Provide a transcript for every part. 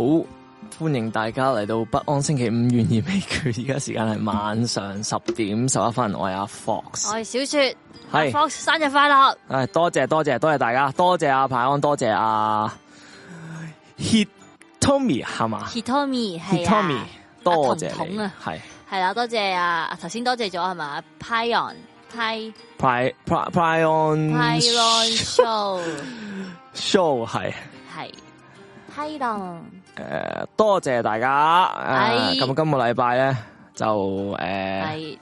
好歡迎大家嚟到不安星期五，懸疑未決。而家時間係晚上十點十一分，我係阿 Fox，我係小雪，係 Fox，生日快樂！唉，多謝多謝多謝大家，多謝阿派安，多謝阿 Hit Tommy 係嘛？Hit Tommy 係，多謝你啊，係係啦，多謝阿頭先多謝咗係嘛？Pion Pion Show Show 係係 Pion。誒、呃，多謝大家。係、呃、咁，今個禮拜咧就誒，誒、呃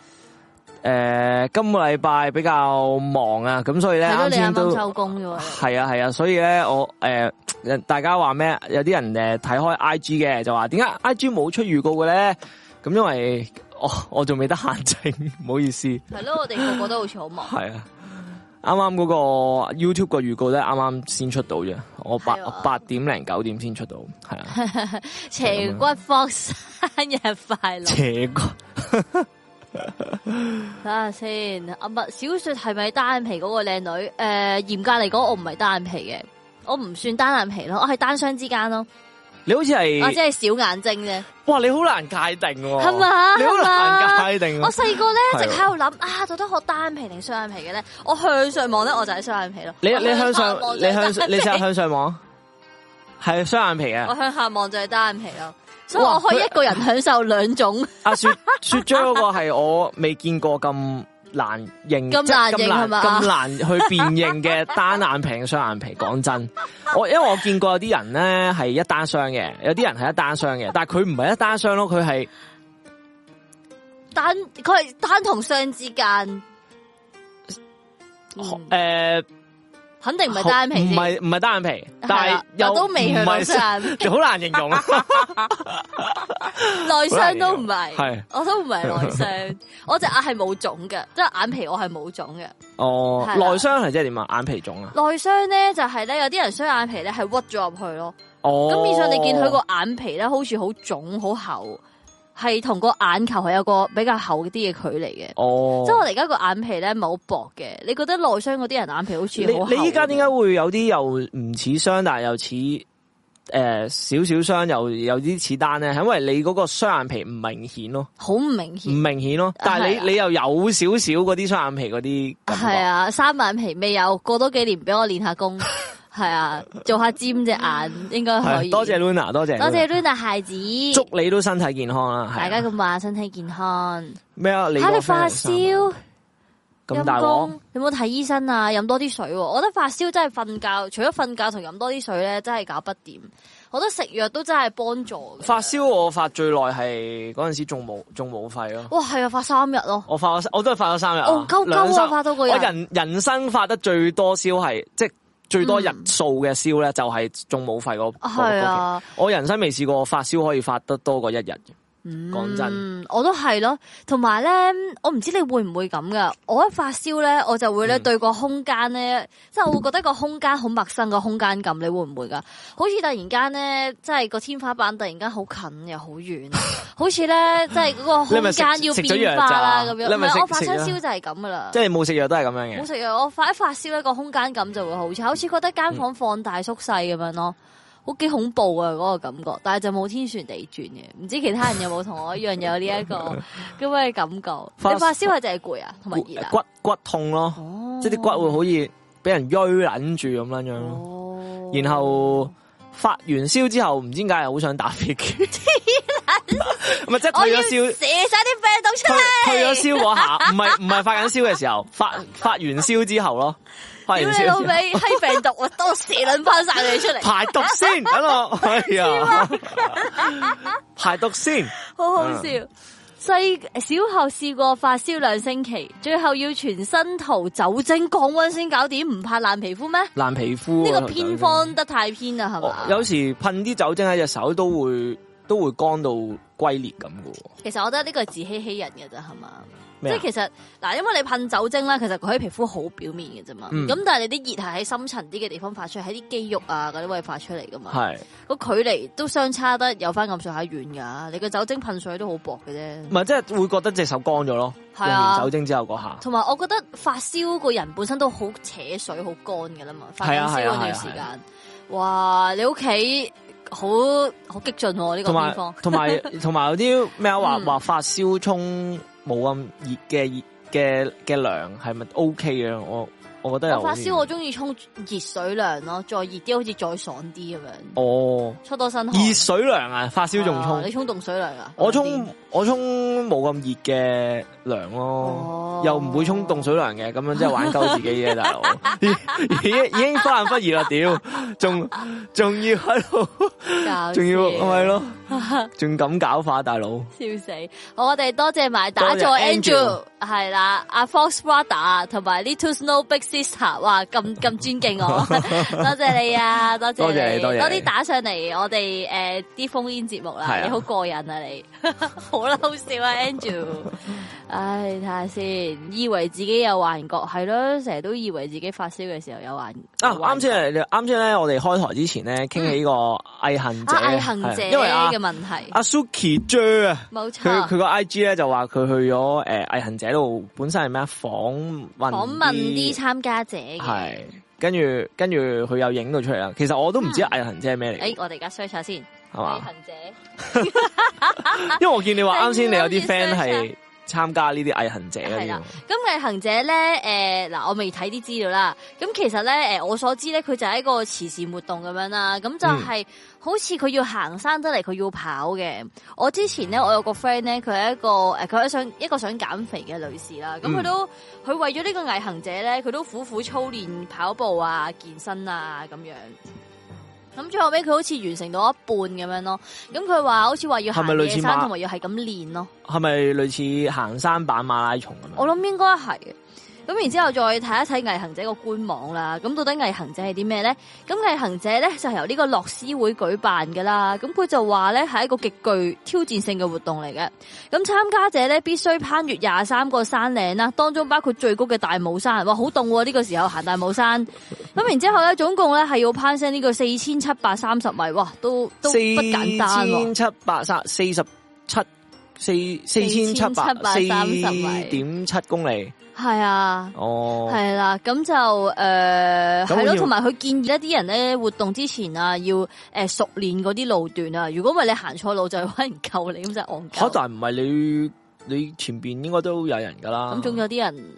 呃，今個禮拜比較忙啊，咁所以咧啱先都係啊係啊，啊，所以咧我誒、呃，大家話咩？有啲人誒睇開 I G 嘅，就話點解 I G 冇出預告嘅咧？咁因為我我仲未得閒整，唔 好意思。係咯，我哋個個都好似好忙。係 啊。啱啱嗰個 YouTube 個預告咧，啱啱先出到啫，我八八、啊、點零九點先出到，係 啊！邪骨放生日快樂， 邪骨睇下先，阿麥小雪係咪單眼皮嗰個靚女？誒、呃，嚴格嚟講，我唔係單眼皮嘅，我唔算單眼皮咯，我係單雙之間咯。你好似係，我即係小眼睛啫。哇，你好難界定，啊，係嘛？你好難界定，啊。我細個咧，一直喺度諗啊，到底我單眼皮定雙眼皮嘅咧。我向上望咧，我就係雙眼皮咯。你你向上，你向，你就向上望，係雙眼皮嘅。我向下望就係單眼皮咯。所以我可以一個人享受兩種。阿、 啊、雪 雪張嗰個係我未見過咁。難認咁難認係嘛？咁難，難去辨認嘅單眼皮、雙眼皮。講 真，我因為我見過有啲人咧係一單雙嘅，有啲人係一單雙嘅， 但係佢唔係一單雙咯，佢係單佢係單同雙之間，誒、嗯。肯定唔係單眼皮，唔係唔係單眼皮，但係又都未去內傷，就好難形容。內傷都唔係，係我都唔係內傷，我隻眼係冇腫嘅，即係眼皮我係冇腫嘅。哦，內傷係即係點啊？眼皮腫啊？內傷咧就係咧，有啲人雙眼皮咧係屈咗入去咯。哦，咁變相你見佢個眼皮咧好似好腫好厚。係同個眼球係有個比較厚啲嘅距離嘅，即、oh. 係我哋而家個眼皮咧唔係好薄嘅。你覺得內雙嗰啲人眼皮好似好厚？你你依家點解會有啲又唔似雙，但係又似誒少少雙，又、呃、有啲似單咧？係因為你嗰個雙眼皮唔明顯咯，好唔明顯，唔明顯咯。但係你你又有少少嗰啲雙眼皮嗰啲，係啊，三眼皮未有，過多幾年俾我練下功。 係啊，做下尖隻眼應該可以。多謝 Luna，多謝多謝 Luna 孩子，祝你都身體健康啊。大家咁話，身體健康咩啊？你吓你發燒咁大鑊，有冇睇醫生啊？飲多啲水、啊。我覺得發燒真係瞓覺，除咗瞓覺同飲多啲水咧，真係搞不掂。我覺得食藥都真係幫助。發燒我發最耐係嗰陣時仲冇仲冇肺咯。哇，係啊，發三日咯、啊。我發我都係發咗三日、啊。哦，兩日、啊、發多個人。我人人生發得最多燒係即。最多日數嘅燒呢，就係中武肺嗰個。係啊，我人生未試過發燒可以發得多過一日。講真、嗯，我都係咯，同埋咧，我唔知你會唔會咁噶。我一發燒咧，我就會咧對個空間咧、嗯那個，即係我會覺得個空間好陌生個空間感。你會唔會噶好似突然間咧，即係個天花板突然間好近又遠 好遠，好似咧，即係嗰個空間要變化啦咁樣。我發親燒就係咁噶啦，即係冇食藥都係咁樣嘅。冇食藥，我發一發燒呢、那個空間感就會好似，好似覺得間房間放大縮細咁樣咯。好、那、幾、個、恐怖啊，嗰個感覺，但係就冇天旋地轉嘅，唔知其他人有冇同我一樣有呢一個咁嘅感覺？你發燒係就係攰啊，同埋熱啊，骨骨痛咯，哦、即係啲骨會好似俾人淤撚住咁樣樣咯、哦。然後發完燒之後，唔知點解，係好想打飛機，咪即係退咗燒，射晒啲病毒出嚟。退咗燒嗰下，唔係唔係發緊燒嘅時候，發發完燒之後咯。 要你老味，係 病毒啊，多蛇撚翻晒你出嚟。 排毒先，等我。哎、呀 排毒先。好好笑，細、 嗯、小學試過發燒兩星期，最後要全身塗酒精降溫先搞掂，唔怕爛皮膚咩？爛皮膚、啊？呢、這個偏方得太偏啊，係、哦、有時噴啲酒精喺隻手都會都會乾到龜裂咁喎。其實我覺得呢個係自欺欺人嘅啫，係嘛？即係其實嗱，因為你噴酒精咧，其實佢喺皮膚好表面嘅啫嘛。咁、嗯、但係你啲熱係喺深層啲嘅地方發出喺啲肌肉啊，嗰啲位發出嚟噶嘛。係個距離都相差得有翻咁上下遠噶。你個酒精噴水都好薄嘅啫。唔係，即係會覺得隻手乾咗咯。係啊，酒精之後嗰下。同埋，我覺得發燒個人本身都好扯水、好乾噶啦嘛。發燒嗰段時間，哇！你屋企好好激進喎呢個地方。同埋同埋有啲咩啊？話話發燒沖。 冇咁熱嘅熱嘅嘅涼，係咪都 O K 啊？我。我覺得有發燒，我中意沖熱水涼咯，再熱啲好似再爽啲咁樣。哦、oh.，出多身汗。熱水涼啊，發燒仲沖？Uh, 你沖凍水涼啊？我沖我沖冇咁熱嘅涼咯，又唔會沖凍水涼嘅，咁樣即係玩鳩自己嘅、啊、大佬。已 已經忽冷忽熱啦，屌，仲仲要喺度搞，仲要係咯，仲咁搞法、啊，大佬。笑死！我哋多謝埋打助 Andrew 係啦，阿 Fox Brother 同埋 Little Snow Big Sister，哇，咁咁尊敬我， 多謝你啊，多謝你，多啲打上嚟，我哋誒啲瘋癲節目啦，你好過癮啊，你好嬲笑啊，Andrew，唉，睇下先，以為自己有幻覺，係咯，成日都以為自己發燒嘅時候有幻覺，啊，啱先，啱先咧，我哋開台之前咧，傾、嗯、起個毅行者，毅行者，因為嘅、啊、問題，阿 Suki j 啊，冇錯，佢佢個 I G 咧就話佢去咗誒毅行者。呃喺度本身係咩啊？訪問訪問啲參加者，參加者，係跟住跟住佢有影到出嚟啦。其實我都唔知毅行者係咩嚟。哎，我哋而家 search 下先，係嘛？毅行者 因為我見你話啱先，你有啲 friend 係參加呢啲毅行者啦。係啦，咁毅行者咧，誒，嗱，我未睇啲資料啦。咁其實咧，誒，我所知咧，佢就係一個慈善活動咁樣啦。咁就係、是。嗯好似佢要行山得嚟，佢要跑嘅。我之前咧，我有個 friend 咧，佢係一個誒，佢係想一個想減肥嘅女士啦。咁佢都佢、嗯、為咗呢個毅行者咧，佢都苦苦操練跑步啊、健身啊咁樣。咁最後尾，佢好似完成到一半咁樣咯。咁佢話好似話要行山同埋要係咁練咯，係咪類似行山版馬拉松咁啊？我諗應該係。咁然之後再睇一睇毅行者個官網啦，咁到底毅行者係啲咩咧？咁毅行者咧就係由呢個樂施會舉辦噶啦咁佢就話咧係一個極具挑戰性嘅活動嚟嘅。咁參加者咧必須攀越廿三個山嶺啦，當中包括最高嘅大帽山，哇，好凍喎！呢個時候、啊、行大帽山。咁 然之後咧，總共咧係要攀升呢個四千七百三十米，哇，都都不簡單喎。四千七百三四十七，四四千七百三十米，四點七公里，係啊，哦，係啦、啊，咁就誒，係、呃、咯，同埋佢建議一啲人咧活動之前啊，要誒、呃、熟練嗰啲路段啊，如果唔係你行錯路就可能救你咁就戇鳩。哈！但係唔係你你前邊應該都有人噶啦，咁仲有啲人。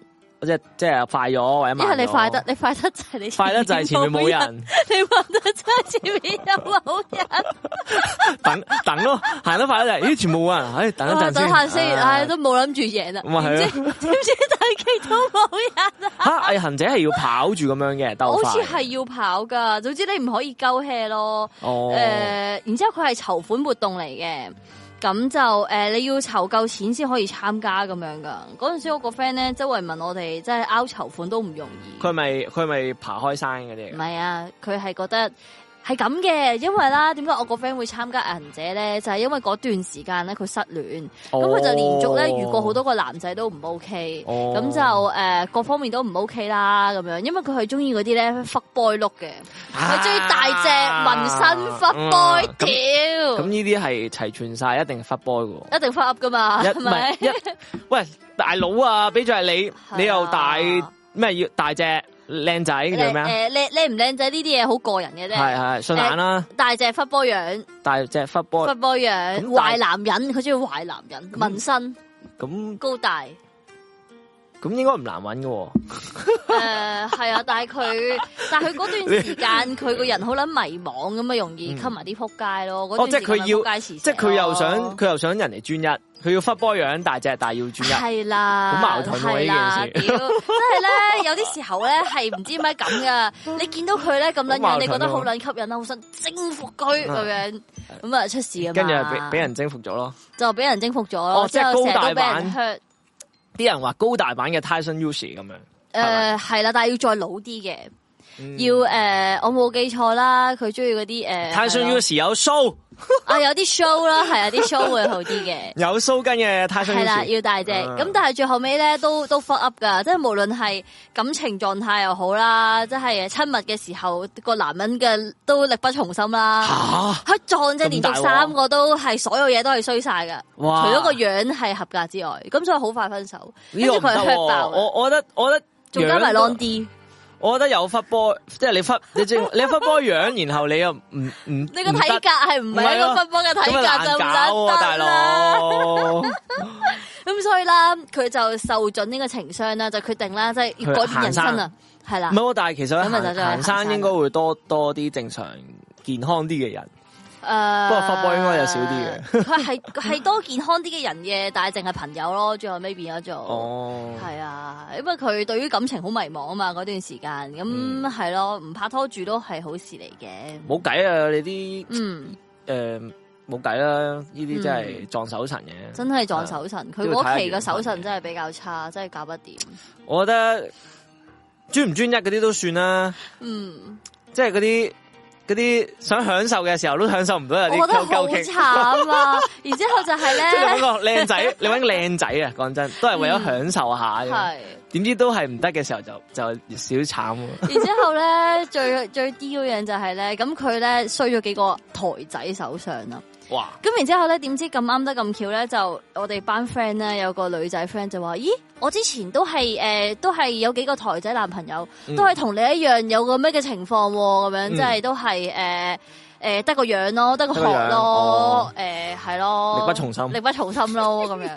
即係即係快咗或者慢咗，因為你快得，你快得就係你快得前面冇人。 你慢得就前面有冇人 等。等等咯，行得快得就係、咦，全部人，等一等先。唉、啊，哎呀哎呀都冇諗住贏啦。點、就係啊、知但知其中都冇人啊、 哎？行者係要跑住咁樣嘅，的好似係要跑噶。總之你唔可以夠氣咯。哦、呃。誒，然之後佢係籌款活動嚟嘅。咁就誒、呃，你要籌夠錢先可以參加咁樣噶。嗰陣時我個 friend 咧，周圍問我哋，即係拗 u 籌款都唔容易。佢咪佢咪爬開山嗰啲？唔係啊，佢係覺得。係咁嘅，因為啦，點解我個 friend 會參加仁者咧？就係因為嗰段時間咧，佢失戀，咁佢就連續咧遇過好多個男仔都唔 OK，咁就誒各方面都唔 OK 啦咁樣。因為佢係中意嗰啲咧 fuck boy look 嘅，佢中意大隻紋身 fuck boy 條。咁呢啲係齊全晒，一定 fuck boy 噶。一定 fuck 噶嘛，係咪？喂，大佬啊，俾咗係你，你又大咩要大隻？靚仔叫咩啊？誒，靚靚唔靚仔呢啲嘢好個人嘅啫。係係，順眼啦。大隻忽波樣，大隻忽波，忽波樣，壞男人，佢中意壞男人，紋身，咁高大。咁應該唔難揾喎、哦 呃。誒係啊，但係佢但係佢嗰段時間佢個人好捻迷惘咁啊，容易吸埋啲撲街咯。嗯、哦，即係佢要，是是即係佢又想佢、啊、又，又想人嚟專一，佢要忽波 o t b a 樣大隻，但要專一，係啦、啊、啦，好矛盾喎呢件事 真係咧，有啲時候咧係唔知點解咁噶。 你見到佢咧咁捻樣，啊、你覺得好捻吸引啦，好想征服佢咁樣，咁、嗯、啊出事啊嘛就，跟住俾俾人征服咗咯，就俾人征服咗咯、哦，即係高大版。啲人話高大版嘅 Tyson Yoshi 咁樣，誒係、呃、啦，但係要再老啲嘅，嗯、要誒、呃、我冇記錯啦，佢中意嗰啲誒 Tyson Yoshi 有須。 啊有啲 show 啦，係啊啲 show 會好啲嘅 ，有鬚根嘅太上。係啦，要大隻。咁、嗯、但係最後尾咧都都 fuck up 噶，即係無論係感情狀態又好啦，即係親密嘅時候個男人嘅都力不從心啦。佢撞即係連續三個都係、啊、所有嘢都係衰晒噶，哇除咗個樣係合格之外，咁所以好快分手。跟住佢係 hurt 爆。我我覺得我覺得仲加埋 long D。我覺得有忽波，即係你忽，你即你忽波樣，然後你又唔唔，你個體格係唔係個忽波嘅體格、啊啊、就唔得啦。大佬，咁 所以啦，佢就受盡呢個情傷啦，就決定啦，即係要改變人生啊，係啦。唔好，但係其實行山應該會多多啲正常健康啲嘅人。誒、呃，不過發博應該又少啲嘅，呃。佢係係多健康啲嘅人嘅，但係淨係朋友咯，最後尾變咗做。哦，係啊，因為佢對於感情好迷茫啊嘛，嗰段時間咁係咯，唔、嗯啊、拍拖住都係好事嚟嘅。冇計啊，你啲嗯誒冇計啦，呢啲真係撞手神嘅，嗯。真係撞手神，佢、嗯、嗰期嘅手神真係比較差，真係搞不掂。我覺得專唔專一嗰啲都算啦。嗯，即係嗰啲。嗰啲想享受嘅時候都享受唔到，有啲 K-K 覺得好慘啊！ 然之後就係咧，即係揾個靚仔，你揾個靚仔啊！講真的，都係為咗享受一下嘅，點、嗯、知都係唔得嘅時候就就少慘、啊。然之後咧，最最丟人就係、是、咧，咁佢咧衰咗幾個台仔手上啦。哇！咁然之後咧，點知咁啱得咁巧咧，就我哋班 friend 咧有個女仔 friend 就話：咦，我之前都係誒、呃，都係有幾個台仔男朋友，嗯、都係同你一樣有個咩嘅情況咁、啊、樣，即、嗯、係、就是、都係誒。呃誒、呃呃 啊、得個樣咯，得個學咯，誒係咯，力不從心，力不從心咯咁樣，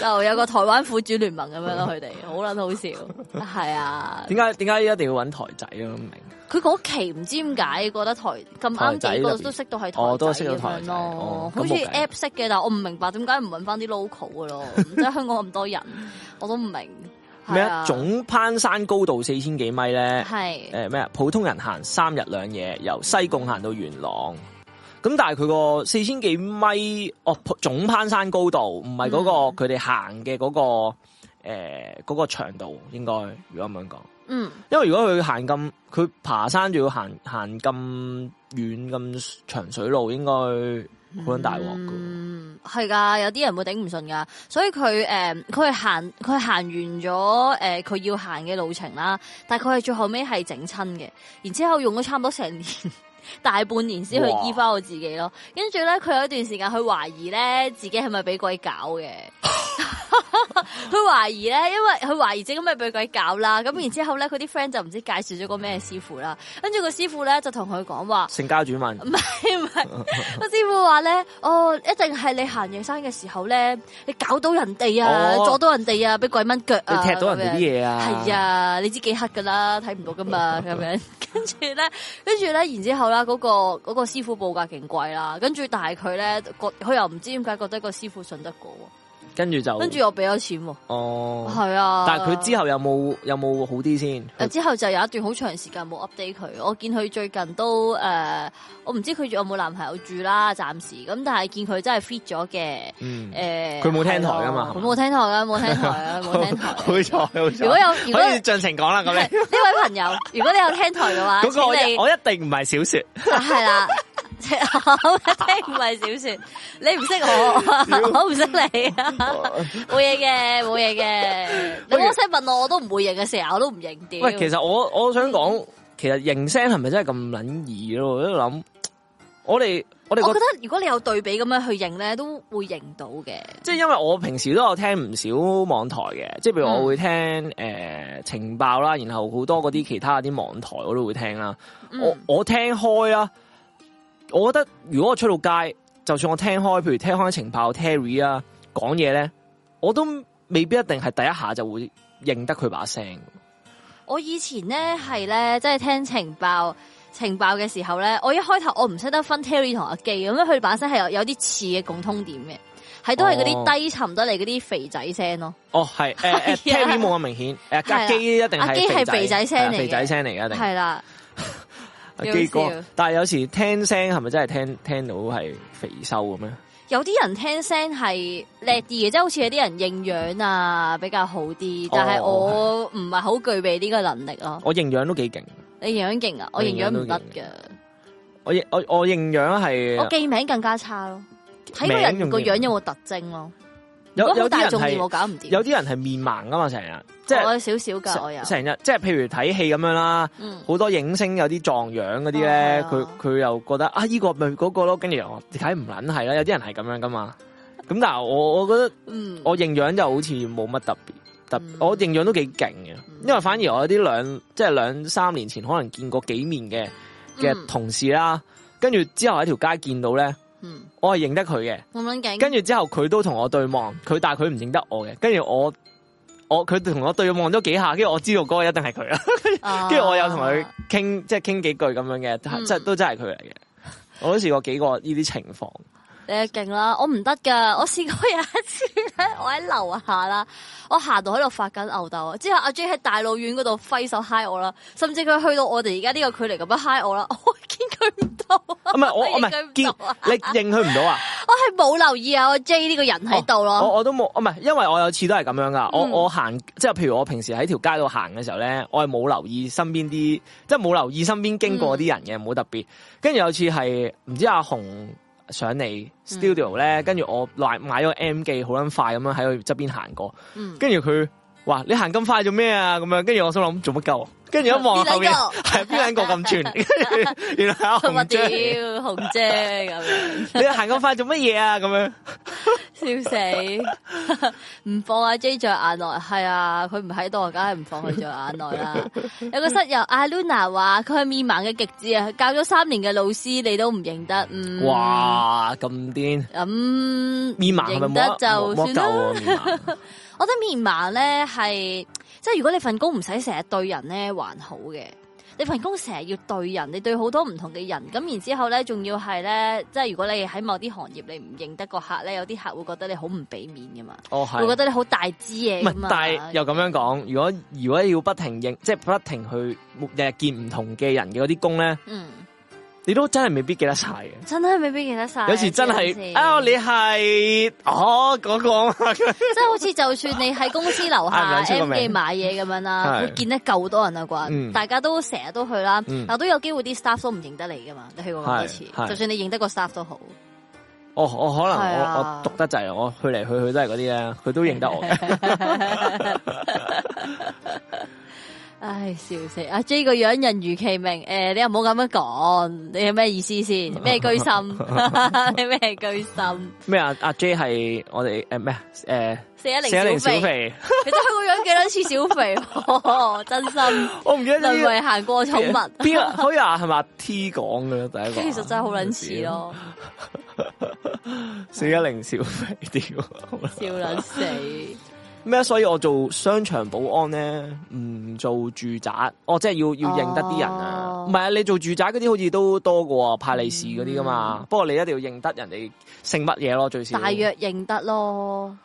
就有個台灣苦主聯盟咁樣咯，佢哋好撚好笑，係啊。點解點解一定要揾台仔咯？唔、哦、明。佢嗰期唔知點解覺得台咁啱嗰度都識到係台仔咁台咯，好似 App 識嘅，但我唔明白點解唔揾翻啲 local 嘅咯，即 係香港咁多人，我都唔明。咩呀？總攀山高度四千幾米咧？係，誒咩呀？普通人行三日兩夜由西貢行到元朗咁、嗯，但係佢個四千幾米哦，總攀山高度唔係嗰個佢哋行嘅嗰個誒嗰、呃嗰個長度，應該如果咁樣講，嗯，因為如果佢行咁，佢爬山仲要行行咁遠咁長水路，應該。好大鑊噶，嗯係噶，有啲人會頂唔順噶，所以佢誒，佢行佢行完咗誒，佢要行嘅路程啦，但係佢係最後尾係整親嘅，然之後用咗差唔多成年大半年先去醫翻我自己咯，跟住咧，佢有一段時間去懷疑咧自己係咪俾鬼搞嘅。 佢 懷疑咧，因為佢懷疑整咁咪俾鬼搞啦。咁然之後咧，佢啲 friend 就唔知介紹咗個咩師傅啦。跟住個師傅咧就同佢講話，成家主文，唔係唔係，個 師傅話咧，哦，一定係你行夜山嘅時候咧，你搞到人哋啊、哦，阻到人哋啊，俾鬼掹腳啊，你踢到人哋啲嘢啊，係 啊，你知幾黑噶啦，睇唔到噶嘛，咁樣。跟住咧，跟住咧，然之後啦，嗰個嗰個師傅報價勁貴啦。跟住但係佢咧，覺佢又唔知點解覺得個師傅信得過。跟住就，跟住我俾咗錢喎、啊。哦，係啊。但係佢之後有冇有冇好啲先？之後就有一段好長時間冇 update 佢。我見佢最近都誒、呃，我唔知佢仲有冇男朋友住啦，暫時。咁但係見佢真係 fit 咗嘅。嗯。誒、呃，佢冇聽台噶嘛？冇聽台啊！冇聽台啊！冇聽台。冇錯，冇錯。 如果有，如果可以盡情講啦，咁你呢位朋友，如果你有聽台嘅話，那個、我我一定唔係小說、啊，係啦，聽唔係小說，你唔識我， 我唔識你啊。冇嘢嘅，冇嘢嘅。 沒事的 你嗰聲問我， 我都唔會認嘅時候，我都唔認。啲。喂，其實我我想講，嗯，其實認聲係咪真係咁撚易咯？我喺度諗，我哋我哋，那個，我覺得如果你有對比咁樣去認咧，都會認到嘅。即係因為我平時都有聽唔少網台嘅，即係譬如我會聽誒，嗯呃，情報啦，然後好多嗰啲其他啲網台我都會聽啦，嗯。我我聽開啦，我覺得如果我出到街，就算我聽開，譬如聽開情報 Terry 啊。講嘢咧，我都未必一定係第一下就會認得佢把聲。我以前咧係咧，即係、就是、聽情報情報嘅時候咧，我一開頭我唔識得分 Terry 同阿基咁樣，佢把聲係有有啲似嘅共通點嘅，係都係嗰啲低沉得嚟嗰啲肥仔聲咯。哦，係誒誒，Terry 冇咁明顯，誒、呃、阿 基一定係肥係肥仔聲，肥仔聲嚟一定，係啦。阿基哥， 但係有時聽聲係咪真係聽聽到係肥瘦咁咩？有啲人聽聲係叻啲嘅，即係好似有啲人認樣啊比較好啲，哦，但係我唔係好具備呢個能力咯。我認樣都幾勁，你認樣勁啊？我認樣唔得㗎。我認我我認樣係，我記名更加差咯。睇個人個樣有冇特徵咯。有有啲人係，有啲人係面盲噶嘛成日，即係、哦、我有少少噶，成日，即係譬如睇戲咁樣啦，好、嗯、多影星有啲撞樣嗰啲咧，佢、哦、佢、啊、又覺得啊，依、依個咪嗰個咯，跟住睇唔撚係啦，有啲人係咁樣噶嘛。咁但我我覺得，我認樣就好似冇乜特別，特別、嗯、我認樣都幾勁嘅，因為反而我有啲兩即係兩三年前可能見過幾面嘅嘅同事啦，跟、嗯、住之後喺條街見到咧。嗯， 我係認得佢嘅，跟住 之後佢都同我對望，佢但係佢唔認得我嘅，跟住我，我佢同我對望咗幾下，跟住我知道嗰個一定係佢啦，跟住我又同佢傾，即係傾幾句咁樣嘅，即、嗯、係都真係佢嚟嘅，我都試過幾個呢啲情況。你勁啦，我唔得噶，我試過有一次咧，我喺樓下啦，我行到喺度發緊吽哣啊，之後阿 J 喺大老遠嗰度揮手 Hi 我啦，甚至佢去到我哋而家呢個距離咁樣 Hi 我啦，我，我，我，我見佢唔到，唔係我唔係見你認佢唔到啊，我係冇留意阿 J 呢個人喺度咯，我我，我都冇，唔係，因為我有次都係咁樣噶、嗯，我我行即係譬如我平時喺條街度行嘅時候咧，我係冇留意身邊啲，即係冇留意身邊經過啲人嘅，冇、嗯、特別，跟住有次係唔知阿紅。上嚟 studio 咧，跟住我買買咗個 M 記好撚快咁樣喺佢側邊行過，跟住佢話：你行咁快做咩啊？咁樣，跟住我話：心諗做乜鳩？跟住一望後邊，係邊兩個咁串？個 原來係阿紅姐。屌紅姐咁， 你行咁快做乜嘢啊？咁 樣笑死，唔 放阿 J 着眼內，係啊，佢唔喺度，梗係唔放佢着眼內啦，啊。 有個室友阿 Luna 話佢係面盲嘅極致啊，教咗三年嘅老師你都唔認得。嗯、哇，咁癲咁面盲認得就算啦。 我覺得面盲咧係。即係如果你份工唔使成日對人咧，還好嘅。你份工成日要對人，你對好多唔同嘅人，咁然之後咧，仲要係咧，即係如果你喺某啲行業你唔認得個客咧，有啲客會覺得你好唔俾面噶嘛。哦係。會覺得你好大支嘢。但係又咁樣講，嗯，如果如果要不停認，即係不停去日日見唔同嘅人嘅嗰啲工咧。嗯。你都真係未必記得晒嘅，真係未必記得晒。有時真係、哎哦那個， 啊，你係哦，講講，即係好似就算你喺公司樓下 M 記買嘢咁樣啦，會見得夠多人啊？啩、嗯，大家都成日都去啦、嗯，但都有機會啲 staff 都唔認得你噶嘛？你去過咁多次，就算你認得個 staff 都好。我、哦、我可能我、啊、我讀得滯，我去嚟去去都係嗰啲咧，佢都認得我。 唉，笑死！阿 J 個樣人如其名，誒、欸，你又唔好咁樣講，你有咩意思先？咩居心？咩 居心？咩啊？阿 J 係我哋誒咩啊？誒、呃，四一零小肥，你真係個樣幾多次小肥， 真心。我唔記得就係行過寵物。邊可以啊？係咪 T 講嘅第一個。其實真係好卵似咯，四 一零小肥，呢個笑卵死。咩？所以我做商場保安咧，唔做住宅，我、哦、即係要要認得啲人啊！唔係啊，你做住宅嗰啲好似都多過派利是嗰啲噶嘛。嗯、不過你一定要認得人哋姓乜嘢咯，最少。大約認得咯。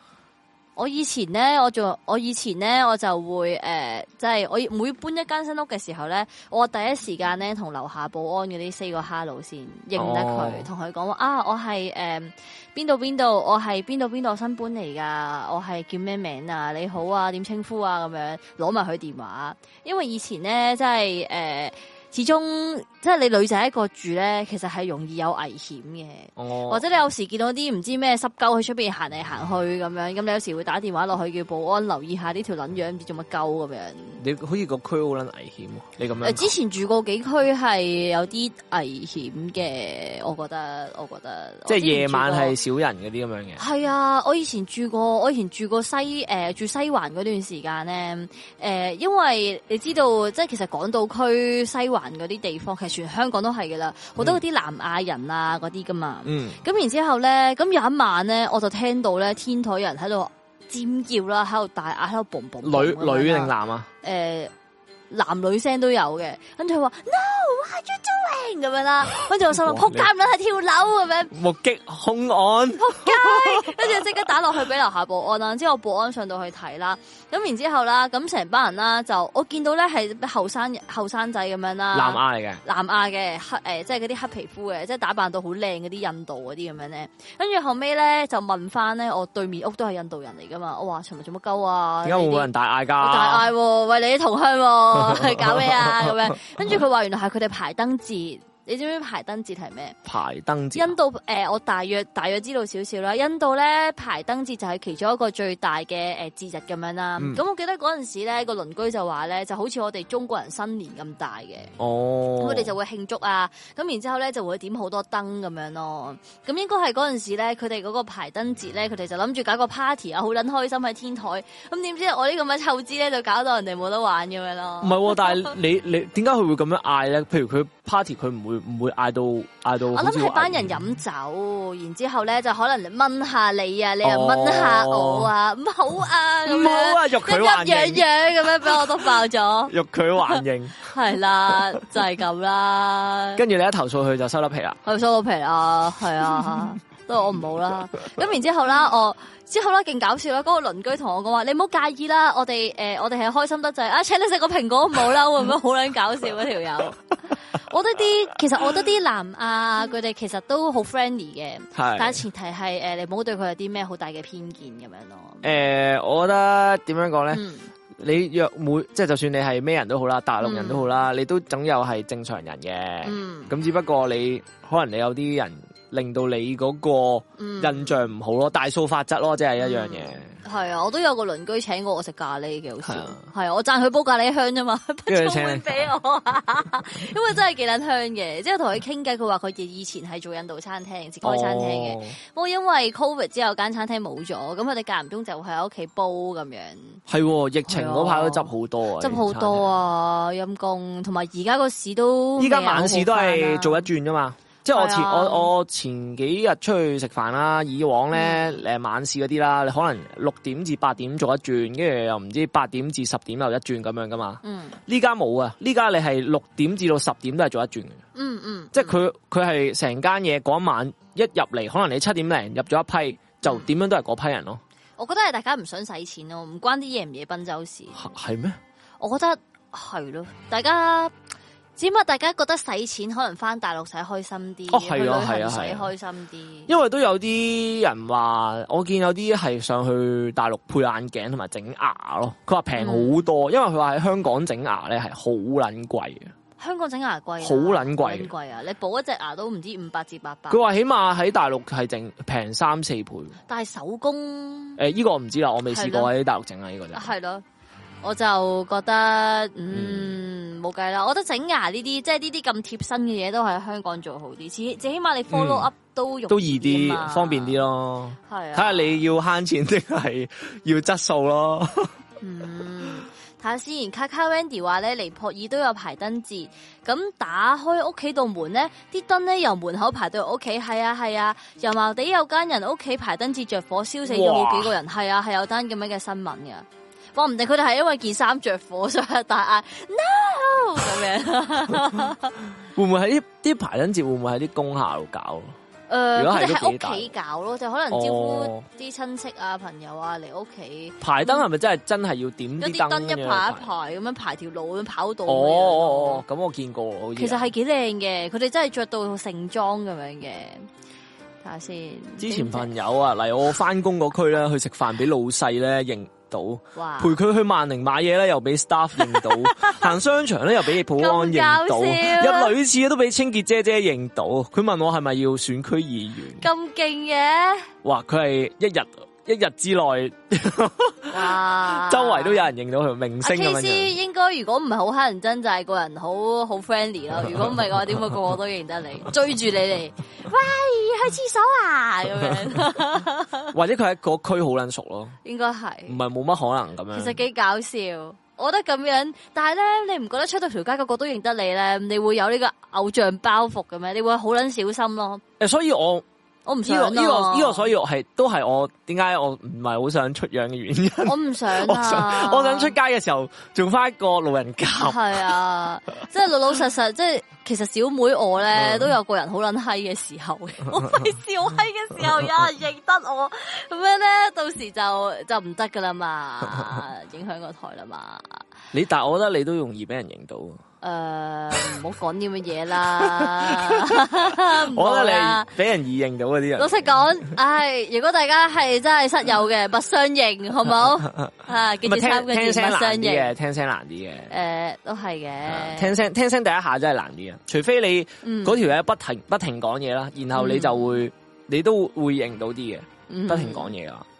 我以前咧，我就，我以前咧，我就會誒，即係我每搬一間新屋嘅時候咧，我第一時間咧同樓下保安嗰啲四個 hello 先認得佢，同佢講話啊，我係誒邊度邊度，我係邊度邊度新搬嚟噶，我係叫咩名啊，你好啊，點稱呼啊？咁樣攞埋佢電話，因為以前咧即係誒。真始終即係你女仔一個住咧，其實係容易有危險嘅，oh. 或者你有時見到啲唔知咩濕鳩喺出邊行嚟行去咁樣，咁你有時會打電話落去叫保安留意下呢條卵樣，唔知做乜鳩咁樣。你好似個區好卵危險，你咁樣。之前住過幾區係有啲危險嘅，我覺得，我覺得。即係夜晚係少人嗰啲咁樣嘅。係啊，我以前住過，我以前住過西誒、呃，住西環嗰段時間咧，誒、呃，因為你知道，即係其實港島區西環。嗰啲地方其實全香港都係噶啦，好、嗯、多嗰啲南亞人啊嗰啲噶嘛。嗯，咁然之後咧，咁有一晚咧，我就聽到咧天台有人喺度尖叫啦，喺度大嗌，喺度 boom boom。女女定男啊？誒、呃，男女聲都有嘅。跟住佢話 no what you doing 咁樣啦。跟住我心諗仆街，唔係跳樓咁樣。目擊凶案仆街，跟住即刻打落去俾樓下保安啦。 之後我保安上到去睇啦。咁然之後啦，咁成班人啦，就我見到咧係後生後生仔咁樣啦，南亞嚟嘅，南亞嘅黑誒，即係嗰啲黑皮膚嘅，即係打扮到好靚嗰啲印度嗰啲咁樣咧。跟住後尾咧就問翻咧，我對面屋都係印度人嚟噶嘛。我話尋日做乜鳩啊？點解會冇人大嗌噶？大嗌，喂你啲同鄉，係搞咩啊？咁樣，跟住佢話原來係佢哋排燈節。你知唔知排燈節係咩？排燈節。印度誒、呃，我大約大約知道少少啦。印度咧排燈節就係其中一個最大嘅誒節日咁樣啦。咁、嗯、我記得嗰陣時咧，個鄰居就話咧，就好似我哋中國人新年咁大嘅。哦。咁佢哋就會慶祝啊，咁然之後咧就會點好多燈咁樣咯。咁應該係嗰陣時咧，佢哋嗰個排燈節咧，佢哋就諗住搞個 party 啊，好撚開心喺天台。咁點知我臭呢個咪透支咧，就搞到人哋冇得玩咁樣咯。唔係喎， 但係你你點解佢會咁樣嗌咧？譬如佢 party 佢唔會。唔會嗌到嗌到，我諗係班人飲酒，嗯、然之後咧就可能掹下你，你下、哦、啊，你又掹下我啊，唔好啊，唔好啊，肉佢還應咁樣俾我都爆咗，肉佢還應係 啦，就係、是、咁啦。跟住你一投訴佢就收咗皮，收皮啦，係收到皮啊，係啊，都我唔好啦。咁然之後啦，我之後啦勁搞笑啦，嗰、那個鄰居同我講話：你唔好介意啦，我哋誒、呃，我哋係開心得滯啊，請你食個蘋果好唔好啦？咁樣好撚搞笑嗰條友。 我覺得啲其實我覺得啲男啊，佢哋其實都好 friendly 嘅，但係前提係誒你唔好對佢有啲咩好大嘅偏見咁樣咯。誒，我覺得點樣講咧？嗯、你若每即係就算你係咩人都好啦，大陸人都好啦，你都總有係正常人嘅。咁、嗯、只不過你可能你有啲人。令到你嗰個印象唔好咯、嗯，大數法則咯，即、就、係、是、一樣嘢。係、嗯、啊，我都有個鄰居請過我食咖喱嘅，好似係啊，係啊，我贊佢煲咖喱香啫嘛，不充碗俾我， 因為真係幾捻香嘅。即係同佢傾偈，佢話佢以前係做印度餐廳，直開餐廳嘅。不、哦、過因為 Covid 之後間餐廳冇咗，咁佢哋間唔中就係喺屋企煲咁樣。係、啊，疫情嗰排都執好多，啊！執好多啊，陰、這、公、個，同埋而家個市都，而家晚市都係做一轉啫嘛。即係我前、啊、我我前幾日出去食飯啦，以往咧誒、嗯、晚市嗰啲啦，你可能六點至八點做一轉，跟住又唔知八點至十點又一轉咁樣噶嘛。嗯，呢家冇啊，呢家你係六點至到十點都係做一轉。嗯嗯，即係佢佢係成間嘢嗰晚一入嚟，可能你七點零入咗一批，就點樣都係嗰批人咯。我覺得係大家唔想使錢咯，唔關啲嘢唔嘢賓州事。係咩？我覺得係咯，大家。只不過大家覺得使錢可能返大陸使開心啲，哦，啊，係啊，使、啊啊啊、開心啲。因為都有啲人話，我見有啲係上去大陸配眼鏡同埋整牙咯。佢話平好多，嗯、因為佢話喺香港整牙咧係好撚貴嘅。香港整牙貴，好撚貴。貴啊！你補一隻牙都唔知五百至八百。佢話起碼喺大陸係整平三四倍。但係手工，誒、欸，呢個我唔知啦，我未試過喺大陸整啊，呢、呢個就係咯。我就覺得，嗯，冇計啦。我覺得整牙呢啲，即係呢啲咁貼身嘅嘢，都係香港做好啲，最起碼你 follow up、嗯、都用都易啲，方便啲咯。係，睇下你要慳錢定係要質素咯。嗯，睇 下先。卡卡 Wendy 話咧，尼泊爾都有排燈節，咁打開屋企度門咧，啲燈咧由門口排到屋企。係啊係啊，油麻、啊啊、地有間人屋企排燈節着火燒死咗好幾個人。係啊係，有單咁樣嘅新聞嘅。我、哦、唔定佢哋係因為件衫着火，所以大嗌 no 咁 樣 會唔會喺啲排燈節會唔會喺啲工廈度搞？誒、呃，佢哋喺屋企搞咯，就可能招呼啲親戚啊、哦、朋友啊嚟屋企。排燈係咪真係真係要點啲燈一排一排咁樣排條路咁跑道。哦哦哦，咁、哦哦、我見過。好其實係幾靚嘅，佢哋真係着到盛裝咁樣嘅。睇下先。之前朋友啊，嚟我翻工嗰區咧， 去食飯俾老細咧認。到、wow. 陪佢去萬寧買嘢咧，又俾 staff 認到； 行商場咧，又俾保安認到； 入女廁都俾清潔姐姐認到。佢問我係咪要選區議員？咁勁嘅！哇，佢係一日。一日之內， 周圍都有人認到佢明星咁樣。阿 K 應該如果唔係好乞人憎，就係個人好好 friendly 咯。如果唔係嘅話，點會個個都認得你？追住你嚟，喂，去廁所啊咁樣 或者佢喺個區好捻熟咯，應該係。唔係冇乜可能咁樣。其實幾搞笑，我覺得咁樣。但係咧，你唔覺得出到條街個個都認得你咧？你會有呢個偶像包袱咁樣？你會好捻小心咯。誒，所以我。我唔想呢個呢個，這個這個，所以我係都係我點解我唔係好想出樣嘅原因。我唔想，啊、 我，想我想出街嘅時候，做翻一個老人家。係啊， 即係老老實實，即係其實小妹我咧，嗯、都有個人好撚閪嘅時候。嗯，我費事我閪嘅時候有人認得我，咁樣咧到時就就唔得噶啦嘛，影響個台啦嘛。你但係我覺得你都容易俾人認到。誒、呃，唔好講呢啲嘢啦！我覺得你俾人易認到嗰啲人。老實講，唉，如果大家係真係室友嘅，不相認，好唔好？ 啊，聽聲難啲嘅，聽聲難啲嘅。誒、嗯，都係嘅。聽聲聽聲，第一下真係難啲啊！除非你嗰條友不停不停講嘢啦，然後你就會、嗯、你都會認到啲嘅，不停講嘢啊！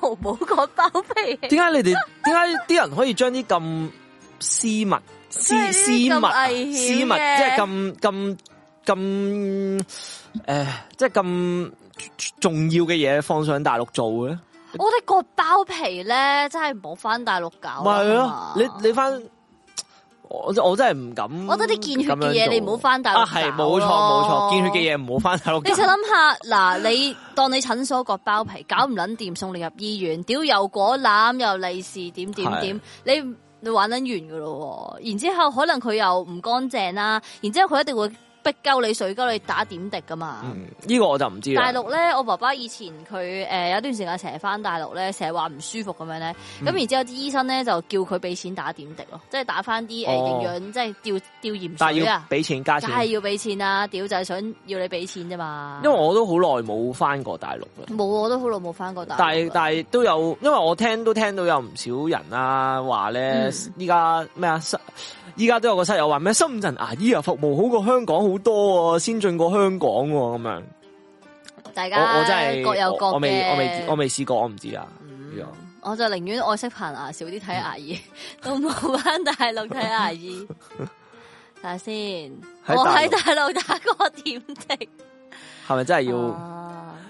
淘寶個包皮，點解你哋點解啲人可以將啲咁私密、私私密、私密，即係咁咁咁誒，即係咁重要嘅嘢放上大陸做咧？我哋個包皮咧，真係唔好翻大陸搞，唔係啊？你你翻？我，我真係唔敢，我覺得啲見血嘅嘢你唔好翻大陸。啊，係，冇錯冇錯，見血嘅嘢唔好翻大陸。你就諗下，嗱， 你當你診所割包皮，搞唔捻掂送你入醫院，屌又果攬又利是，點點點，你你玩捻完噶咯。然之後可能佢又唔乾淨啦，然之後佢一定會。逼鳩你水鳩你打點滴噶嘛？呢、嗯，呢個我就唔知大陸咧，我爸爸以前佢誒有段時間成日翻大陸咧，成日話唔舒服咁樣咧，咁、嗯、然之後啲醫生咧就叫佢俾錢打點滴咯，即係打翻啲誒營養，即係吊吊鹽水，但要俾錢加錢，係要俾錢啊，屌就係、是、想要你俾錢啫嘛。因為我都好耐冇翻過大陸啦，冇，我都好耐冇翻過大陸。但係但係都有，因為我聽都聽到有唔少人啦，話咧依家咩啊？依家都有個室友話咩？深圳牙醫啊，服務好過香港好多啊，先進過香港咁、啊、樣。大家我,我真係各有各我,我未我未我未試過，我唔知啊、嗯。我就寧願愛惜棚牙少啲睇牙醫， 都冇翻大陸睇牙醫。睇下先，我喺大陸打過點滴。係咪真係要、啊？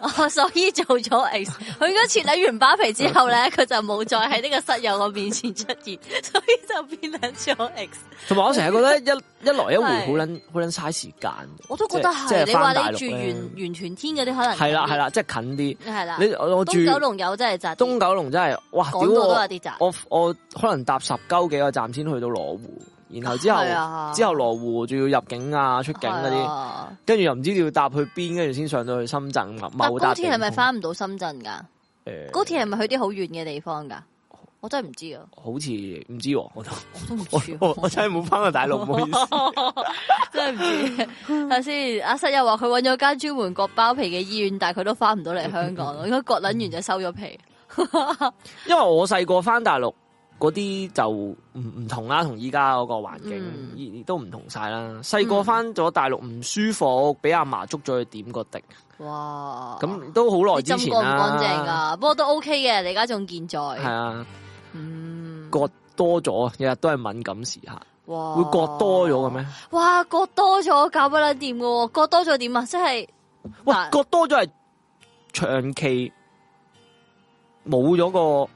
哦，所以做咗 X。佢嗰次咧，完巴皮之後咧，佢就冇再喺呢個室友嘅面前出現，所以就變咗 X。同埋我成日覺得一一來一回好捻好捻嘥時間，就是就是就是嗯就是。我都覺得係，你話你住完圓團天嗰啲可能係啦係啦，即係近啲係啦。你我住東九龍有真係站，東九龍真係哇，港島都有啲站。我我可能搭十鳩幾個站先去到羅湖。然後之後、啊啊、之後羅湖仲要入境啊出境嗰，啊、啲，跟住、啊、又唔知要搭去邊，跟住先上到去深圳。某但係高鐵係咪翻唔到深圳噶誒、欸，高鐵係咪去啲好遠嘅地方噶我真係唔知啊，好似唔知我都我都唔知，我真係冇翻過大陸， 不好意思 真係唔知。頭先，阿叔又話佢揾咗間專門割包皮嘅醫院，但係佢都翻唔到嚟香港， 應該割捻完就收咗皮。 因為我細個翻大陸。嗰啲就唔唔同啦，同依家嗰個環境亦都唔同晒啦。細個翻咗大陸唔舒服，俾、嗯、阿嫲捉咗去點個滴。哇！咁都好耐之前啦。你針過唔乾淨噶，過不過、啊、都 OK 嘅。你而家仲健在。係啊。嗯。割多咗，日日都係敏感時下。哇！會割多咗嘅咩？哇！割多咗，搞不甩掂嘅？割多咗點啊？即係，哇！割多咗係長期冇咗個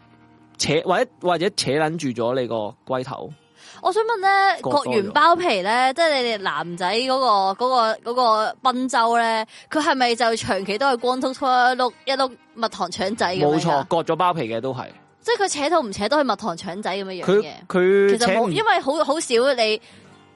扯或者或者扯捻住咗你個龜頭，我想問咧割完包皮咧，即係你哋男仔嗰個嗰個嗰個賓州咧，佢係咪就長期都係光禿禿一碌一碌蜜糖腸仔嘅？冇錯，割咗包皮嘅都係，即係佢扯到唔扯都係蜜糖腸仔咁樣樣嘅，佢其實冇，因為好好少你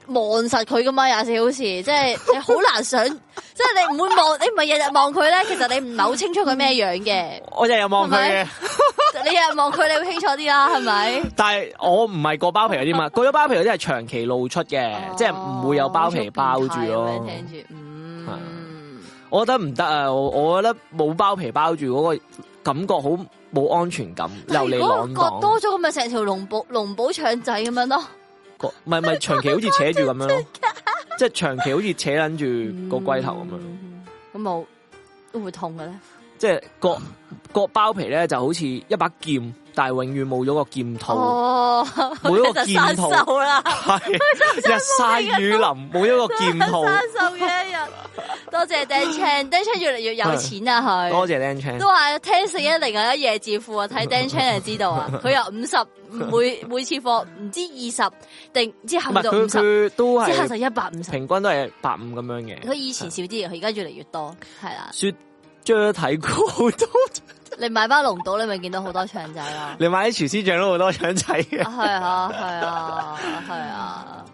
望實佢噶嘛廿四小時，即係你好難想， 即係你唔會望，你唔係日日望佢咧？其實你唔係好清楚佢咩樣嘅。嗯。我日日望佢， 你日日望佢，你會清楚啲啦，係咪？但係我唔係過包皮嗰啲嘛，過咗包皮嗰啲係長期露出嘅， 即係唔會有包皮包住咯。哦。嗯，我覺得唔得啊，我覺得冇包皮包住嗰個感覺好冇安全感。如果割多咗咁，咪成條龍寶龍寶腸仔咁樣咯。唔咪唔係，長期好似扯住咁樣咯，即 係長期好似扯捻住個龜頭咁樣、嗯。咁冇，我會，會痛嘅咧？即係角角包皮咧，就好似一把劍。但係永遠冇咗個劍套、哦，每個劍套啦，一山 雨林，每一個劍套，一山瘦一日。多謝 Dan Chan，Dan Chan 越嚟越有錢啊！佢多謝 Dan Chan，都話聽410一夜致富啊，睇 Dan Chan 就知道啊。佢有五十每每次課唔知二十定之後就五十，都係之後就一百五十，平均都係百五咁樣嘅。佢以前少啲，佢而家越嚟越多，係啦。雪着睇過好多 你買包龍島，你咪見到好多腸仔咯。你買啲廚師醬都好多腸仔嘅。係啊，係啊，係啊。啊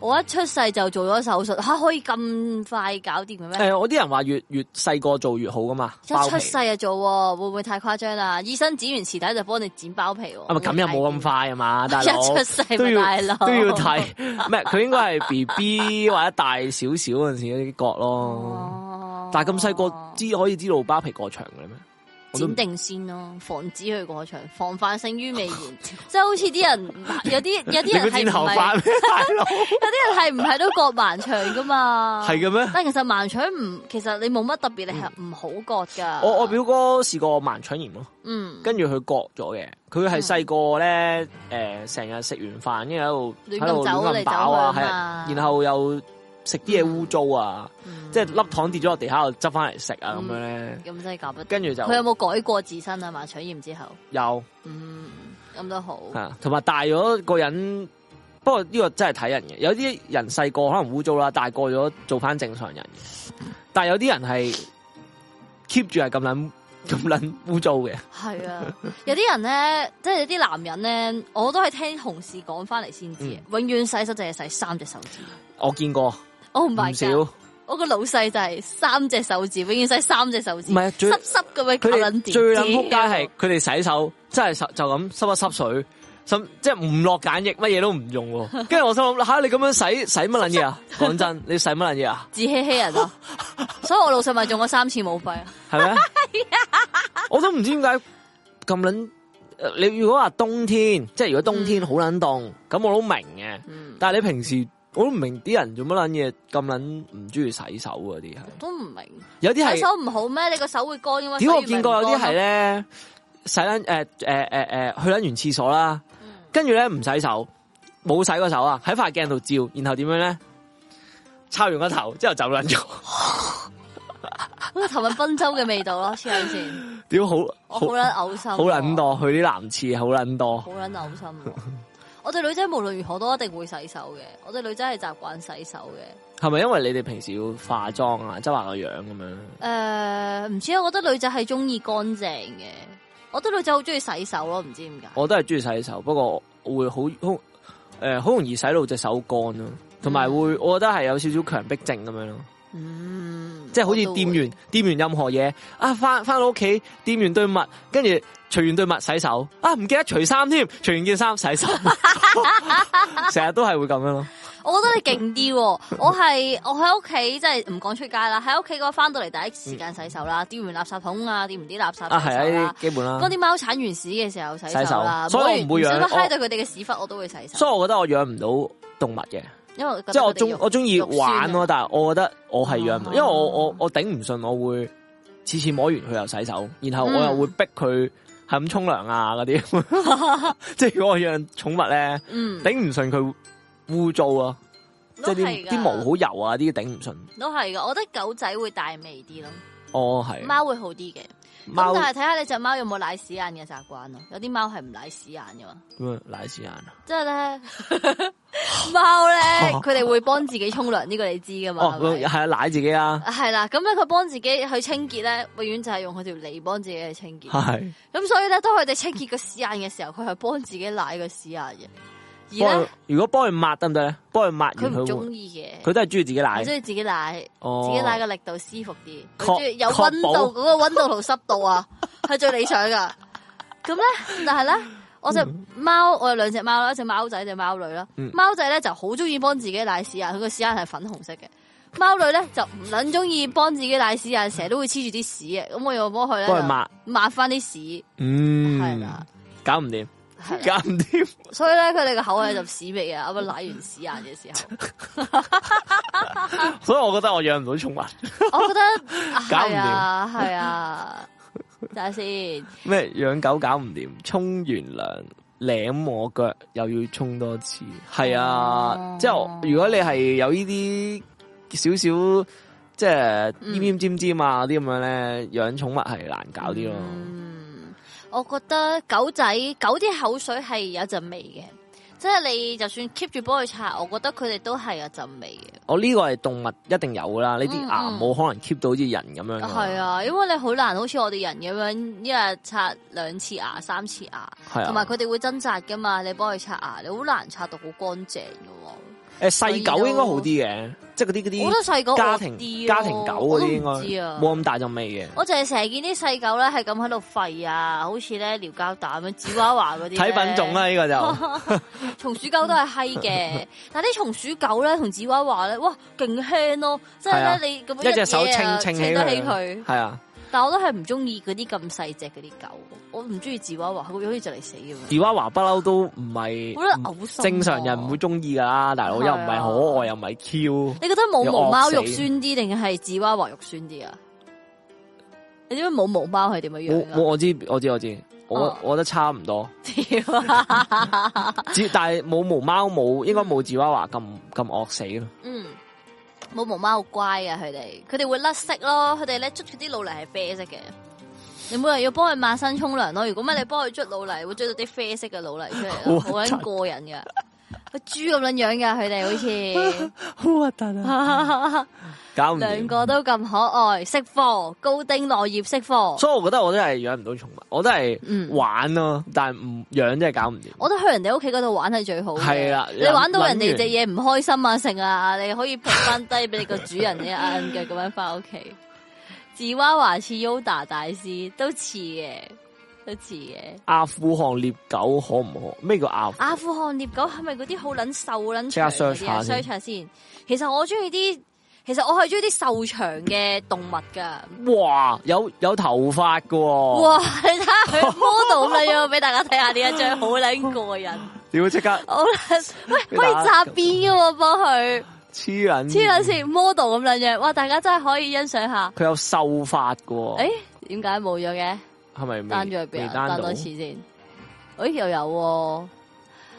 我一出世就做咗手術，吓、啊、可以咁快搞掂嘅咩？我啲人話越越細個做越好噶嘛。一出世就做，會唔會太誇張啊？醫生剪完臍帶就幫你剪包皮、啊。喎、啊！咁又冇咁快係嘛，大佬。一出世都要 都要睇大，咩 要大？佢 應該係 B B 或者大少少嗰陣時啲角咯、啊。但係咁細個知可以知道包皮過長嘅咩？剪定先咯，防止佢過場，防範勝於未然。即 係好似啲人有啲有啲人係唔係有啲人係唔係都割盲腸噶嘛？係嘅咩？但係其實盲腸唔，其實你冇乜特別，你係唔好割噶、嗯。我我表哥試過盲腸炎咯，嗯，跟住佢割咗嘅。佢係細個咧，誒、嗯，成日食完飯跟住喺度亂咁走嚟走去啊，然後又。食啲嘢污糟啊，嗯、即係粒糖跌咗落地下，又執翻嚟食啊，咁、嗯、樣咧，咁真係搞不掂。跟住就佢有冇改過自身啊？嘛，搶鹽之後有，嗯，咁都好。同、啊、埋大咗個人，不過呢個真係睇人嘅。有啲人細個可能污糟啦，大個咗做翻正常人， 但係有啲人係 keep 住係咁捻咁捻污糟嘅。係 啊，有啲人咧， 即係有啲男人咧，我都係聽同事講翻嚟先知、嗯、永遠洗手淨係洗三隻手指，我見過。哦，唔少。我個老細就係三隻手指，永遠使三隻手指，濕濕咁樣。佢最捻扑街係佢哋洗手，真係就咁濕一濕水，濕即係唔落梘液，乜嘢都唔用。跟住我心諗，吓、 啊、你咁樣洗洗乜捻嘢啊？講 真，你洗乜捻嘢啊？自欺欺人咯。所以我老細咪中咗三次冇肺呀？係咪啊？我都唔知點解咁捻。你如果話冬天，即係如果冬天好捻凍，咁、嗯、我都明嘅。嗯、但係你平時。我都唔明啲人做乜捻嘢咁捻唔中意洗手，嗰啲都唔明。有啲洗手唔好咩？你個手會乾嘅嘛？點我見過有啲係咧，洗撚誒誒誒誒，去捻完廁所啦，跟住咧唔洗手，冇洗個手啊，喺塊鏡度照，然後點樣咧？抄完個頭之後走捻咗，咁啊，頭咪賓周嘅味道咯，黐捻線。點好？我好捻嘔心，哦，好捻多，佢啲男廁好捻多，好捻嘔心。我哋女仔無論如何都一定會洗手嘅，我哋女仔係習慣洗手嘅。係咪因為你哋平時要化妝啊、遮埋個樣咁樣？誒、呃，唔知啊，我覺得女仔係中意乾淨嘅，我覺得女仔好中意洗手咯，唔知點解。我都係中意洗手，不過會好好誒，好容易洗到隻手乾咯，同埋會、嗯、我覺得係有少少強迫症咁樣咯。嗯，即係好似掂完掂完任何嘢啊，翻翻到屋企，掂完對襪，跟住除完對襪洗手，啊，唔記得除衫添，除完件衫洗手，成 日 都係會咁樣咯。我覺得你勁啲、哦，我係我喺屋企，即係唔講出街啦，喺屋企嘅話翻到嚟，第一時間洗手啦，掂完垃圾桶垃圾啊，掂完啲垃圾啊，係基本啦。嗰啲貓鏟完屎嘅時候洗手啦，所以唔會養。我揩到佢哋嘅屎忽，我都會洗手。所以我覺得我養唔到動物嘅。因為即係我中我中意玩咯。啊、但係我覺得我係養，哦、因為我我我頂唔順，我會次次摸完佢又洗手，然後我又會逼佢係咁沖涼啊嗰啲，即係如果我養寵物咧，頂唔順佢污糟啊，嗯、 即係啲啲毛好油啊啲頂唔順，都係噶，我覺得狗仔會大味啲咯，哦係，貓會好啲嘅。咁但係睇下你隻貓有冇舐屎眼嘅習慣咯，有啲貓係唔舐屎眼嘅嘛。咁舐屎眼啊，即係咧貓咧，佢 哋貓呢 會幫自己沖涼呢個你知噶嘛？係啊，舐自己啊，係啦。咁咧佢幫自己去清潔咧，永遠就係、是、用佢條脷幫自己去清潔。係。咁所以咧，當佢哋清潔個屎眼嘅時候，佢係幫自己舐個屎眼嘅。幫如果如幫佢抹得唔得咧？幫佢抹，佢唔中意嘅，佢都係中意自己奶，中、oh. 意自己奶，自己奶嘅力度舒服啲。佢中意有溫度，嗰個溫度同濕度啊，係 最理想噶。咁咧，但係咧，我隻貓，我有兩隻貓啦，一隻貓仔，一隻貓女啦。貓、嗯、仔咧就好中意幫自己奶屎啊，佢個屎眼係粉紅色嘅。貓女咧就唔捻中意幫自己奶屎啊，成日都會黐住啲屎嘅。咁我又幫佢咧，幫佢抹抹翻啲屎，嗯，係啊。搞唔掂。啊、搞唔掂，所以咧佢哋個口氣就屎味啊！阿媽舐完屎眼嘅時候，所以我覺得我養唔到寵物。我覺得搞唔掂，係啊，睇下先。咩養狗搞唔掂？沖完涼舐我腳，又要沖多次，係啊、啊。即係如果你係有呢啲少少即係奄奄尖尖啊啲咁樣咧，養寵物係難搞啲咯。嗯我覺得狗仔狗啲口水係有陣味嘅，即係你就算 keep 住幫佢擦，我覺得佢哋都係有陣味嘅。我呢個係動物一定有噶啦，嗯嗯，呢啲牙冇可能 keep 到好似人咁樣。係啊，因為你好難好似我哋人咁樣一日刷兩次牙，三次牙，同埋佢哋會掙扎噶嘛，你幫佢刷牙，你好難刷到好乾淨噶。誒、欸，細狗應該好啲嘅，即係嗰啲嗰啲家庭,好家,庭家庭狗嗰啲應該冇咁大陣味嘅。我淨係成日見啲細狗咧，係咁喺度吠啊，吠好似咧尿膠蛋咁，芝娃娃嗰啲。睇品種啦、啊，呢、呢個就 松鼠狗都係嗨嘅， 但係啲松鼠狗咧同芝娃娃咧，哇，勁輕咯，即係咧你咁一隻、啊、手清清得起佢，係啊。但我都係唔中意嗰啲咁細隻嗰啲狗，我唔中意芝娃娃，好似就嚟死咁。芝娃娃不嬲都唔係，我覺得嘔心。正常人唔會中意噶啦，大佬又唔係可、啊、可愛，又唔係 Q。你覺得冇毛貓肉酸啲，定係芝娃娃肉酸啲啊？你點解冇毛貓係點嘅樣啊？我，我知我知我知，我、oh. 我覺得差唔多。 但係冇毛貓冇，應該冇芝娃娃咁咁惡死咯。嗯。冇毛貓好乖噶，佢哋佢哋會甩色咯，佢哋咧捉住啲老泥係啡色嘅，你每日要幫佢抹身沖涼咯。如果唔係你幫佢捉老泥，會捉到啲啡色嘅老泥出嚟咯，好鬼過癮噶。 個 豬咁樣樣噶，佢哋好似好核突啊！ 噁心啊 搞唔掂，兩個都咁可愛，識貨高丁落葉識貨，所、so, 以我覺得我都係養唔到寵物，我都係玩咯、啊。嗯、但係唔養真係搞唔掂。我覺得去人哋屋企嗰度玩係最好嘅。係啦，你玩到人哋隻嘢唔開心啊，成啊，你可以抱翻低俾你個主人一眼嘅咁樣翻屋企。 自娃娃似 Yoda 大師都似嘅！似嘅，阿富汗獵狗可唔可？咩叫阿富？阿富汗獵狗係咪嗰啲好卵瘦卵長嘅？即刻 search 下，search 下先。其實我中意啲，其實我係中意啲瘦長嘅動物噶。哇，有有頭髮噶、哦？哇，你睇 model 咁樣，俾 大家睇下點一張好卵過人！點會即刻？好卵，喂，可以紮邊嘅喎，幫佢。黐人黐卵先，model 咁兩樣，哇！大家真係可以欣賞下。佢有秀髮噶？誒、欸，點解冇咗嘅？係咪？未單咗入邊，單多次先。哎、欸，又有、啊、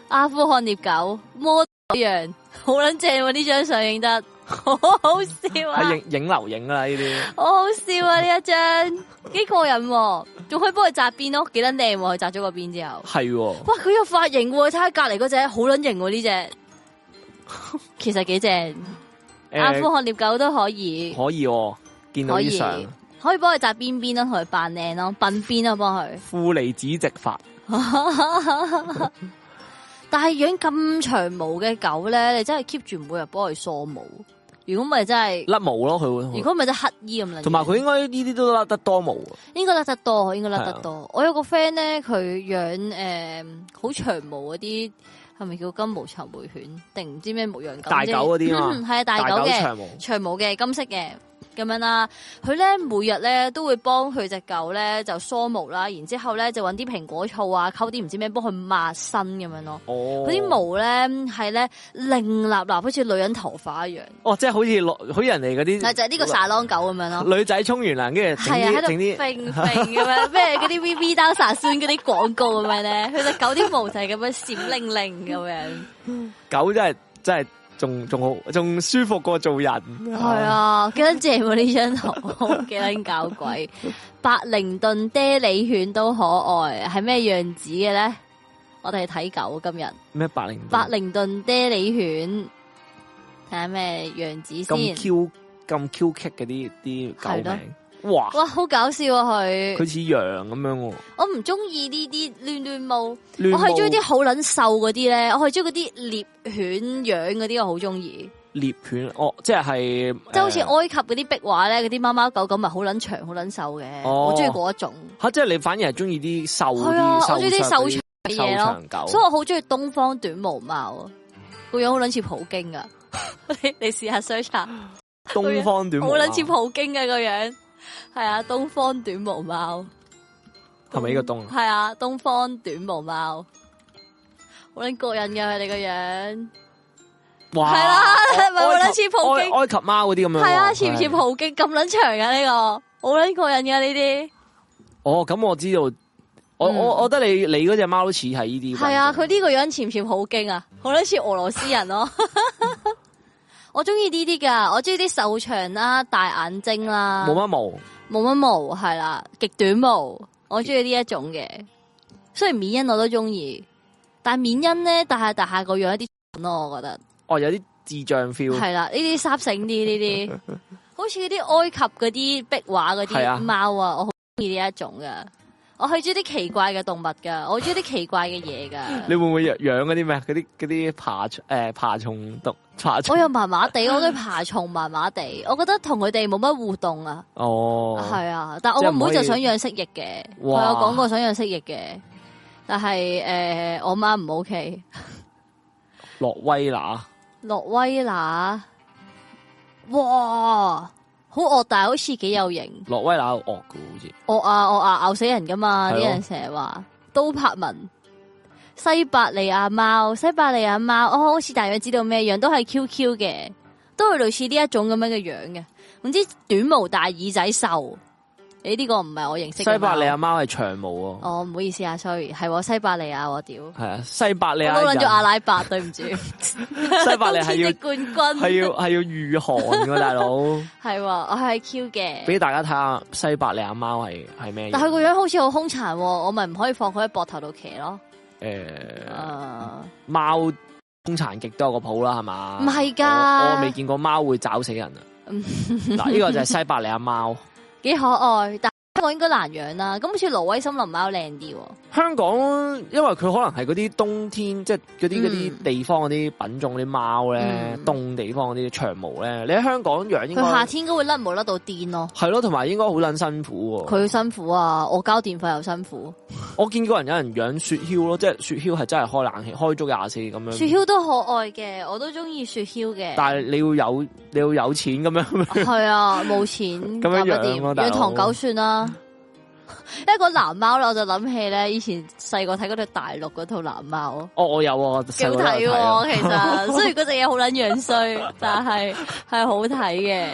阿富汗獵狗，魔樣好撚正喎！呢張相影得，好好笑啊！影 影流影啦、啊，呢啲好好笑啊！呢 一張幾過癮、啊，仲可以幫佢紮辮咯，幾得靚喎！紮咗個辮之後，係、哦、哇，佢有髮型、啊，睇下隔籬嗰隻，好撚型喎！呢隻其實幾正、欸，阿富汗獵狗都可以，可以、啊、見到啲相！可以幫佢紮邊邊啦，同佢扮靚咯，鬢邊咯，幫佢。負離子直髮 但係養咁長毛嘅狗咧，你真係 keep 住每日幫佢梳毛。如果唔係，真係甩毛咯，佢會。如果唔係，真係乞衣咁樣。同埋佢應該呢啲都甩得多毛。應該甩得多，應該甩得多。我有個 friend 咧，佢養誒好長毛嗰啲，係咪叫金毛長毛犬？定唔知咩牧羊狗？大狗嗰啲嘛。係 啊，大狗嘅長毛，長毛嘅金色嘅。咁樣啦，佢咧每日咧都會幫佢隻狗咧就梳毛啦，然之後咧就搵啲蘋果醋啊，溝啲唔知咩幫佢抹身咁樣咯。哦呢，佢啲毛咧係咧另立立，好似女人頭髮一樣。哦，即係好似落好似人哋嗰啲，就係、是、呢個沙龍狗咁樣咯。女仔沖完涼，跟住整啲整啲，咁 樣咩嗰啲 V V 達沙宣嗰啲廣告咁樣咧，佢隻狗啲毛就係咁樣閃靈靈咁樣。狗真係真係。仲仲好，仲舒服過做人。係啊，幾靚正喎呢張圖，幾 靚搞鬼。百靈頓爹里犬都可愛，係咩樣子嘅咧？我哋睇狗今日咩？百靈百靈頓爹里犬，睇下咩樣子先。咁 Q 咁 Q cute 嘅啲啲狗名。哇！哇，好搞笑啊佢，佢似羊咁樣，哦。我唔中意呢啲亂亂毛，我係中意啲好捻瘦嗰啲咧。我係中意嗰啲獵犬樣嗰啲，我好中意。獵犬哦，即係即係好似埃及嗰啲壁畫咧，嗰啲貓貓狗狗咪好捻長，好捻瘦嘅，哦，我中意嗰一種。吓，啊，即係你反而係中意啲瘦嘅？係啊！瘦，我中意啲瘦長嘅嘢咯。所以我好中意東方短毛貓，個，嗯，樣好捻似普京噶。 你試下 search 下東方短毛、毛，好捻似普京嘅個樣。係啊，東方短毛貓係咪呢個東？係啊，東方短毛貓好捻過癮噶，佢哋個樣子，哇係啦，係咪好捻似普京？埃及貓嗰啲咁樣，係啊，似唔似普京？咁捻、啊、長噶呢個好捻過癮噶呢啲。哦，咁我知道，嗯、我我我覺得你你嗰隻貓都似係呢啲。係啊，佢呢個樣似唔似普京啊？好捻似俄羅斯人咯、啊。 我中意呢啲噶，我中意啲瘦長啦、啊、大眼睛啦、啊，冇乜毛，冇乜毛係啦，極短毛，我中意呢一種嘅。雖然緬因我都中意，但緬因咧，但係但係個樣一啲蠢咯，我覺得。哦，有啲智障 feel。係啦，呢啲沙性啲呢啲，些 好似嗰啲埃及嗰啲壁畫嗰啲貓啊，我好中意呢一種噶。我去中意啲奇怪嘅動物噶，我中意啲奇怪嘅嘢噶。 你會唔會養嗰啲咩？嗰啲啲爬蟲誒爬蟲動物？我又麻麻地，我都爬蟲麻麻地，我覺得同佢哋冇乜互動啊。哦，係啊，但係我個妹,妹就想養蜥蜴嘅、呃，我有講過想養蜥蜴嘅，但係誒我媽唔 OK。洛威拿？洛威拿？哇，好惡，但係，好似幾有型。洛威拿好惡嘅，好似。惡啊惡啊，咬死、啊、人噶嘛，啲人成日話都拍文。西伯利亞貓，西伯利亞貓，哦，我好似大約知道咩樣，都係 Q Q 嘅，都係類似呢一種咁樣嘅樣嘅，總之短毛大耳仔瘦，誒、欸、呢、這個唔係我認識的貓，西伯利亞貓係長毛啊、哦，哦唔好意思啊，Sorry，係我西伯利亞我屌，係啊西伯利亞，我諗住阿拉伯對唔、哦、住，西伯利亞係要冠軍，係要係要御寒噶大佬，係我係 Q 嘅，俾大家睇下西伯利亞貓係係咩，但佢個樣好似好兇殘、哦，我咪唔可以放佢喺膊頭度騎咯。誒、呃，貓凶殘極都有個譜啦，係嘛？唔係噶，我未見過貓會抓死人 啊。嗱，呢個就係西伯利亞貓，幾可愛，香港應該難養啦、啊，咁好似挪威森林貓靚啲。香港因為佢可能係嗰啲冬天，即係嗰啲嗰啲地方嗰啲品種嗰啲貓咧，凍、嗯、地方嗰啲長毛咧，你喺香港養佢夏天應該會甩毛甩到癲咯。係咯、啊，同埋應該好撚辛苦、啊。佢辛苦啊，我交電費又辛苦。 我見過有人有人養雪橇咯，即係雪橇係真係開冷氣開足廿四咁樣。雪橇都可愛嘅，我都中意雪橇嘅。但係你要有你要有錢咁樣。係啊，冇 錢咁樣養唔養唐狗算啦。一 個藍貓啦，我就諗起咧，以前細個睇嗰對大陸嗰套藍貓。哦，我有，幾好睇。其實雖然嗰隻嘢好撚樣衰，但係係好睇嘅。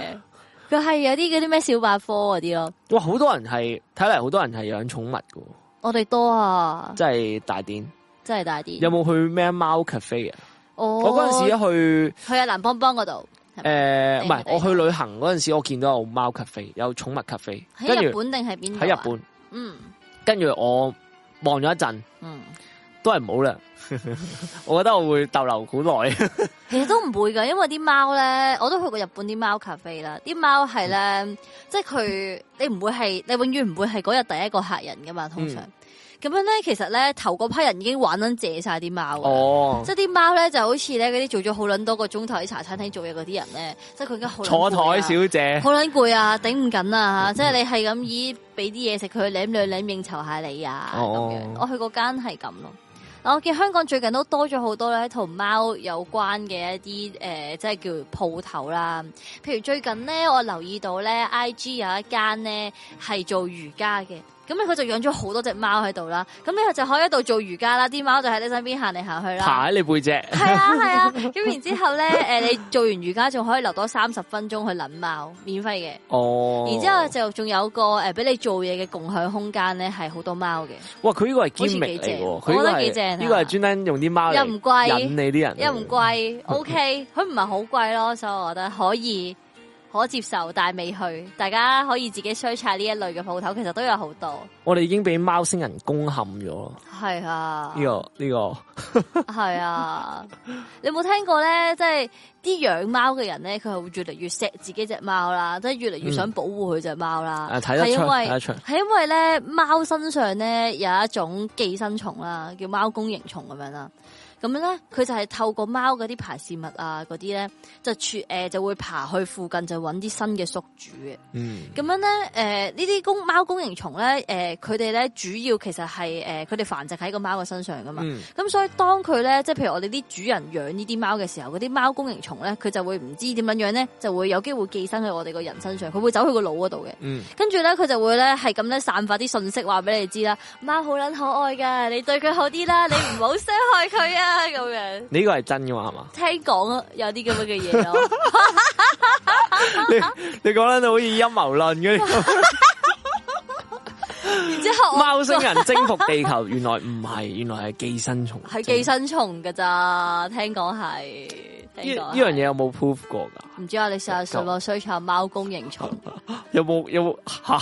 佢係有啲嗰啲咩小百科嗰啲咯。哇，好多人係睇嚟，好多人係養寵物噶。我哋多啊，真係大點，真係大點。有冇去咩貓 cafe 啊？我嗰陣時去去阿藍邦邦嗰度。誒，唔、呃、係、哎哎，我去旅行嗰陣時，我見到有貓咖啡，有寵物咖啡。喺日本定係邊度？喺日本。嗯。跟住我望咗一陣。嗯。都係唔好啦。 我覺得我會逗留好耐。其實都唔會噶，因為啲貓咧，我都去過日本啲貓咖啡啦。啲貓係咧，即係佢，你唔會係，你永遠唔會係嗰日第一個客人噶嘛，通常、嗯。咁樣咧，其實咧頭嗰批人已經玩撚借晒啲貓，即係啲貓咧就好似咧嗰啲做咗好捻多個鐘頭喺茶餐廳做嘢嗰啲人咧，即係佢嘅坐台小姐，好捻攰啊，頂唔緊啊，即、嗯、係你係咁依俾啲嘢食佢，舐兩舐應酬下你啊，咁、哦、樣。我去嗰間係咁咯。嗱，我見香港最近都多咗好多咧，同貓有關嘅一啲誒，即、呃、係、就是、叫鋪頭啦。譬如最近咧，我留意到咧，IG 有一間咧係做瑜伽嘅。咁佢就養咗好多隻貓喺度啦，咁你就可以喺度做瑜伽啦，啲貓就喺你身邊行嚟行去啦，爬喺你背脊。係啊，係啊，咁、啊、 然之後咧，誒，你做完瑜伽仲可以留多三十分鐘去撚貓，免費嘅。哦。然之後就仲有個誒，俾你做嘢嘅共享空間咧，係好多貓嘅。哇，佢呢個係幾正嘅，我覺得幾正。呢、這個係專登用啲貓嚟引你啲人，又唔貴，又唔貴，OK，佢唔係好貴咯，所以我覺得可以。可接受，但係未去，大家可以自己衰查呢一類嘅鋪頭，其實都有好多。我哋已經俾貓星人攻陷咗。係啊、這個，呢、這個呢個係啊， 你有冇聽過咧？即係啲養貓嘅人咧，佢係會越嚟越錫自己隻貓啦，即係越嚟越想保護佢隻貓啦。啊、嗯，睇得出，睇得出，係因為咧貓身上咧有一種寄生蟲啦，叫貓弓形蟲咁樣啦。咁樣咧，佢就係透過貓嗰啲排泄物啊，嗰啲咧就處誒、呃、就會爬去附近就揾啲新嘅宿主嘅、嗯。嗯、呃，咁樣咧，誒、呃、呢啲公貓弓形蟲咧，誒佢哋咧主要其實係誒佢哋繁殖喺個貓嘅身上噶嘛。咁、嗯、所以當佢咧，即係譬如我哋啲主人養呢啲貓嘅時候，嗰啲貓弓形蟲咧，佢就會唔知點樣樣咧，就會有機會寄生喺我哋個人身上，佢會走去個腦嗰度嘅。嗯、跟住咧，佢就會咧係咁咧散發啲信息話俾你知啦。貓、嗯、好撚可愛噶，你對佢好啲啦，你唔好傷害佢啊！ 咁樣呢個係真嘅嘛？係嘛？聽講有啲咁樣嘅嘢咯。你你講得你好似陰謀論嘅。然之後貓星人征服地球原不是，原來唔係，原來係寄生蟲。係寄生蟲嘅咋？聽講係。呢呢樣嘢有冇 proof 過噶？唔知我、啊、你試下上網 search 貓弓形蟲 ，有冇有冇吓？係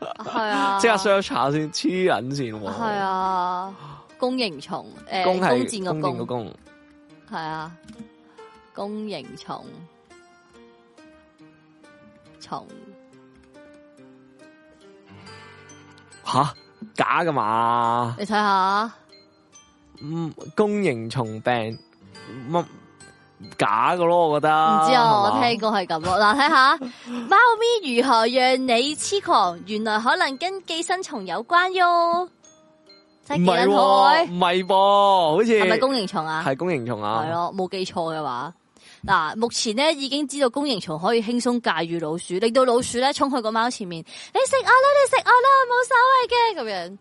是啊，即刻 search 查下先，黐人先。係啊。弓形蟲，誒、呃，弓箭個弓，係啊，弓形蟲蟲，吓？假噶嘛？你睇下，嗯，弓形蟲病乜假噶咯？我覺得，唔知啊，我聽過係咁咯。嗱，睇下貓咪如何讓你痴狂，原來可能跟寄生蟲有關喲。真係唔係噃，好似係咪弓形蟲啊？係弓形蟲啊對、哦，係咯，冇記錯嘅話，嗱，目前咧已經知道弓形蟲可以輕鬆駕馭老鼠，令到老鼠咧衝去個貓前面，你食我、啊、啦，你食我、啊、啦，冇所謂嘅咁樣。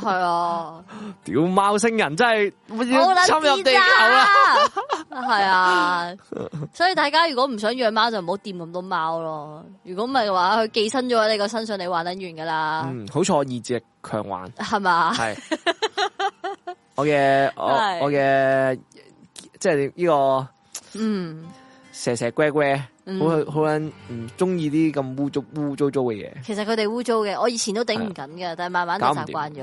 係啊，屌貓星人真係冇啦，侵入地球啦、啊，係 啊，所以大家如果唔想養貓就唔好掂咁多貓咯。如果唔係嘅話，佢寄生咗喺你個身上，你玩得完噶啦、嗯 這個。嗯，好彩我意志力強玩，係嘛？係，我嘅我我嘅即係呢個嗯。蛇蛇龜龜、嗯，好係好撚唔中意啲咁污糟污糟糟嘅嘢。其實佢哋污糟嘅，我以前都頂唔緊嘅，但係慢慢都習慣咗。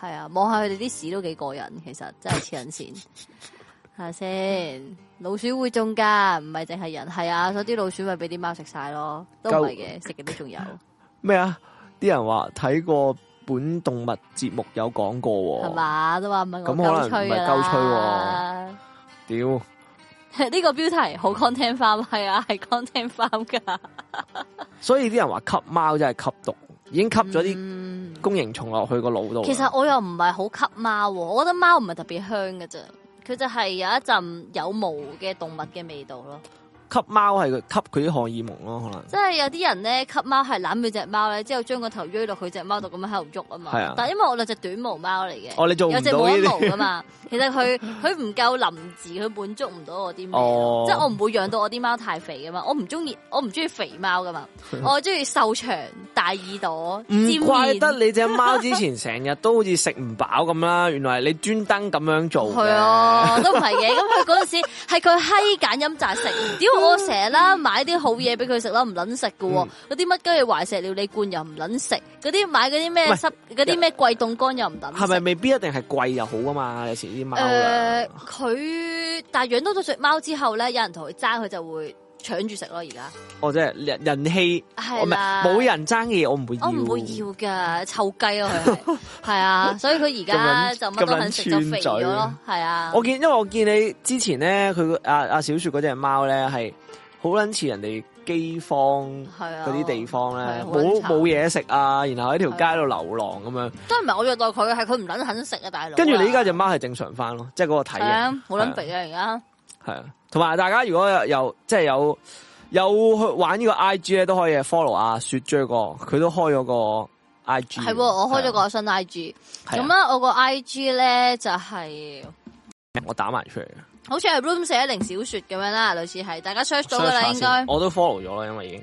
係啊，望下佢哋啲屎都幾過癮，其實真係黐人線。係 先？老鼠會中噶，唔係淨係人。係啊，所以啲老鼠咪俾啲貓食晒咯，都唔係嘅，食嘅都仲有。咩啊？啲人話睇過本動物節目有講過，係嘛，都話唔係我鳩吹啊！屌。呢 個標題好 content farm，係啊，係 content farm 㗎。所以啲人話吸貓真係吸毒，已經吸咗啲弓形蟲落去個腦度、嗯。其實我又唔係好吸貓，我覺得貓唔係特別香㗎啫，佢就係有一陣有毛嘅動物嘅味道咯。吸貓係吸佢啲荷爾蒙咯，可能即。即係有啲人咧吸貓係攬住隻貓咧，之後將個頭 q 落佢隻貓度咁樣喺度喐啊嘛。係啊，但因為我兩隻短毛貓嚟嘅，哦、有隻冇毛噶嘛。其實佢佢唔夠臨時，佢滿足唔到我啲貓，哦、即係我唔會養到我啲貓太肥噶嘛。我唔中意，我唔中意肥貓噶嘛。啊、我中意瘦長大耳朵。唔怪得你隻貓之前成日都好似食唔飽咁啦。 原來係你專登咁樣做。係啊，都唔係嘅。咁佢嗰陣時係佢閪揀飲擇食，點 我成啦買啲好嘢俾佢食啦，唔撚食嘅，嗰啲乜雞翼、懷石料理罐又唔撚食，嗰啲買嗰啲咩濕、嗰啲咩貴凍乾又唔等。係咪未必一定係貴又好啊嘛？有時啲貓。誒、呃，佢但係養多咗隻貓之後咧，有人同佢爭，佢就會。搶住食咯而家，哦，即係人人氣，我唔係冇人爭嘅嘢，我唔會，我唔會要噶，臭雞咯佢係啊，所以佢而家就乜都肯食就肥咗咯，係啊。我見因為我見你之前咧，佢個阿小雪嗰隻貓咧係好撚似人哋饑荒，係啊嗰啲地方咧，冇冇嘢食啊，然後喺條街度流浪咁樣。都唔係我虐待佢，係佢唔撚肯食啊大佬、啊。跟住你依家隻貓係正常翻咯，即係嗰個體型冇撚肥啊而家。現在現在。係啊，同埋大家如果有，有即係有有去玩呢個 I G 咧，都可以 follow 啊。雪追哥佢都開咗個 I G。係我開咗個新 I G。咁咧、就是，我個 I G 咧就係我打埋出嚟嘅，好似係 room 四一零小雪咁樣啦，類似係大家 search 到噶啦，應該我都 follow 咗啦，因為已經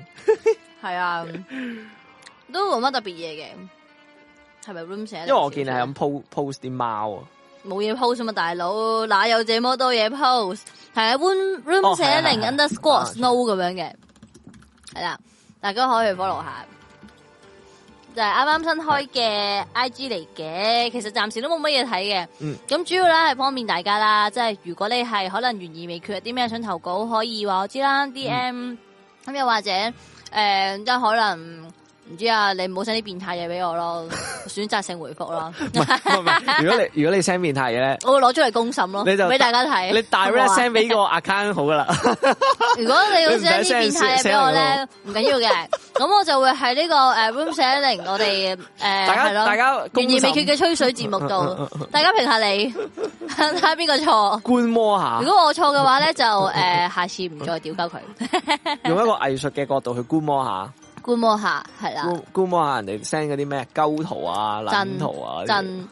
係 啊，都冇乜特別嘢嘅，係咪 room 四一？因為我見你係咁 po，post post 啲貓啊。冇嘢 post 嘛，大佬，哪有這麼多嘢 post？係、oh, 啊，One Room 舍靈 under Squat Snow 咁樣嘅，係啦，大家可以 follow 下，就係啱啱新開嘅 IG 嚟嘅，其實暫時都冇乜嘢睇嘅，咁、嗯、主要咧係方便大家啦，即、就、係、是、如果你係可能懸疑未決，啲咩想投稿可以話我知啦，D M，咁、嗯、又或者誒即係可能。唔知啊，你唔好 send 啲變態嘢俾我咯，選擇性回覆咯。 唔係，如果你如果你 send 變態嘢咧，我會攞出嚟公審咯，你就俾大家睇。你大 red send 俾個 account 好噶啦。如果你，寫你，你，你，如果你要 send 啲變態嘢俾我咧，唔緊要嘅，咁 我就會喺呢、這個誒、uh, room setting 我哋誒係咯，大家懸疑未決嘅吹水節目度，大家評下你睇下邊個錯。觀摩下，如果我錯嘅話咧，就誒、uh, 下次唔再屌鳩佢，用一個藝術嘅角度去觀摩下。觀摩下係啦，觀摩下人哋 send 嗰啲咩鳩圖啊、真？圖啊、真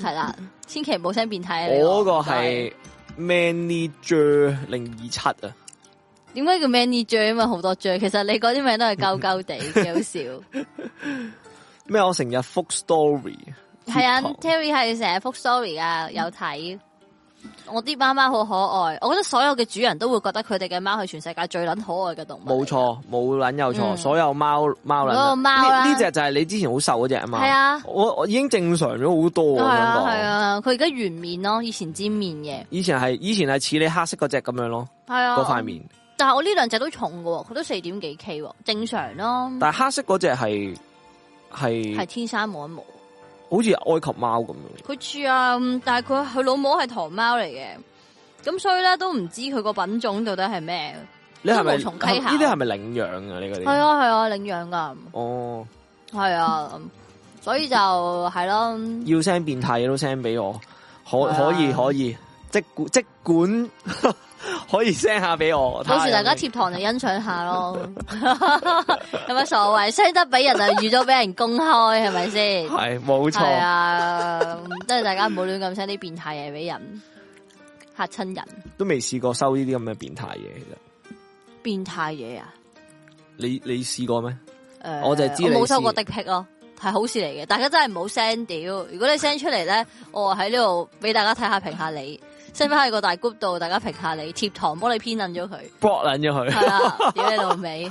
係 啦，千祈唔好 send 變態。我個係 man J 零二七啊，點解叫 man J 啊？因為好多 J。其實你嗰啲名都係鳩鳩地，幾好笑。咩？ 我成日複 story，係啊，Terry 係成日複 story 啊！Story 有睇。嗯我啲貓貓好可愛，我覺得所有嘅主人都會覺得佢哋嘅貓係全世界最捻可愛嘅動物的沒錯。冇錯，冇捻有錯，所有貓貓個貓呢隻就係你之前好瘦嗰隻啊嘛？係啊，我我已經正常咗好多啊,是啊,是啊。係啊，佢而家圓面咯，以前尖面嘅。以前係以前係似你黑色嗰隻咁樣咯。係啊，嗰塊面。但係我呢兩隻都重噶，佢都四點幾 K，正常咯。但係黑色嗰隻係係係天生冇一毛。好似埃及貓咁樣，佢住啊，但係佢佢老母係唐貓嚟嘅，咁所以咧都唔知佢個品種到底係咩。你係咪？呢啲係咪領養啊？呢個係啊係啊領養噶。哦，係啊，所以就係咯、啊。要聲變態都聲俾我，可以、啊、可以可以，即管即管。 可以 send 下俾我，到時大家貼堂就欣賞下咯 有有，有乜所謂？send 得俾人就預咗俾人公開，係咪先？係冇錯啊，即 係大家唔好亂咁 send 啲變態嘢俾人嚇親人。都未試過收呢啲咁嘅變態嘢，其實變態嘢啊？你你試過咩、呃？我就係知冇收過的 p i c 咯，係好事嚟嘅。大家真係唔好 send 屌，如果你 send 出嚟咧， 我喺呢度俾大家睇下評下你。send 翻去個大 group 度，大家評下你貼堂幫你，幫你偏捻咗佢，搏捻咗佢，係啦，屌你老味？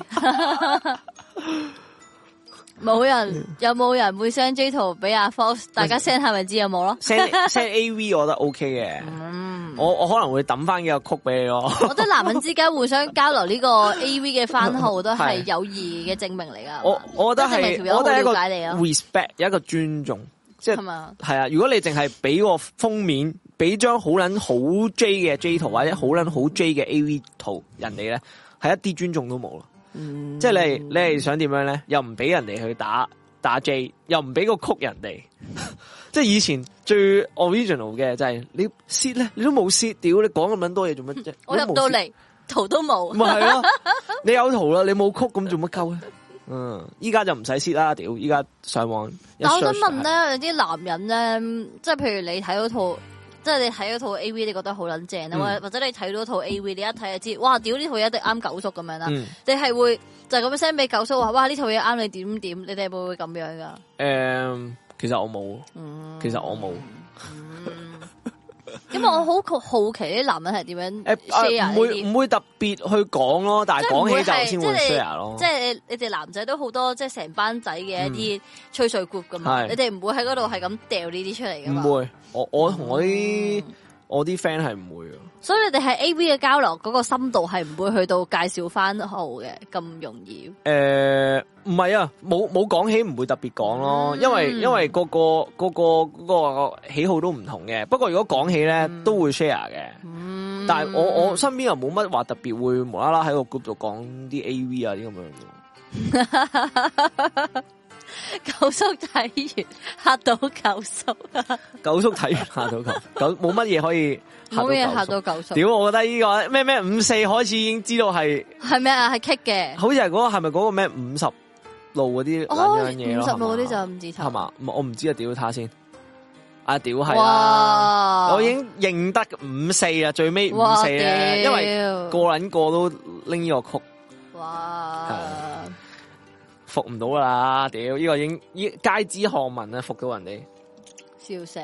冇 人有冇人會 send J 圖俾阿 Fox？大家 send 下咪知有冇咯？send AV 我覺得 OK 嘅、嗯，我我可能會抌翻幾個曲俾你咯。 我覺得男人之間互相交流呢個 AV 嘅番號都係友誼嘅證明嚟噶。 我我覺得係我第一個理解你啊。respect 有一個尊重，即係係啊。如果你淨係俾個封面。俾張好撚好 J 嘅 J 圖，或者好撚好 J 嘅 A.V. 圖，人哋咧係一啲尊重都冇咯。嗯、即係你，你係想點樣咧？又唔俾人哋去打打 J，又唔俾個曲人哋。 即係以前最 original 嘅就係、是、你 sit 咧，你都冇 sit，屌你講咁撚多嘢做乜啫？我入到嚟圖都冇，唔係咯？你有圖啦，你冇曲咁做乜鳩咧？嗯，依家就唔使 sit 啦，屌！依家上網、就是，但我想問咧，有啲男人咧，即係譬如你睇嗰套。即係你睇嗰套 A V，你覺得好撚正啊，嗯、或者你睇到套 A V，你一睇就知，哇！屌呢套嘢一定啱九叔咁樣啦，你、嗯、係會就咁樣 send 俾九叔話，哇！呢套嘢啱你點點，你哋會唔會咁樣噶？誒、呃，其實我冇，嗯、其實我冇。咁 我好好奇啲男人係點樣 share 呢啲，唔、欸呃、唔會唔會特別去講咯，但係講起就先 share 咯。即係你哋男仔都好多，即係成班仔嘅一啲吹水 group 噶嘛？你哋唔會喺嗰度係咁掉呢啲出嚟噶嘛？唔會，我我同我啲、嗯、我啲 friend 係唔會啊。所以你哋喺 A.V. 嘅交流嗰個深度係唔會去到介紹翻號嘅咁容易。誒、呃，唔係啊，冇冇講起唔會特別講咯、嗯，因為因為個個個個個喜好都唔同嘅。不過如果講起咧、嗯，都會 share 嘅、嗯。但係我我身邊又冇乜話特別會無啦啦喺個 group 度講啲 A.V. 啊啲咁樣。 九叔睇完嚇到，到九叔，九叔睇完嚇到九，咁冇乜嘢可以。冇嘢，下到九十。屌，我覺得呢、這個咩咩五四開始已經知道係。係咩啊？係 kick 嘅。好似係嗰個係咪嗰個咩？五十路嗰啲兩五十路嗰啲就唔知。係嘛？我唔知啊！屌他先。阿屌係啦。我已經認得五四啊，最尾五四啊，因為個人個都拎呢個曲。哇！服、呃、唔到啦！屌，呢、這個已經依街知巷聞啊，服到人哋。笑死！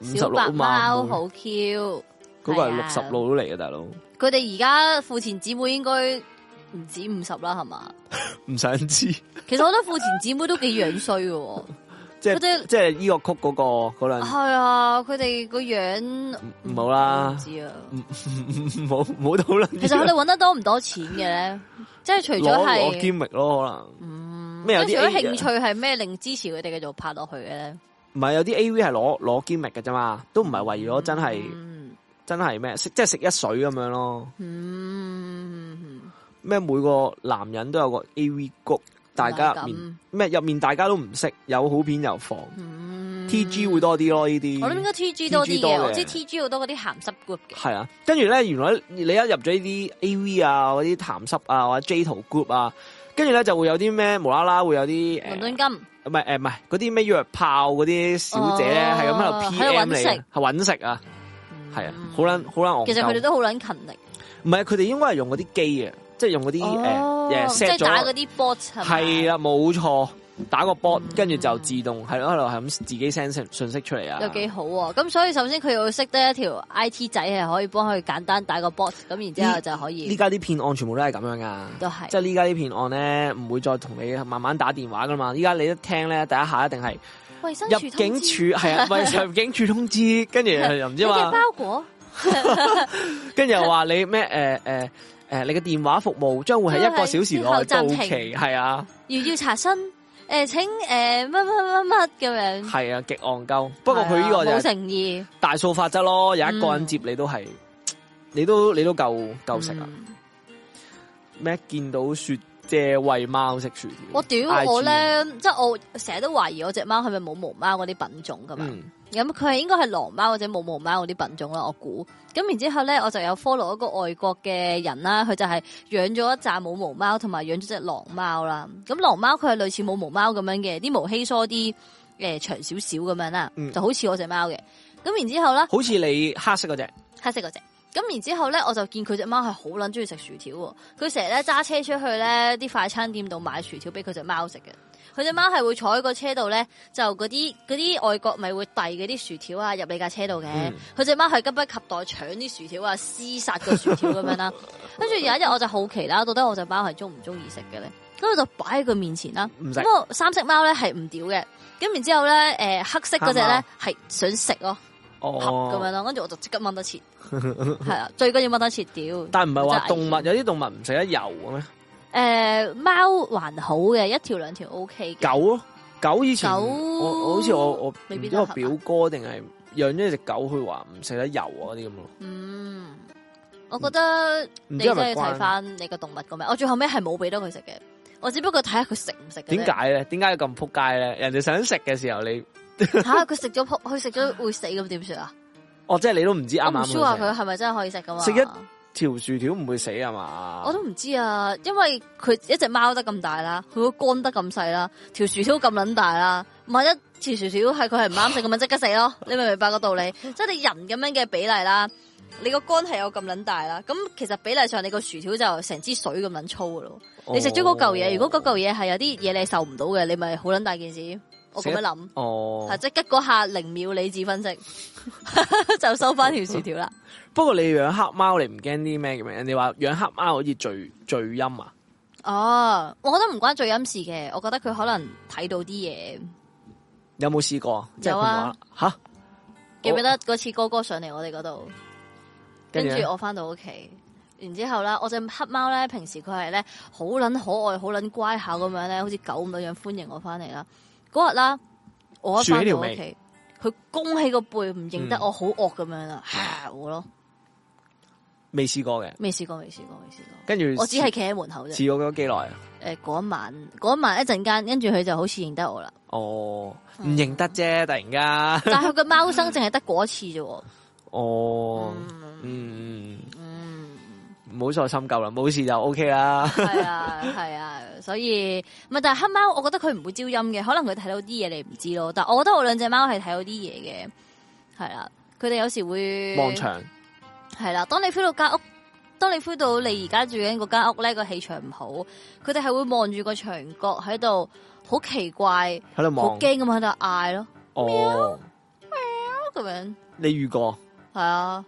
五十六碼，好 Q。嗰、那個係六十路嚟嘅，是啊、大佬。佢哋而家富前姊妹應該唔止五十啦，係嘛？唔 想知。 其實我覺得富前姊妹都幾樣衰嘅，即係即係呢個曲嗰、那個嗰兩。係啊，佢哋個樣唔好啦。唔啊，唔，好冇到啦。其實佢哋揾得多唔多錢嘅咧， 即係除咗係。我攞堅覓咯，可能。咩除咗興趣係咩令支持佢哋繼續拍落去嘅咧？唔係有啲 A.V 係攞攞機密嘅啫嘛，都唔係為咗真係、嗯、真係咩食，即係食一水咁樣咯。咩、嗯、每個男人都有個 A.V.group，大家入面，咩入面大家都唔識，有好片有房、嗯。T.G 會多啲咯，呢啲我諗應該 T.G 多啲嘅，我知 T.G 好多嗰啲鹹濕 group 嘅。係啊，跟住咧，原來你一入咗呢啲 A.V 啊，嗰啲鹹濕啊或者 J 圖 group 啊，跟住咧就會有啲咩無啦啦會有啲倫敦金。唔係誒，唔係嗰啲咩藥炮嗰啲小姐咧，係咁喺度 P，係揾食，係揾食啊，係啊、嗯，好撚好撚！其實佢哋都好撚勤力唔係。唔係，佢哋應該係用嗰啲機啊，即係用嗰啲誒，即係打嗰啲 bot 係啊，冇錯。打個 bot，跟住就自動係咯，喺度係咁自己 send 信信息出嚟啊！有幾好喎。咁所以首先佢又識得一條 I T 仔係可以幫佢簡單打個 bot，咁然之後就可以。呢家啲騙案全部都係咁樣噶，都係。即係呢家啲騙案咧，唔會再同你慢慢打電話噶嘛。依家你一聽咧，第一下一定係入警署，係啊，入警署通知，跟住又唔知話啲包裹，跟住又話你咩誒誒誒，你嘅電話服務將會喺一個小時內到期，係啊，如要查詢。誒、呃，請誒乜乜乜乜咁樣，係啊，極戇鳩。不過佢呢個有誠、啊、意，大數法則咯，有一個人接你都係，你都你都夠你都夠食啊！咩？見 到樂雪。借係餵貓食薯我屌我咧，即係我成日都懷疑我隻貓係咪冇毛貓嗰啲品種噶嘛？咁佢係應該係狼貓或者冇毛貓嗰啲品種啦，我估。咁然之後咧，我就有 follow 一個外國嘅人啦，佢就係養咗一紮冇毛貓，同埋養咗隻狼貓啦。咁狼貓佢係類似冇毛貓咁樣嘅，啲毛稀疏啲，誒、呃、長少少咁樣啦，就好似我隻貓嘅。咁然之後咧，好似你黑色嗰隻，黑色隻。咁然之後咧、嗯， 我就見佢隻貓係好捻中意食薯條，佢成日咧揸車出去咧啲快餐店度買薯條俾佢隻貓食嘅。佢隻貓係會坐喺個車度咧，就嗰啲啲外國咪會遞嗰啲薯條啊入你架車度嘅。佢隻貓係急不及待搶啲薯條啊，廝殺個薯條咁樣啦。跟住有一日我就好奇啦，到底我隻貓係中唔中意食嘅咧？咁就擺喺佢面前啦。咁我三色貓咧係唔屌嘅，咁然之後咧，誒黑色嗰隻咧係想食咯。咁、哦、樣咯，跟住我就即刻掹得切，係 啊，最緊要掹得切屌！但係唔係話動物有啲動物唔食得油嘅咩？誒、呃，貓還好嘅，一條兩條 OK 嘅。狗咯，狗以前狗，我，我好似我我一個表哥定係養咗隻狗，佢話唔食得油啊啲咁咯。嗯，我覺得你真係要睇翻你個動物咁樣是是。我最後尾係冇俾多佢食嘅，我只不過睇下佢食唔食。點解咧？點解咁撲街咧？人哋想食嘅時候你。吓， 佢食咗鋪，佢食咗會死咁點算啊？哦，即係你都唔知啱唔啱。我唔想話佢係咪真係可以食噶嘛？食一條薯條唔會死係嘛？我都唔知啊，因為佢一隻貓得咁大啦，佢個肝得咁細啦，條薯條咁撚大啦，萬一條薯條係佢係唔啱食咁樣即刻死咯。你明唔明白個道理？即係你人咁樣嘅比例啦，你個肝係有咁撚大啦，咁其實比例上你個薯條就成支水咁撚粗噶咯、哦。你食咗嗰嚿嘢，如果嗰嚿嘢係有啲嘢你受唔到嘅，你咪好撚大件事。我咁樣諗，哦是，即係吉嗰下零秒理智分析 就收翻條薯條啦。不過你養黑貓，你唔驚啲咩嘅咩？你話養黑貓可以聚聚陰啊？哦，我覺得唔關聚陰事嘅，我覺得佢可能睇到啲嘢。有冇試過？有啊。吓、就是？記唔記得嗰次哥哥上嚟我哋嗰度，跟住我翻到屋企，然之後咧，我隻黑貓咧，平時佢係咧好捻可愛、好捻乖巧咁樣咧，好似狗咁樣歡迎我翻嚟啦。嗰日啦，我一返到屋企，佢弓起個背，唔認得我，好惡咁樣啦，吓，我咯，未試過嘅，未試過，未試過，未試過，跟住我只係企喺門口啫。試過咗幾耐啊？誒，嗰、呃、一晚，嗰一晚一陣間，跟住佢就好似認得我啦。哦，唔認得啫，突然間。但係佢個貓生淨係得嗰一次啫。哦，嗯。嗯唔好再深究啦，冇事就 OK 啦。係 啊，係啊，所以咪但係黑貓，我覺得佢唔會招陰嘅，可能佢睇到啲嘢你唔知咯。但我覺得我兩隻貓係睇到啲嘢嘅，係啦、啊，佢哋有時會望牆。係啦、啊，當你飛到間屋，當你飛到你而家住緊嗰間屋咧，個氣場唔好，佢哋係會望住個牆角喺度，好奇怪，喺度望，好驚咁喺度嗌咯，喵喵咁樣。你遇過？係啊。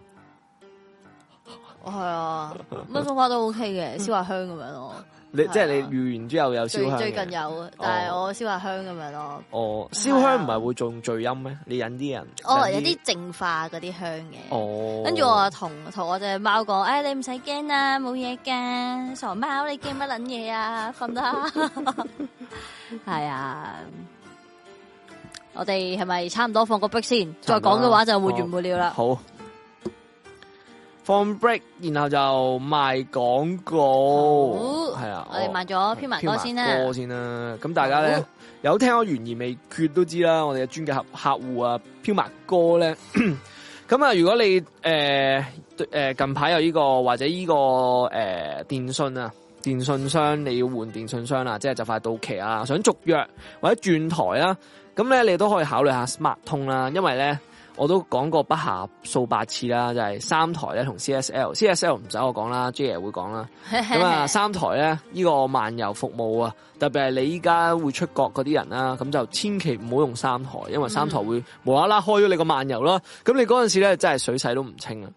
我 係啊，乜方法都 OK 嘅，燒 下香咁樣咯。你、啊、即係你完之後有燒香的。最近有，但係我燒下香咁樣咯。哦，燒、啊、香唔係會中聚音咩？你引啲人，人，、哦、人。哦，有啲淨化嗰啲香嘅。哦。跟住我同同我隻貓講，誒、哎，你唔使驚啦，冇嘢驚，傻貓，你驚乜撚嘢啊？瞓得。係 啊。我哋係咪差唔多放個 break 先？再講嘅話就沒完沒了啦。好。放 break，然後就賣廣告，係、哦、啊，我哋賣咗飄埋歌先啦。咁、嗯、大家咧有聽我懸疑未決都知啦，我哋嘅專嘅客戶啊，飄埋歌咧，咁啊， 如果你誒誒、呃呃、近排有呢、這個或者呢、這個誒、呃、電訊啊，電訊商你要換電訊商啦，即係就是、快到期啊，想續約或者轉台啦，咁咧你都可以考慮下 smart 通啦，因為咧。我都講過不下數百次啦，就係、是、三台咧同 CSL，CSL 唔使我講啦，Jer 會講啦。咁啊，三台咧，呢、這個漫遊服務啊，特別係你依家會出國嗰啲人啦，咁就千祈唔好用三台，因為三台會無啦啦開咗你個漫遊囉。咁你嗰陣時咧，真係水洗都唔清啊。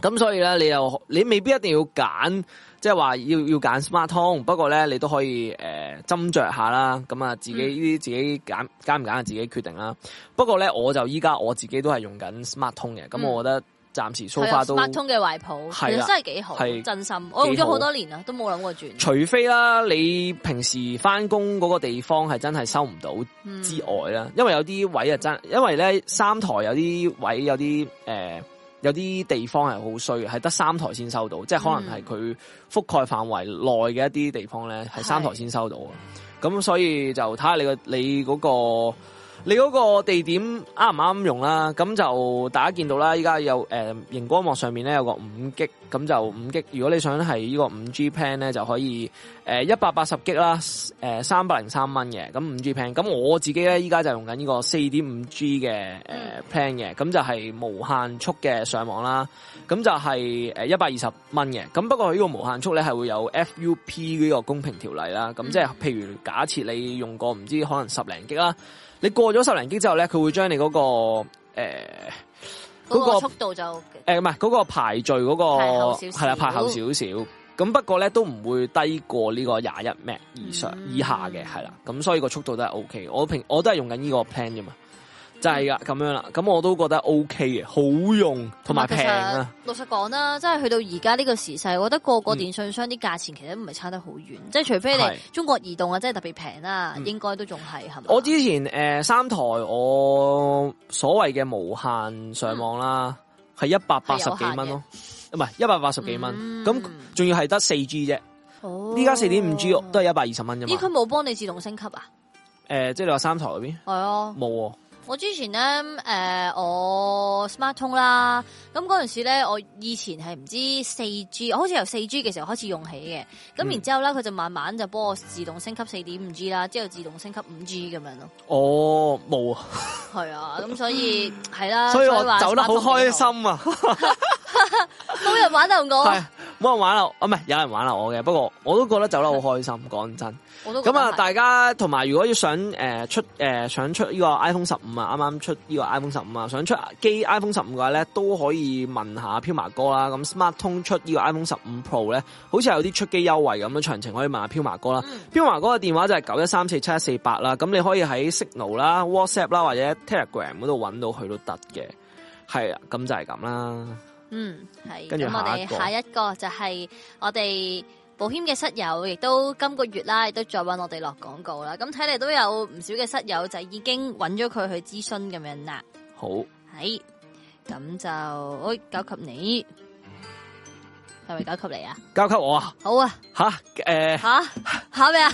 咁所以咧，你又你未必一定要揀。即係話要要揀 Smart 通，不過咧你都可以誒、呃、斟酌下啦。咁啊自己呢啲、嗯、自己揀揀唔揀自己決定啦。不過咧我就依家我自己都係用緊 Smart 通嘅，咁、嗯、我覺得暫時粗花都。Smart 通嘅懷抱係真係幾好，真心。我用咗好多年啦，都冇諗過轉。除非啦，你平時翻工嗰個地方係真係收唔到之外啦、嗯，因為有啲位啊真，因為咧三台有啲位有啲誒。呃有啲地方係好衰嘅，係得三台先收到，即係可能係佢覆蓋範圍內嘅一啲地方咧，係三台先收到嘅。咁所以就睇下你，你，嗰個你嗰個。你嗰個地點啱唔啱用啦？咁就大家見到啦。依家有誒熒光幕上面咧有個五 g 咁就五 g 如果你想係呢個五 G plan 咧，就可以誒一百八十 G 啦，誒三百零三蚊嘅咁五 G plan。咁我自己咧依家就用緊呢個四點五 G 嘅 plan 嘅，咁就係無限速嘅上網啦。咁就係誒一百二十蚊嘅。咁不過佢呢個無限速咧係會有 FUP 呢個公平條例啦。咁即係譬如假設你用過唔知可能十零 g 啦。你過咗十年機之後咧，佢會將你、嗰個誒、欸嗰個速度就誒唔係個排序、嗰個係啦，排後少少。咁、嗯、不過咧都唔會低過呢個廿一 Mbps 以上以下嘅，係啦。咁所以個速度都係 OK。我平我都係用緊呢個 plan 啫嘛。就係噶咁樣啦，咁我都覺得 O K 嘅，好用同埋平啊。老實講啦，即係去到而家呢個時勢，我覺得個個電信商啲價錢其實都唔係差得好遠，即、嗯、係除非你中國移動啊，真係特別平啦，應該都仲係，係咪？我之前誒、呃、三台我所謂嘅無限上網啦，係一百八十幾蚊咯，唔係一百八十幾蚊，咁仲、嗯、要係得四 G 啫。哦，依家四點五 G 都係一百二十蚊啫嘛。咦，佢冇幫你自動升級啊？誒、呃，即係你話三台嗰邊係啊，冇啊、哦。我之前咧，誒、呃，我 smart 通啦，咁嗰陣時咧，我以前係唔知四 G，好似由四 G 嘅時候開始用起嘅，咁然之後咧，佢、嗯、就慢慢就幫我自動升級四點五 G 啦，之後自動升級五 G 咁樣咯。哦，冇啊，係啊，咁所以係 啦，所以，所以我走得好開心啊，冇 人玩得我。冇人玩啦，唔係有人玩啦，我嘅。不過我都覺得走得好開心，講真。咁啊，大家同埋如果要想誒、呃、出誒想出呢個 iPhone 十五啊，啱啱出呢個 iPhone 十五啊，想出機 iPhone 十五嘅話咧，都可以問下飄麻哥啦。咁 SmartTone 出呢個 iPhone 十五 Pro 咧，好似有啲出機優惠咁樣，詳情可以問下飄麻哥啦。飄、嗯、麻哥嘅電話就係九一三四七一四八啦。咁你可以喺 Signal 啦、WhatsApp 啦或者 Telegram 嗰度搵到佢都得嘅。係啊，咁就係咁啦。嗯，係。跟住我哋下，下一個就係我哋保險嘅室友，亦都今個月啦，亦都再揾我哋落廣告啦。咁睇嚟都有唔少嘅室友就已經揾咗佢去諮詢咁樣啦。好，係咁就交給你。係咪交給你啊？交給我啊！好啊！吓誒吓考咩啊？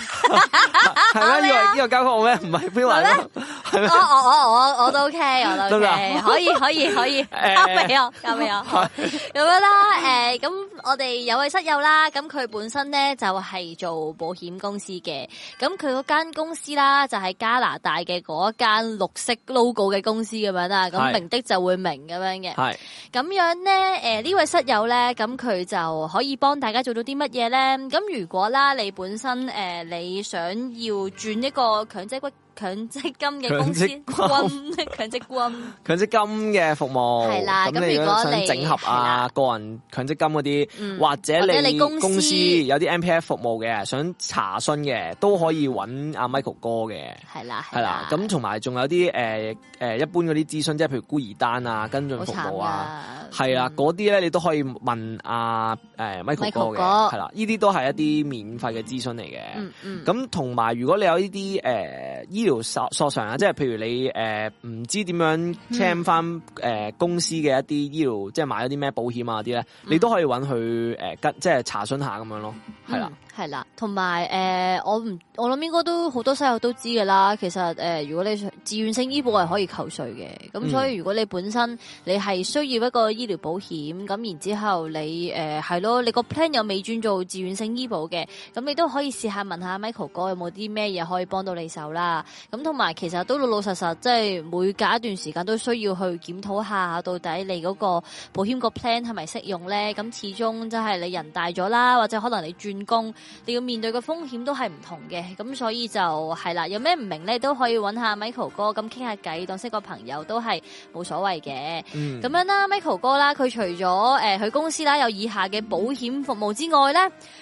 係咩？呢個呢個交給我咩？唔係邊位？我我我我我都 OK 我都 OK 可以可以可以交俾我交俾我咁樣啦誒咁我哋有位室友啦咁佢本身咧就係做保險公司嘅咁佢嗰間公司啦就係加拿大嘅嗰間綠色 logo 嘅公司咁樣啦咁明的就會明咁樣嘅係咁樣咧誒呢位室友咧咁佢就就可以幫大家做到啲乜嘢呢？咁如果啦，你本身誒、呃，你想要轉一個強脊骨。強積金嘅強積軍，強積軍，強積金嘅服務係啦。咁你如果想整合啊，個人強積金嗰啲，嗯，或者你公司有啲 M P F 服務嘅，想查詢嘅都可以揾阿 Michael 哥嘅，係啦，係啦。咁同埋仲有啲誒誒一般嗰啲諮詢，即係譬如孤兒單啊，跟進服務啊，係啦嗰啲咧，嗯、你都可以問阿誒 Michael 哥嘅，係啦。呢啲都係一啲免費嘅諮詢嚟嘅。咁同埋如果你有呢啲誒醫療。.索索償啊！即係譬如，你誒唔、呃、知點樣 claim 翻，誒公司嘅一啲醫療，即係買咗啲咩保險啊啲咧，你都可以搵佢誒跟，即係查詢下咁樣咯，係、嗯、啦。係啦，同埋誒，我唔，我諗應該都好多細友都知噶啦。其實誒、呃，如果你自願性醫保係可以扣稅嘅，咁、嗯、所以如果你本身你係需要一個醫療保險，咁然之後你誒係咯，你個 plan 又未轉做自願性醫保嘅，咁你都可以試下問下 Michael 哥有冇啲咩嘢，可以幫到你手啦。咁同埋其實都老老實實,即係每隔一段時間都需要去檢討下，到底你嗰個保險個 plan 係咪適用咧？咁始終即係你人大咗啦，或者可能你轉工。你要面對嘅風險都係唔同嘅，咁所以就係啦。有咩唔明咧，都可以揾下 Michael 哥咁傾下偈，當識個朋友都係冇所謂嘅。咁、嗯、樣啦，Michael 哥啦，佢除咗誒佢公司啦有以下嘅保險服務之外咧，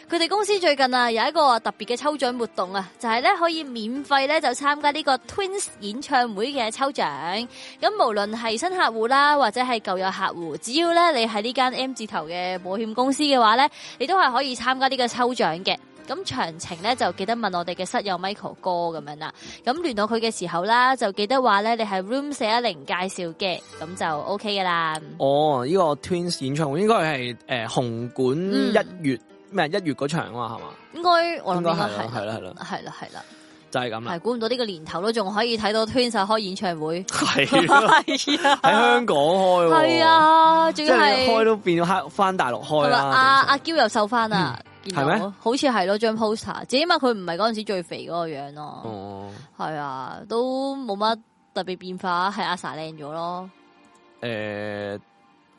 佢哋公司最近啊有一個特別嘅抽獎活動啊，就係、是、咧可以免費咧就參加呢個 Twins 演唱會嘅抽獎。咁無論係新客戶啦，或者係舊有客戶，只要咧你喺呢間 M 字頭嘅保險公司嘅話咧，你都係可以參加呢個抽獎嘅。咁詳情咧就記得問我哋嘅室友 Michael 哥咁樣啦。咁聯到佢嘅時候啦，就記得話咧你係 Room 四一零介紹嘅，咁就 O K 噶啦。哦、呢、這個 Twins 演唱會應該係誒紅館一月咩、嗯、一月嗰場啊嘛，係嘛？應該我諗該係。係啦係啦係啦係啦，就係咁啦。係估唔到呢個年頭都仲可以睇到 Twins 開演唱會，係啊喺香港開，係啊，仲要係、就是、開都變咗返翻大陸開啦。阿阿嬌又瘦翻啦。嗯係咩？好似係咯，張 poster，至起碼佢唔係嗰陣時最肥嗰個樣咯。哦、嗯，係啊，都冇乜特別變化，係阿 sa 靚咗咯。誒、呃，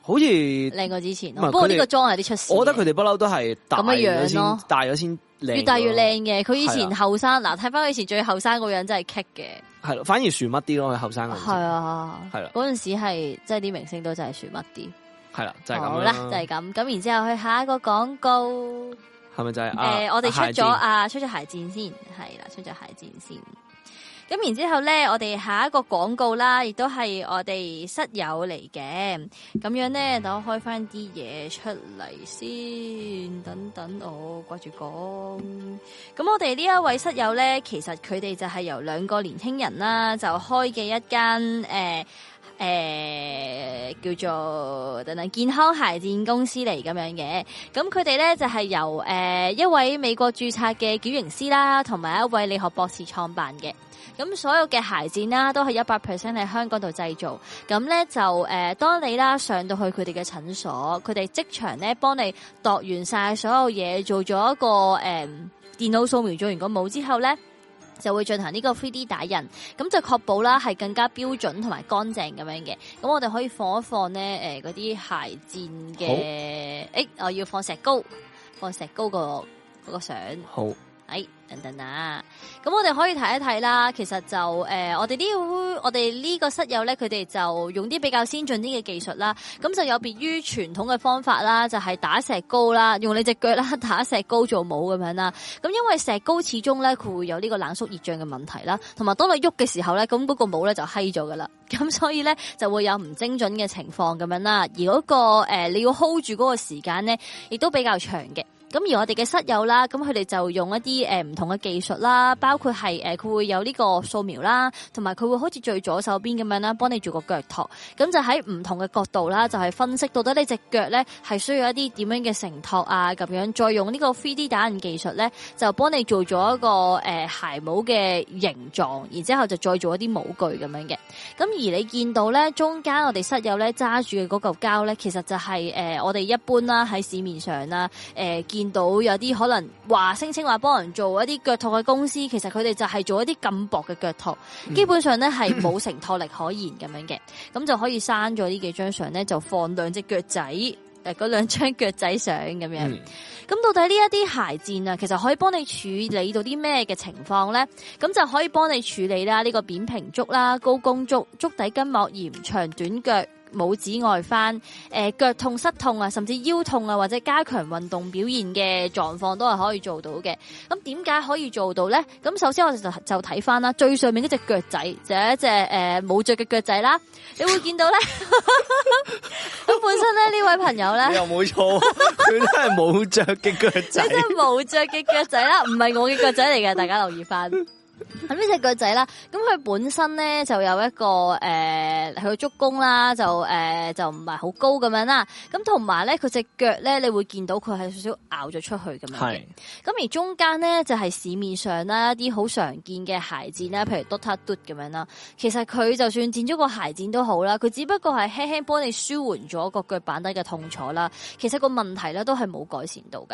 好似靚過之前，不,不過呢個妝有啲出事。我覺得佢哋不嬲都係大咗先，大咗先越大越靚嘅。佢以前後生嗱，睇翻佢以前最後生嗰個樣真係 cute 嘅。係、啊、反而薯嘜啲咯，佢後生係啊，係啦、啊，嗰陣、啊、時係即係啲明星都真係薯嘜啲。係、啊就是啊、啦，就係咁啦，就係咁。咁然之後去下一個廣告。係咪就係誒、啊呃？我哋出咗啊，出咗鞋戰先，係啦，出咗鞋戰先。咁然之後咧，我哋下一個廣告啦，亦都係我哋室友嚟嘅。咁樣咧，等我開翻啲嘢出嚟先。等等我，著那我掛住講。咁我哋呢一位室友咧，其實佢哋就係由兩個年輕人啦，就開嘅一間誒。呃誒，叫做等等健康鞋墊公司嚟，咁樣嘅，咁佢哋咧就係由誒一位美國注冊嘅矯形師啦，同埋一位理學博士創辦嘅，咁所有嘅鞋墊啦都係一百 percent 喺香港度製造，咁咧就誒，當你啦上到去佢哋嘅診所，佢哋即場咧幫你度完晒所有嘢，做咗一個誒電腦掃描，做完個模之後咧。就會進行呢個 3D 打印，咁就確保啦係更加標準同埋乾淨咁樣嘅。咁我哋可以放一放咧，誒嗰啲鞋墊嘅，誒、欸、我要放石膏，放石膏、嗰個嗰、嗰個相。好。等等啊！咁、嗯嗯、我哋可以睇一睇啦。其實就誒、呃，我哋呢、這個，我哋呢個室友咧，佢哋就用啲比較先進啲嘅技術啦。咁就有別於傳統嘅方法啦，就係、是、打石膏啦，用你隻腳啦打石膏做帽咁樣啦。咁因為石膏始終咧佢會有呢個冷縮熱脹嘅問題啦，同埋當你喐嘅時候咧，咁、那、嗰個帽咧就嗨咗噶啦。咁所以咧就會有唔精準嘅情況咁樣啦。而嗰、那個誒、呃、你要 hold 住嗰個時間咧，亦都比較長嘅。咁而我哋嘅室友啦，咁佢哋就用一啲誒唔同嘅技術啦，包括係誒佢會有呢個掃描啦，同埋佢會好似最左手邊咁樣啦，幫你做個腳托。咁就喺唔同嘅角度啦，就係、是、分析到底呢隻腳咧係需要一啲點樣嘅承托啊，咁樣再用呢個 3D 打印技術咧，就幫你做咗一個誒、呃、鞋帽嘅形狀，然之後就再做一啲模具咁樣嘅。咁而你見到咧，中間我哋室友咧揸住嘅嗰嚿膠咧，其實就係、是、誒、呃、我哋一般啦喺市面上啦誒。呃見到有啲可能話聲稱話幫人做一啲腳托嘅公司，其實佢哋就係做一啲咁薄嘅腳托，基本上咧係冇承托力可言咁樣嘅，咁、嗯、 就可以刪咗呢幾張相咧，就放兩隻腳仔誒，嗰兩張腳仔相咁樣。咁、嗯、到底呢一啲鞋墊啊，其實可以幫你處理到啲咩嘅情況咧？咁就可以幫你處理啦，呢個扁平足啦、高弓足、足底筋膜炎、長短腳。拇指外翻，誒、呃、腳痛膝痛啊，甚至腰痛啊，或者加強運動表現嘅狀況都係可以做到嘅。咁點解可以做到咧？咁首先我哋就就睇翻啦，最上面嗰隻腳仔就係一隻誒冇着嘅腳仔啦。你會見到咧，咁 本身咧呢 位朋友咧又冇錯，佢都係冇着嘅腳仔，真係冇着嘅腳仔啦，唔係我嘅腳仔嚟嘅，大家留意翻。咁 呢隻腳仔啦，咁佢本身咧就有一個誒，佢、呃、足弓啦，就誒、呃、就唔係好高咁樣啦。咁同埋咧，佢隻腳咧，你會見到佢係少少拗咗出去咁樣嘅。咁而中間呢，就係市面上啦一啲好常見嘅鞋墊啦，譬如 Doctor Do 咁樣啦。其實佢就算剪咗個鞋墊都好啦，佢只不過係輕輕幫你舒緩咗個腳板底嘅痛楚啦。其實個問題咧都係冇改善到㗎。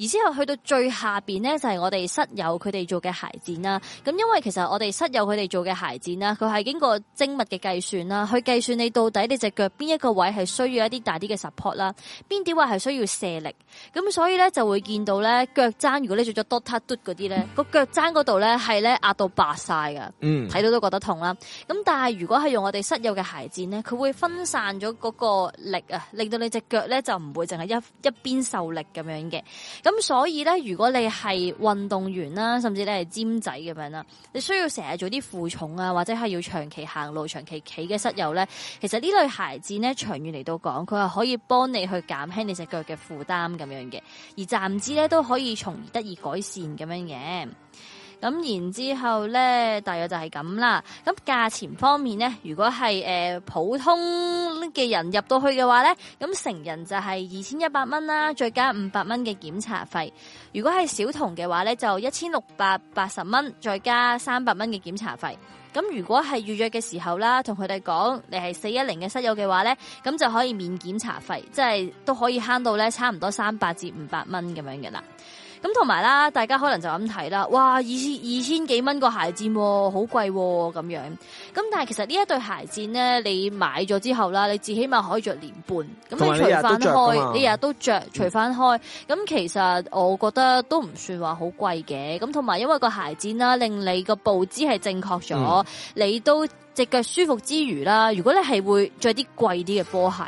而之後去到最下邊呢，就係我哋室友佢哋做嘅鞋墊啦。咁因為其實我哋室友佢哋做嘅鞋墊啦，佢係經過精密嘅計算啦，去計算你到底你隻腳邊一個位係需要一啲大啲嘅 support 啦，邊啲位係需要卸力，咁所以咧就會見到咧腳踭，如果你做咗 dotter doot 嗰啲咧，個腳踭嗰度咧係咧壓到白晒噶，嗯，睇到都覺得痛啦。咁但係如果係用我哋室友嘅鞋墊咧，佢會分散咗嗰個力啊，令到你隻腳咧就唔會淨係一一邊受力咁樣嘅。咁所以咧，如果你係運動員啦，甚至你係尖仔咁樣。你需要成日做啲負重啊，或者係要長期行路、長期企嘅室友呢？其實呢類鞋墊呢，長遠嚟到講，佢係可以幫你去減輕你隻腳嘅負擔咁樣嘅，而站姿呢都可以從而得以改善咁樣嘅。咁然之後咧，大約就係咁啦。咁價錢方面呢，如果係、呃、普通嘅人入到去嘅話呢，咁成人就係二千一百蚊啦，再加五百蚊嘅檢查費。如果係小童嘅話呢，就一千六百八十蚊，再加三百蚊嘅檢查費。咁如果係預約嘅時候啦，同佢哋講你係四一零嘅室友嘅話呢，咁就可以免檢查費，即係都可以慳到呢差唔多三百至五百蚊咁樣嘅啦。咁同埋啦，大家可能就咁睇啦，哇，二千二千幾蚊個鞋墊，哦，好貴咁樣。咁但係其實一呢一對鞋墊咧，你買咗之後啦，你至起碼可以着年半，咁你除翻開，你日日都着，除翻開。咁其實我覺得都唔算話好貴嘅。咁同埋因為個鞋墊啦，令你個步姿係正確咗、嗯，你都隻腳舒服之餘啦，如果你係會着啲貴啲嘅波鞋。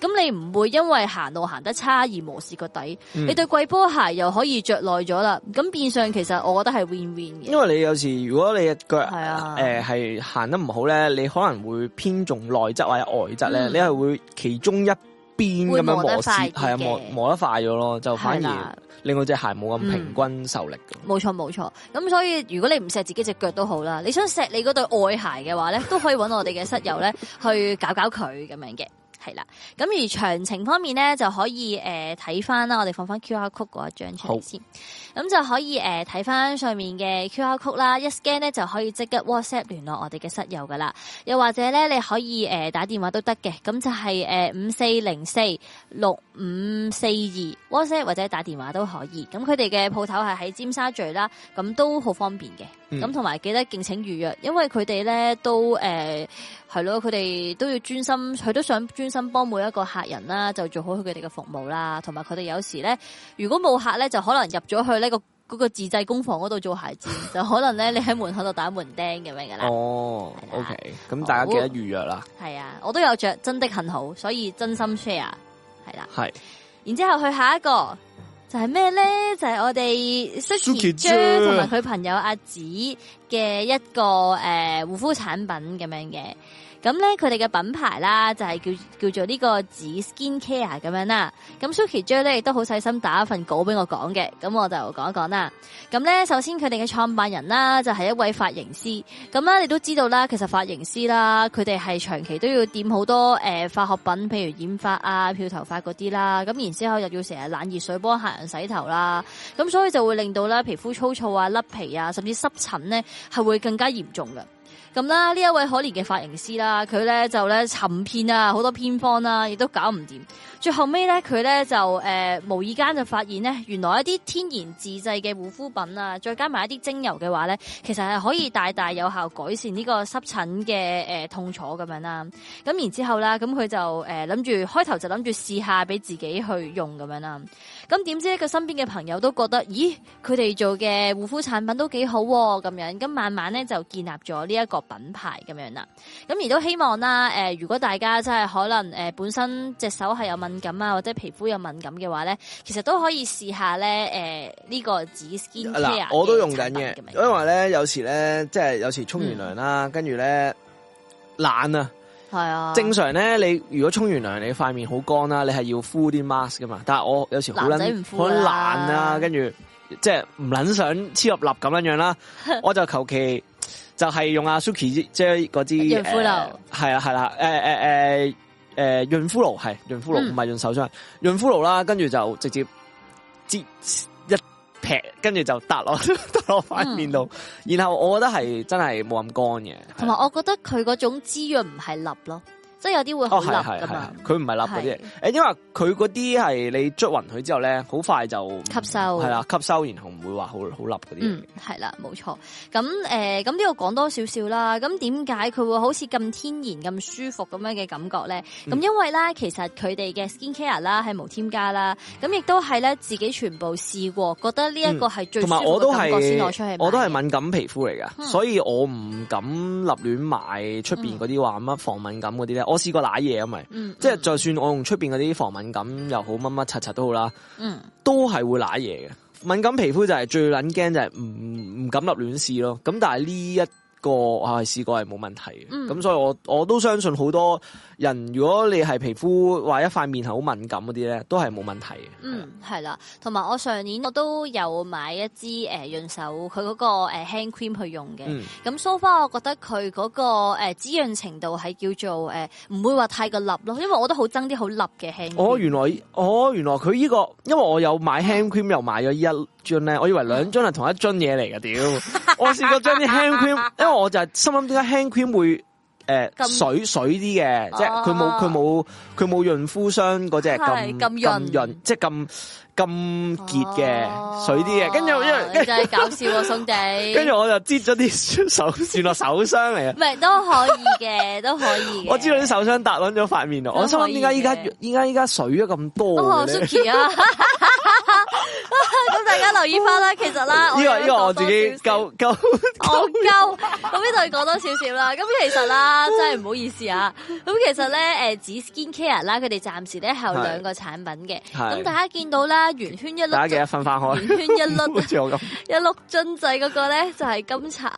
咁你唔會因為行路行得差而磨蝕個底，嗯、你對貴波鞋又可以着耐咗啦。咁變相其實我覺得係 win win 嘅。因為你有時如果你嘅腳誒係行得唔好咧，你可能會偏重內側或者外側咧，嗯、你係會其中一邊咁樣磨蝕，係啊磨磨得快咗咯，就反而令到隻鞋冇咁平均受力嘅、嗯。冇錯冇錯，咁所以如果你唔錫自己隻腳都好啦，你想錫你嗰對愛鞋嘅話咧，都 可以搵我哋嘅室友咧去搞搞佢咁樣嘅。係啦，咁而詳情方面呢，就可以誒睇翻啦。我哋放翻 QR code 嗰一張出嚟先，咁就可以誒睇翻上面嘅 QR code 啦。一 scan 咧就可以即刻 WhatsApp 聯絡我哋嘅室友噶啦。又或者咧，你可以誒、呃、打電話都得嘅。咁就係誒五四零四六五四二 WhatsApp 或者打電話都可以。咁佢哋嘅鋪頭係喺尖沙咀啦，咁都好方便嘅。咁同埋記得敬請預約，因為佢哋咧都誒。呃係咯，佢哋都要專心，佢都想專心幫每一個客人啦，就做好佢哋嘅服務啦。同埋佢哋有時咧，如果冇客咧，就可能入咗去呢個個自製工房嗰度做鞋子， 就可能咧你喺門口度打門釘咁樣噶啦。哦，OK，咁大家記得預約啦。係啊，我都有着，真的很好，所以真心 share 係啦。係，然之後去下一個。就係咩咧？就係、是、我哋薛之謙同埋佢朋友阿紫嘅一個誒、呃、護膚產品咁樣嘅。咁咧，佢哋嘅品牌啦，就係、是、叫叫做呢個紫 Skin Care 咁樣啦。咁 Suki J 咧亦都好細心打一份稿俾我講嘅，咁我就講一講啦。咁咧，首先佢哋嘅創辦人啦，就係、是、一位髮型師。咁啦，你都知道啦，其實髮型師啦，佢哋係長期都要掂好多誒、呃、化學品，譬如染髮啊、漂頭髮嗰啲啦。咁然之後又要成日冷熱水幫客人洗頭啦，咁所以就會令到啦皮膚粗糙啊、甩皮啊，甚至濕疹呢，係會更加嚴重嘅。咁啦，呢一位可憐嘅髮型師啦，佢咧就咧尋遍，啊，好多偏方啦，亦都搞唔掂。最後尾咧，佢咧就誒、呃、無意間就發現咧，原來一啲天然自製嘅護膚品啊，再加埋一啲精油嘅話咧，其實係可以大大有效改善呢個濕疹嘅誒、呃、痛楚咁樣啦。咁然之後啦，咁佢就誒諗住開頭就諗住試下俾自己去用咁樣啦。咁點知佢身邊嘅朋友都覺得，咦，佢哋做嘅護膚產品都幾好咁樣，咁慢慢咧就建立咗呢一個品牌咁樣啦。咁亦都希望啦，誒、呃，如果大家真係可能誒、呃、本身隻手係有敏感啊，或者皮膚有敏感嘅話咧，其實都可以試下咧，誒、呃、呢、這個紫 Skin。嗱，我都用緊嘅，因為咧有時咧即係有時沖完涼啦，跟住咧懶啊。懶係啊，正常咧，你如果沖完涼，你塊面好乾啦，你係要敷啲 mask 噶嘛。但係我有時好捻好難啊，跟住即係唔捻想黐入粒咁樣樣啦。我就求其就係用阿 Suki 即係嗰支，係啊係啦，誒誒誒誒，潤膚露係潤膚露，唔係潤手霜，潤膚露啦。跟住就直接接。劈跟住就嗒落嗒落塊面度，嗯、然後我覺得係真係冇咁乾嘅，同埋我覺得佢嗰種滋潤唔係立咯。即係有啲會好立噶嘛？佢唔係立嗰啲，誒，因為佢嗰啲係你捽匀佢之後咧，好快就吸收係啦，吸收，吸收然後唔會話好好立嗰啲。係啦，冇、嗯、錯。咁誒，咁呢度講多少少啦。咁點解佢會好似咁天然、咁舒服咁樣嘅感覺咧？咁、嗯、因為咧，其實佢哋嘅 skin care 啦係冇添加啦，咁亦都係咧自己全部試過，覺得呢一個係最同埋、嗯、我都係，我都係敏感皮膚嚟噶、嗯，所以我唔敢立亂買出邊嗰啲話乜防敏感嗰啲咧。我試過揦嘢咁咪，即係就算我用出面嗰啲防敏感又好，乜乜擦擦都好啦，都係會揦嘢嘅。敏感皮膚就係、是、最撚驚，就係唔唔敢立亂試咯。咁但係呢一個我係試過係冇、哎、問題嘅，咁、嗯、所以我我都相信好多人，如果你係皮膚話一塊面係好敏感嗰啲咧，都係冇問題嘅。嗯，係啦，同埋我上年我都有買一支誒潤手，佢嗰個誒 hand cream 去用嘅。嗯，咁 so far，我覺得佢嗰個誒滋潤程度係叫做誒唔、呃、會話太過立咯，因為我都好憎啲好立嘅 hand cream。哦，原來哦原來佢呢、這個，因為我有買 hand cream 又買咗呢一樽咧、嗯，我以為兩樽係同一樽嘢嚟嘅，屌！ 我試過將啲 hand cream。因為我就係心諗點解 hand cream 會誒水、呃、水啲嘅，啊、即係佢冇佢冇佢冇潤膚霜嗰隻咁咁潤，即係咁。咁潔嘅水啲嘅，跟住因為就係搞笑喎、啊，宋仔。跟住我就擠咗啲手，算落手霜嚟啊。唔係都可以嘅，都可以。我知道啲手霜搭攆咗塊面，我心想問點解依家依家依家水咗咁多、哦、啊！咁、啊、 大家留意翻啦，其實啦，呢個呢個我自己夠夠我夠咁邊度講多少少啦。咁其實啦，真係唔好意思啊。咁其實咧，誒，Skin Care 啦，佢哋暫時咧係有兩個產品嘅。咁大家見到啦。圈圓圈一粒，分開，圓圈，圈一粒，一碌樽仔嗰個咧就係金茶，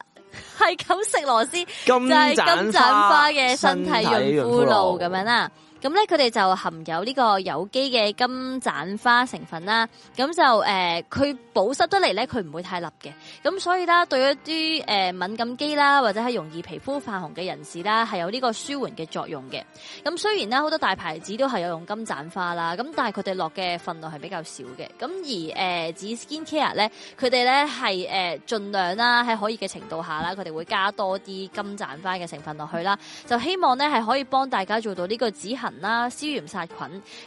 係咁食螺絲，就係金盞盞花嘅身體潤膚露咁樣啦。咁咧，佢哋就含有呢個有機嘅金盞花成分啦。咁就誒，佢、呃、保濕得嚟咧，佢唔會太立嘅。咁所以啦，對一啲、呃、敏感肌啦，或者係容易皮膚泛紅嘅人士啦，係有呢個舒緩嘅作用嘅。咁雖然啦，好多大牌子都係有用金盞花啦，咁但係佢哋落嘅份量係比較少嘅。咁而誒，紫 Skin Care 咧，佢哋咧係盡量啦，喺可以嘅程度下啦，佢哋會加多啲金盞花嘅成分落去啦，就希望咧係可以幫大家做到呢個止痕，啦消炎殺菌，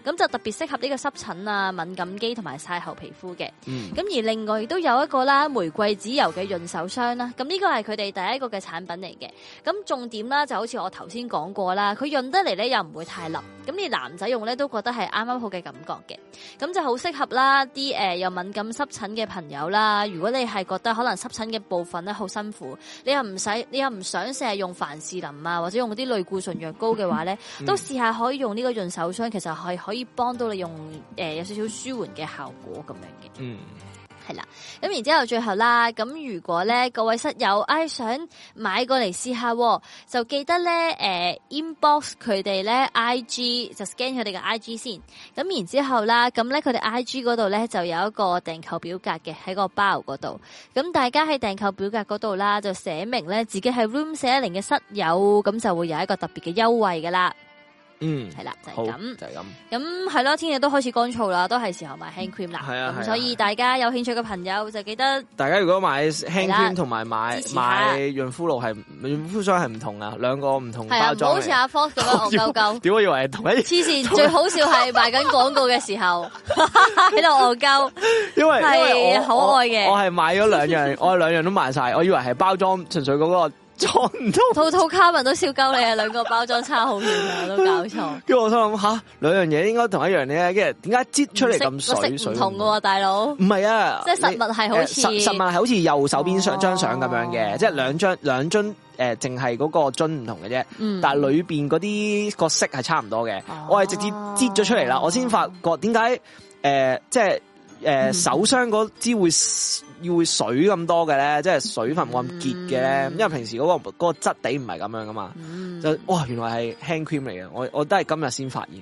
咁就特別適合呢個濕疹啊、敏感肌同埋曬後皮膚嘅。咁、嗯、而另外亦都有一個啦玫瑰籽油嘅潤手霜啦。咁呢個係佢哋第一個嘅產品嚟嘅。咁重點啦就好似我頭先講過啦，佢潤得嚟呢又唔會太腍。咁你男仔用呢，都覺得係啱啱好嘅感覺嘅。咁就好適合啦啲誒有敏感濕疹嘅朋友啦。如果你係覺得可能濕疹嘅部分呢好辛苦，你又唔使你又唔想成日用凡士林啊或者用嗰啲類固醇藥膏嘅話呢，嗯、都試下可用呢個潤手霜，其實係可以幫到你用誒、呃，有少少舒緩嘅效果咁樣嘅。嗯，係啦。咁然之後最後啦，咁如果咧各位室友唉，想買過嚟試一下，就記得咧誒、呃、inbox 佢哋咧 I G 就 scan 佢哋嘅 I G 先。咁然之後啦，咁咧佢哋 I G 嗰度咧就有一個訂購表格嘅喺個包嗰度。咁大家喺訂購表格嗰度啦，就寫明咧自己係 Room 四一零嘅室友，咁就會有一個特別嘅優惠噶啦。嗯，係啦，就係咁，就係咁。咁係咯，天氣都開始乾燥啦，都係時候買 hand cream 啦。係啊，所以大家有興趣嘅朋友就記得。大家如果買 hand cream 同埋買買潤膚露係潤膚霜係唔同啊，兩個唔同包裝嚟。係啊，好似阿 Fox 咁樣戇鳩鳩。屌，我以為係同一。黐線，最好笑係賣緊廣告嘅時候喺度戇鳩。因為係可愛嘅。我係買咗兩樣， 我兩樣都賣晒。我以為係包裝，純粹嗰個。錯唔錯？套套卡文都笑鳩你啊！兩個包裝差好遠啊，都搞錯。 跟住我心諗吓，兩樣嘢應該同一樣咧。跟住點解擠出嚟咁水水？唔同嘅喎，大佬。唔係啊，即係實物係好似、呃、實，實物係好似右手邊上張相咁樣嘅，即係兩張兩樽誒，淨係嗰個樽唔同嘅啫。嗯但面。但係裏邊嗰啲角色係差唔多嘅。嗯、我係直接擠咗出嚟啦，啊、我先發覺點解誒，即係。誒、嗯，手霜嗰支會會水咁多嘅咧，即係水分唔咁結嘅咧，因為平時嗰、嗰個嗰、嗰個質地唔係咁樣噶嘛。嗯、就哇，原來係 hand cream 嚟嘅，我我都係今日先發現。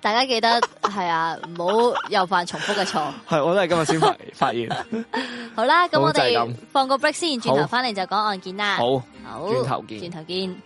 大家記得係 啊，唔好又犯重複嘅錯。係，我都係今日先發現 。好啦，咁我哋放個 break 先，轉頭翻嚟就講案件啦。好，轉頭見，轉頭見。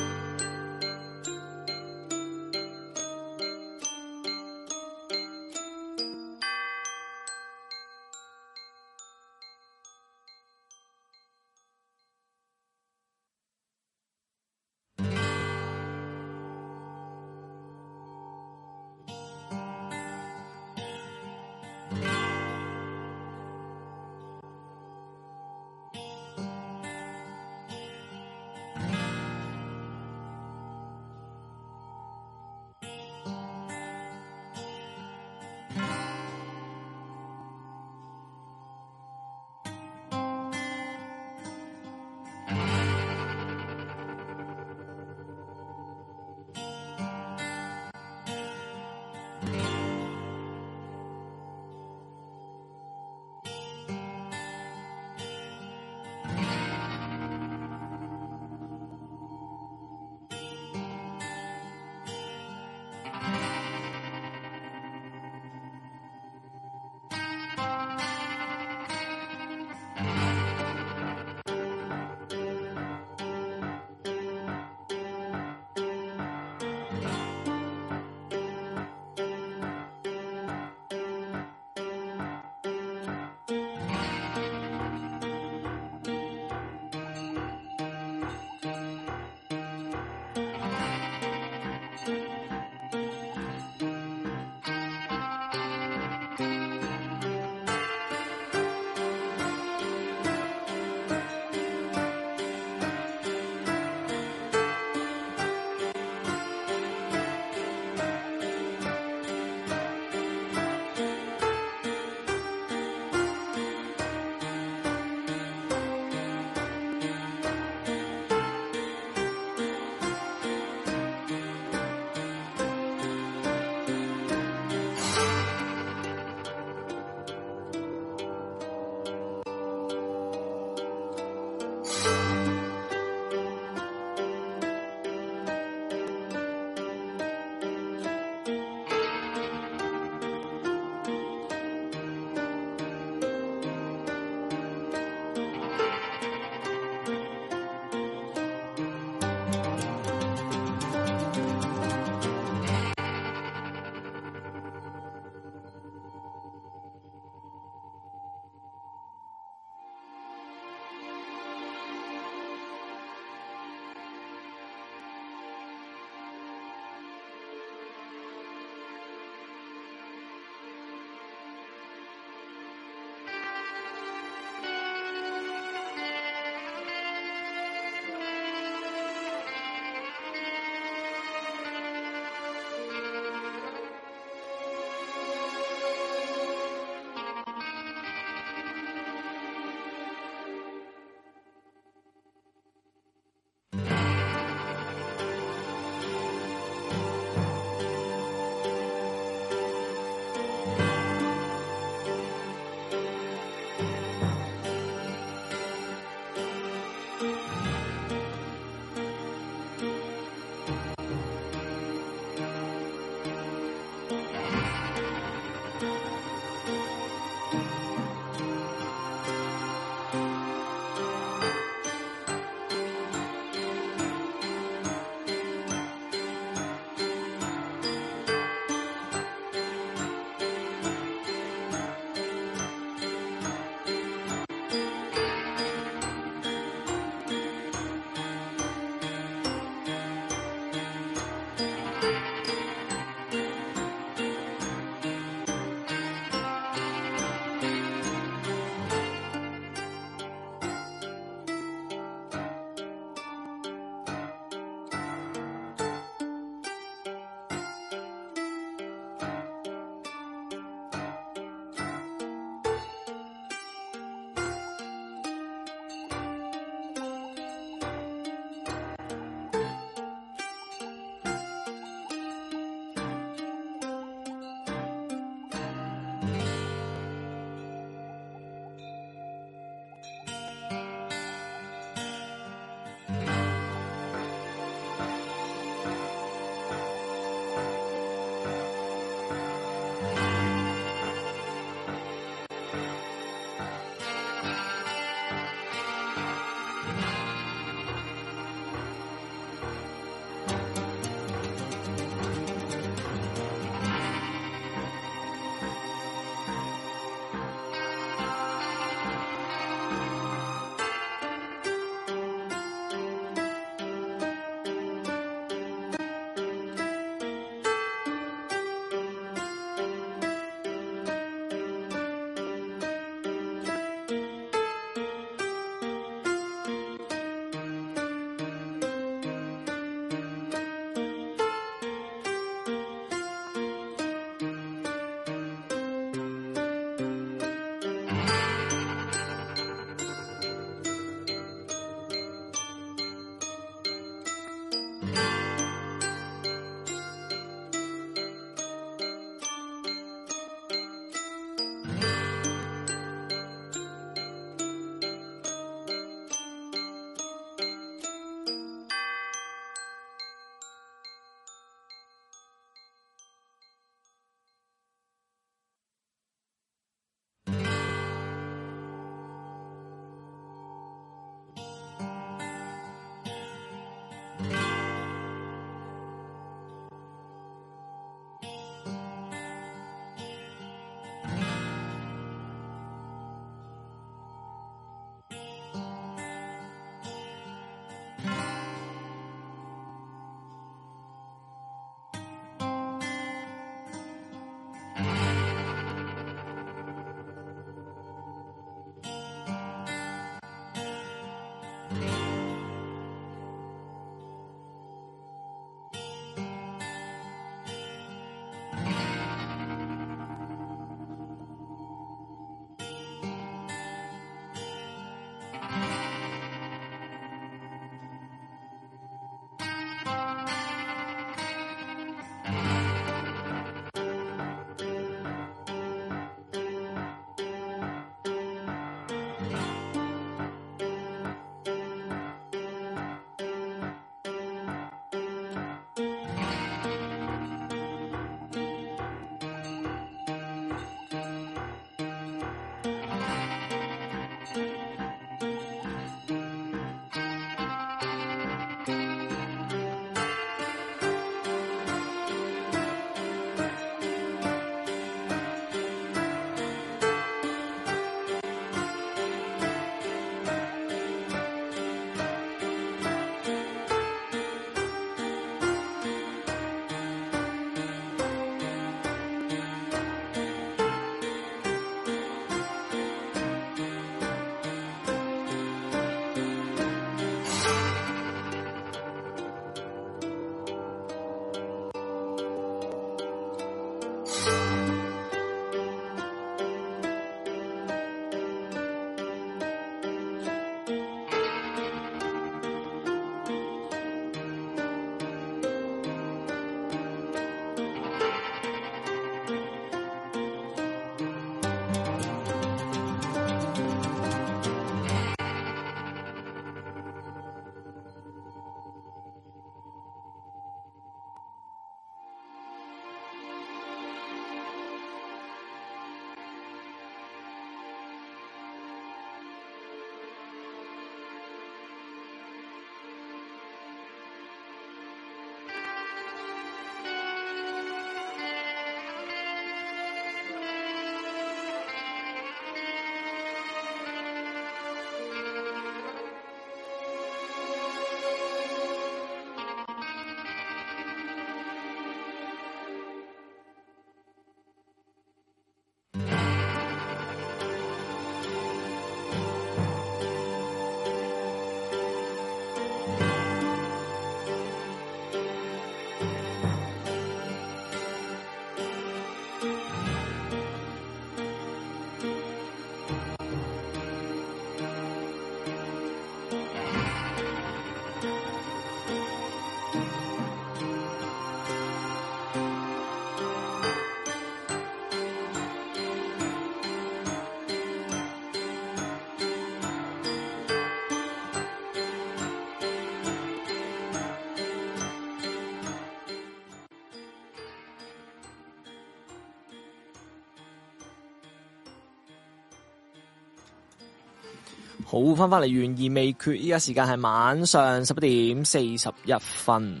好，翻翻嚟，懸疑未決。依家時間係晚上十一點四十一分，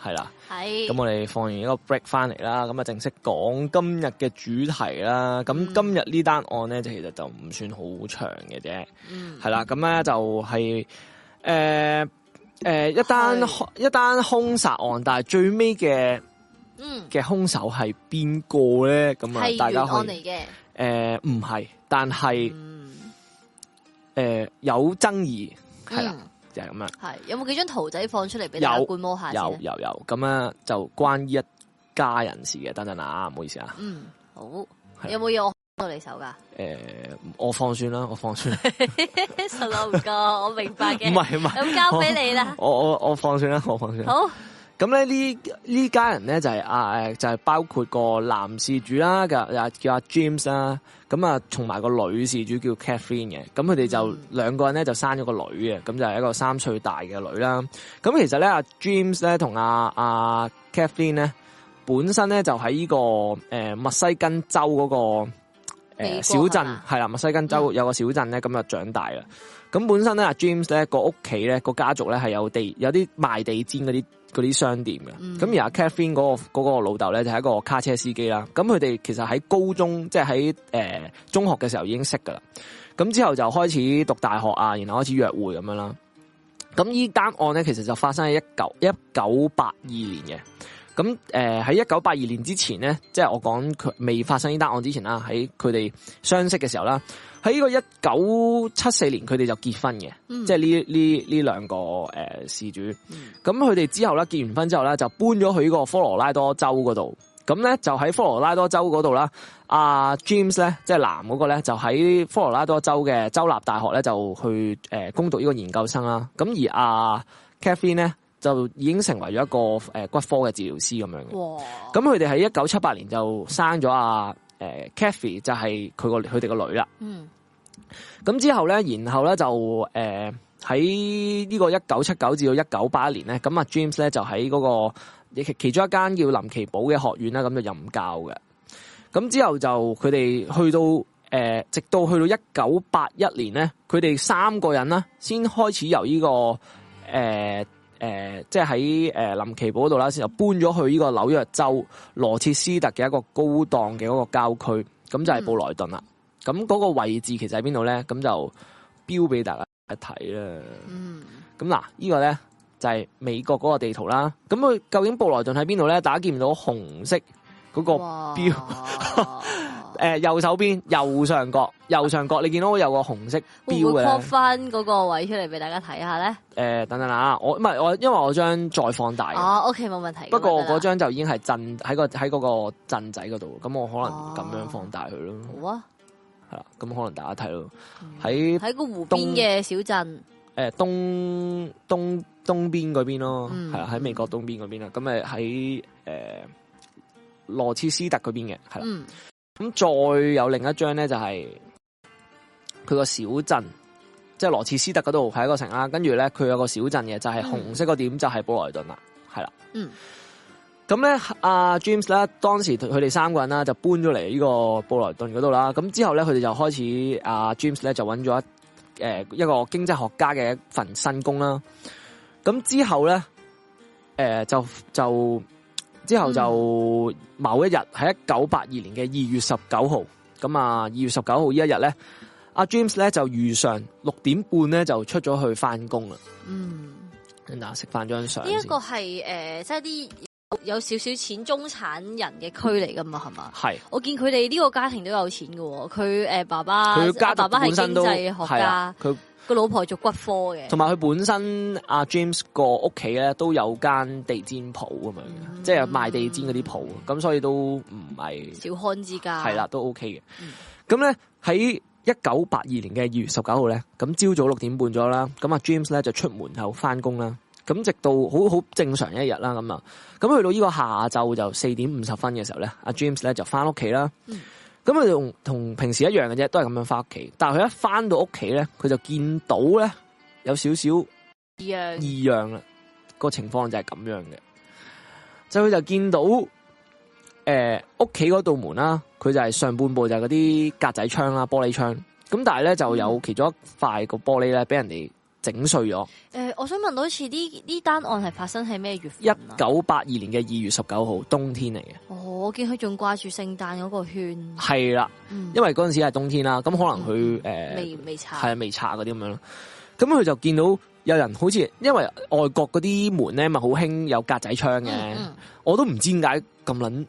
係啦。係咁，我哋放完一個 break 翻嚟啦。咁啊，正式講今日嘅主題啦。咁、嗯、今日呢單案咧，就其實就唔算好長嘅啫。係、嗯、係啦。咁咧就係誒誒一單一單凶殺案，但係最尾嘅嗯嘅凶手係邊個咧？咁啊，大家去誒唔係，但係。嗯誒、呃，有爭議，係啦、啊嗯，就係、是、咁樣。係有冇幾張圖仔放出嚟俾你？有，觀摩下有有有咁啊，樣就關一家人事嘅。等陣啊，唔好意思啊。嗯，好。有冇嘢我幫到你手㗎？誒、呃，我放算啦，我放算了。實啦，唔該，我明白嘅。唔係唔係。咁交俾你啦。我我 我放算啦，我放算。好。咁咧，呢呢家人咧就係、是、啊，就係、是、包括個男事主啦，叫阿 James 啦。咁啊，同埋個女事主叫 Catherine 嘅、啊。咁佢哋就兩、嗯、個人咧就生咗個女嘅，咁、啊、就係、是、一個三歲大嘅女啦。咁、啊、其實咧，阿、啊、James 咧同阿阿 Catherine 咧，本身咧就喺呢、這個誒密、呃、西根州嗰、那個、呃、小鎮係啦，密西根州有個小鎮咧，咁、嗯、就長大啦。咁、啊、本身咧，阿、啊、James 咧個屋企咧個家族咧係有地有啲賣地氈嗰啲。嗰啲商店嘅，咁、嗯、而家 Catherine 嗰個、那個老豆咧就係一個卡車司機啦，咁佢哋其實喺高中即係喺誒中學嘅時候已經識噶，咁之後就開始讀大學啊，然後開始約會咁樣啦，咁呢單案咧其實就發生喺一九一九八二年嘅，咁誒喺一九八二年之前咧，即係我講佢未發生呢單案之前啦，喺佢哋相識嘅時候啦。喺呢個一九七四年，佢哋就結婚嘅、嗯，即係呢呢呢兩個誒、呃、事主。咁佢哋之後咧，結完婚之後咧，就搬咗去呢個科羅拉多州嗰度。咁咧就喺科羅拉多州嗰度啦。阿、啊、James 咧，即係男嗰個咧，就喺科羅拉多州嘅州立大學咧，就去誒、呃、攻讀呢個研究生啦。咁而阿 Kathy 咧，就已經成為咗一個誒、呃、骨科嘅治療師咁樣。咁佢哋喺一九七八年就生咗阿誒 Kathy，就係佢個佢哋個女啦。嗯咁之後咧，然後咧就誒喺呢個一九七九至到一九八一年咧，咁啊 James 咧就喺嗰、嗰個其，其中一間叫林奇堡嘅學院啦，咁就任教嘅。咁之後就佢哋去到誒、呃，直到去到一九八一年咧，佢哋三個人啦，先開始由呢、這個誒誒，即係喺誒林奇堡嗰度啦，先又搬咗去呢個紐約州羅切斯特嘅一個高檔嘅嗰個郊區，咁就係布萊頓啦。嗯咁、那、嗰個位置其實喺邊度咧？咁就標俾大家睇啦。咁、嗯、嗱，個呢個咧就係、是、美國嗰個地圖啦。咁佢究竟布萊頓喺邊度咧？大家見唔到紅色嗰個標？誒、 呃，右手邊右上角，右上角你見到有個紅色標嘅。會唔會 pop 翻嗰個位出嚟俾大家睇下咧？誒、呃，等等啦，我唔係我，因為我張再放大。哦、啊、，OK，冇問題。不過嗰張就已經係鎮喺個喺嗰個鎮仔嗰度，咁我可能咁樣放大佢咯、啊。好啊。係啦，咁可能大家睇到，喺喺個湖邊嘅小鎮，誒東東東邊嗰邊咯，係啊喺美國東邊嗰邊啦，咁咪喺誒羅切斯特嗰邊嘅，係啦，咁、嗯、再有另一張咧就係佢個小鎮，即係羅切斯特嗰度係一個城啦，跟住咧佢有個小鎮嘅就係、是、紅色個點就係布萊頓啦，係啦，嗯。咁咧，阿、啊、James 咧，當時佢哋三個人啦，就搬咗嚟呢個布萊頓嗰度啦。咁之後咧，佢哋就開始阿、啊、James 咧，就揾咗誒一個經濟學家嘅一份新工啦。咁之後咧，誒、呃、就就之後就某一日，喺一九八二年嘅二月十九號，咁啊二月十九號呢一日咧，阿 James 咧就如常六點半咧就出咗去返工啦。嗯，嗱，食翻張相，呢一個係誒即係啲。就是有少少錢中產人嘅區嚟噶嘛，係嘛？係，我見佢哋呢個家庭都有錢噶，佢誒、呃、爸爸佢家的爸爸係經濟學家，佢個、啊、老婆做骨科嘅，同埋佢本身阿、啊、James 個屋企咧都有間地氈鋪咁樣嘅，即、嗯、係、就是、賣地氈嗰啲鋪咁、嗯、所以都唔係小康之家，係啦、啊、都 OK 嘅。咁咧喺一九八二年嘅二月十九號咧，咁朝早六點半咗啦，咁阿 James 咧就出門口翻工啦。咁直到好好正常一日啦，咁啊，咁去到呢個下晝就四點五十分嘅時候咧，阿 James 咧就翻屋企啦。咁佢同同平時一樣嘅啫，都係咁樣翻屋企。但係佢一翻到屋企咧，佢就見到咧有少少異樣，異樣啦個情況就係咁樣嘅。就佢就見到誒屋企嗰道門啦，佢就係上半部就係嗰啲格仔窗啦、玻璃窗。咁但係咧就有其中一塊個玻璃咧俾人哋。整碎咗。誒、欸，我想問到一次，好似呢呢單案係發生喺咩月份？一九八二年嘅二月十九號，冬天嚟嘅、哦。我見佢仲掛住聖誕嗰個圈。係啦、嗯，因為嗰陣時係冬天啦，咁可能佢誒、嗯呃、未未拆，係啊未拆嗰啲咁樣咯。咁佢就見到有人好似，因為外國嗰啲門咧咪好興有格仔窗嘅、嗯嗯，我都唔知點解咁撚。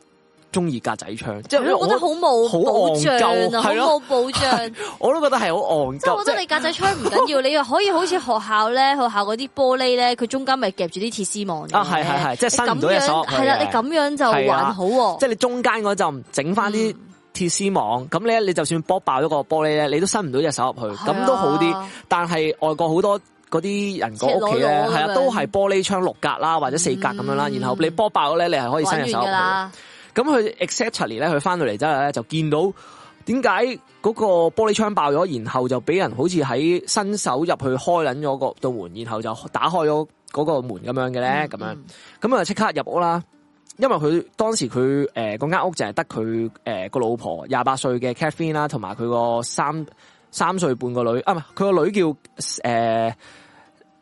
中意格仔窗，即、就、係、是、我覺得好冇保障好冇保障。惡惡保障啊、我都覺得係好暗。我、就是、覺得你格仔窗唔緊要， 你又可以好似學校咧，學校嗰啲玻璃咧，佢中間咪夾住啲鐵絲網。係係係，即係伸唔到隻手。係啦，你咁樣就還好。即係你中間嗰陣整翻啲鐵絲網，咁咧你就算剝爆咗個玻璃咧，你都伸唔到隻手入去，咁都、啊、好啲。但係外國好多嗰啲人個屋企咧，係啊，都係玻璃窗六格啦，或者四格咁樣啦、嗯，然後你剝爆咗咧，你係可以伸隻手入去。咁佢 exactly 咧，佢翻到嚟之後咧，就見到點解嗰個玻璃窗爆咗，然後就俾人好似喺伸手入去開緊咗個道門，然後就打開咗嗰個門咁、嗯、樣嘅咧，咁樣咁啊，即刻入屋啦。因為佢當時佢誒，間、呃、屋就係得佢誒個老婆廿八歲嘅 Catherine 啦，同埋佢個三三歲半個女啊，唔係佢個女叫誒、呃、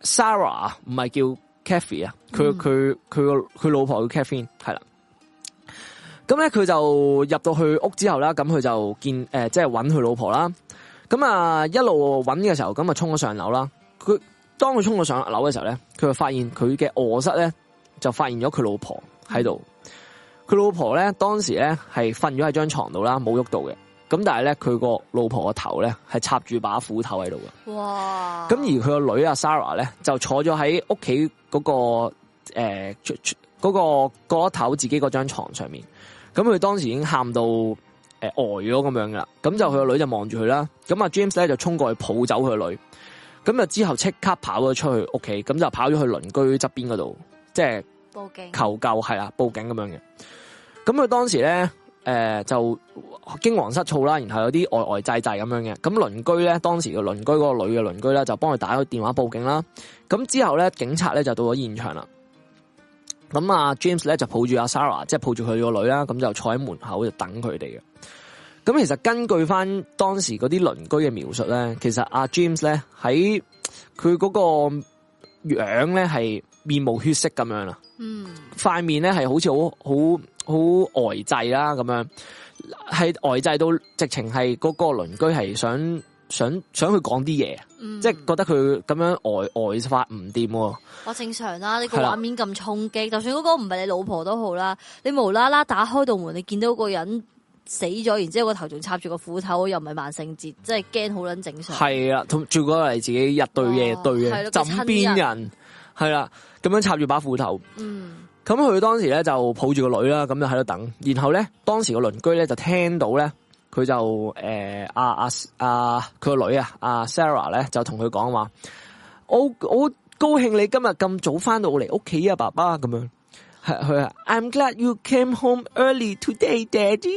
Sarah，唔係叫 Catherine 啊，佢佢佢個佢老婆叫 Catherine 係啦。咁咧，佢就入到去屋之後啦。咁佢就見誒、呃，即係揾佢老婆啦。咁啊，一路揾嘅時候，咁啊，衝咗上樓啦。佢當佢衝咗上樓嘅時候咧，佢就發現佢嘅臥室咧，就發現咗佢老婆喺度。佢老婆咧，當時咧係瞓咗喺張床度啦，冇喐到嘅。咁但係咧，佢個老婆個頭咧係插住把斧頭喺度嘅。哇！咁而佢個女啊 Sarah 咧，就坐咗喺屋企嗰個誒，嗰、呃嗰個嗰、嗰個嗰個嗰個、頭自己嗰張床上面。咁佢當時已經喊到誒呆咗咁樣噶，咁就佢個女就望住佢啦。咁阿 James 咧就衝過去抱走佢個女，咁啊之後即刻跑咗出去屋企，咁就跑咗去鄰居側邊嗰度，即係報警求救係啦，報警咁、嗯啊、樣嘅。咁佢當時咧誒、呃、就驚惶失措啦，然後有啲呆呆滯滯咁樣嘅。咁鄰居咧當時嘅鄰居嗰、那個女嘅鄰居咧就幫佢打咗電話報警啦。咁之後咧警察咧就到咗現場啦。咁啊，James 咧就抱住阿 Sarah，即係抱住佢個女啦，咁就坐喺門口就等佢哋嘅。咁其實根據翻，當時嗰啲鄰居嘅描述咧，其實阿 James 咧喺佢嗰個樣咧係面無血色咁樣啦，嗯，塊面咧係好似好好好呆滯啦咁樣，係呆滯到直情係嗰個鄰居係想想想去講啲嘢。嗯、即係覺得佢咁樣呆呆，呆發唔掂喎，我正常啦、啊。你、這個畫面咁衝擊，就算嗰個唔係你老婆都好啦。你無啦啦打開道門，你見到個人死咗，然之後那個頭仲插住個斧頭，又唔係萬聖節，真係驚好撚正常。係啦，最嗰個係自己日對夜、哦、對嘅枕邊人，係啦，咁樣插住把斧頭。嗯，咁佢當時咧就抱住個女啦，咁就喺度等。然後咧，當時個鄰居咧就聽到咧。佢就誒阿阿阿佢個女啊阿 Sarah 咧就同佢講話，我好高興你今日咁早翻到我嚟屋企啊爸爸咁樣，係佢話 I'm glad you came home early today, Daddy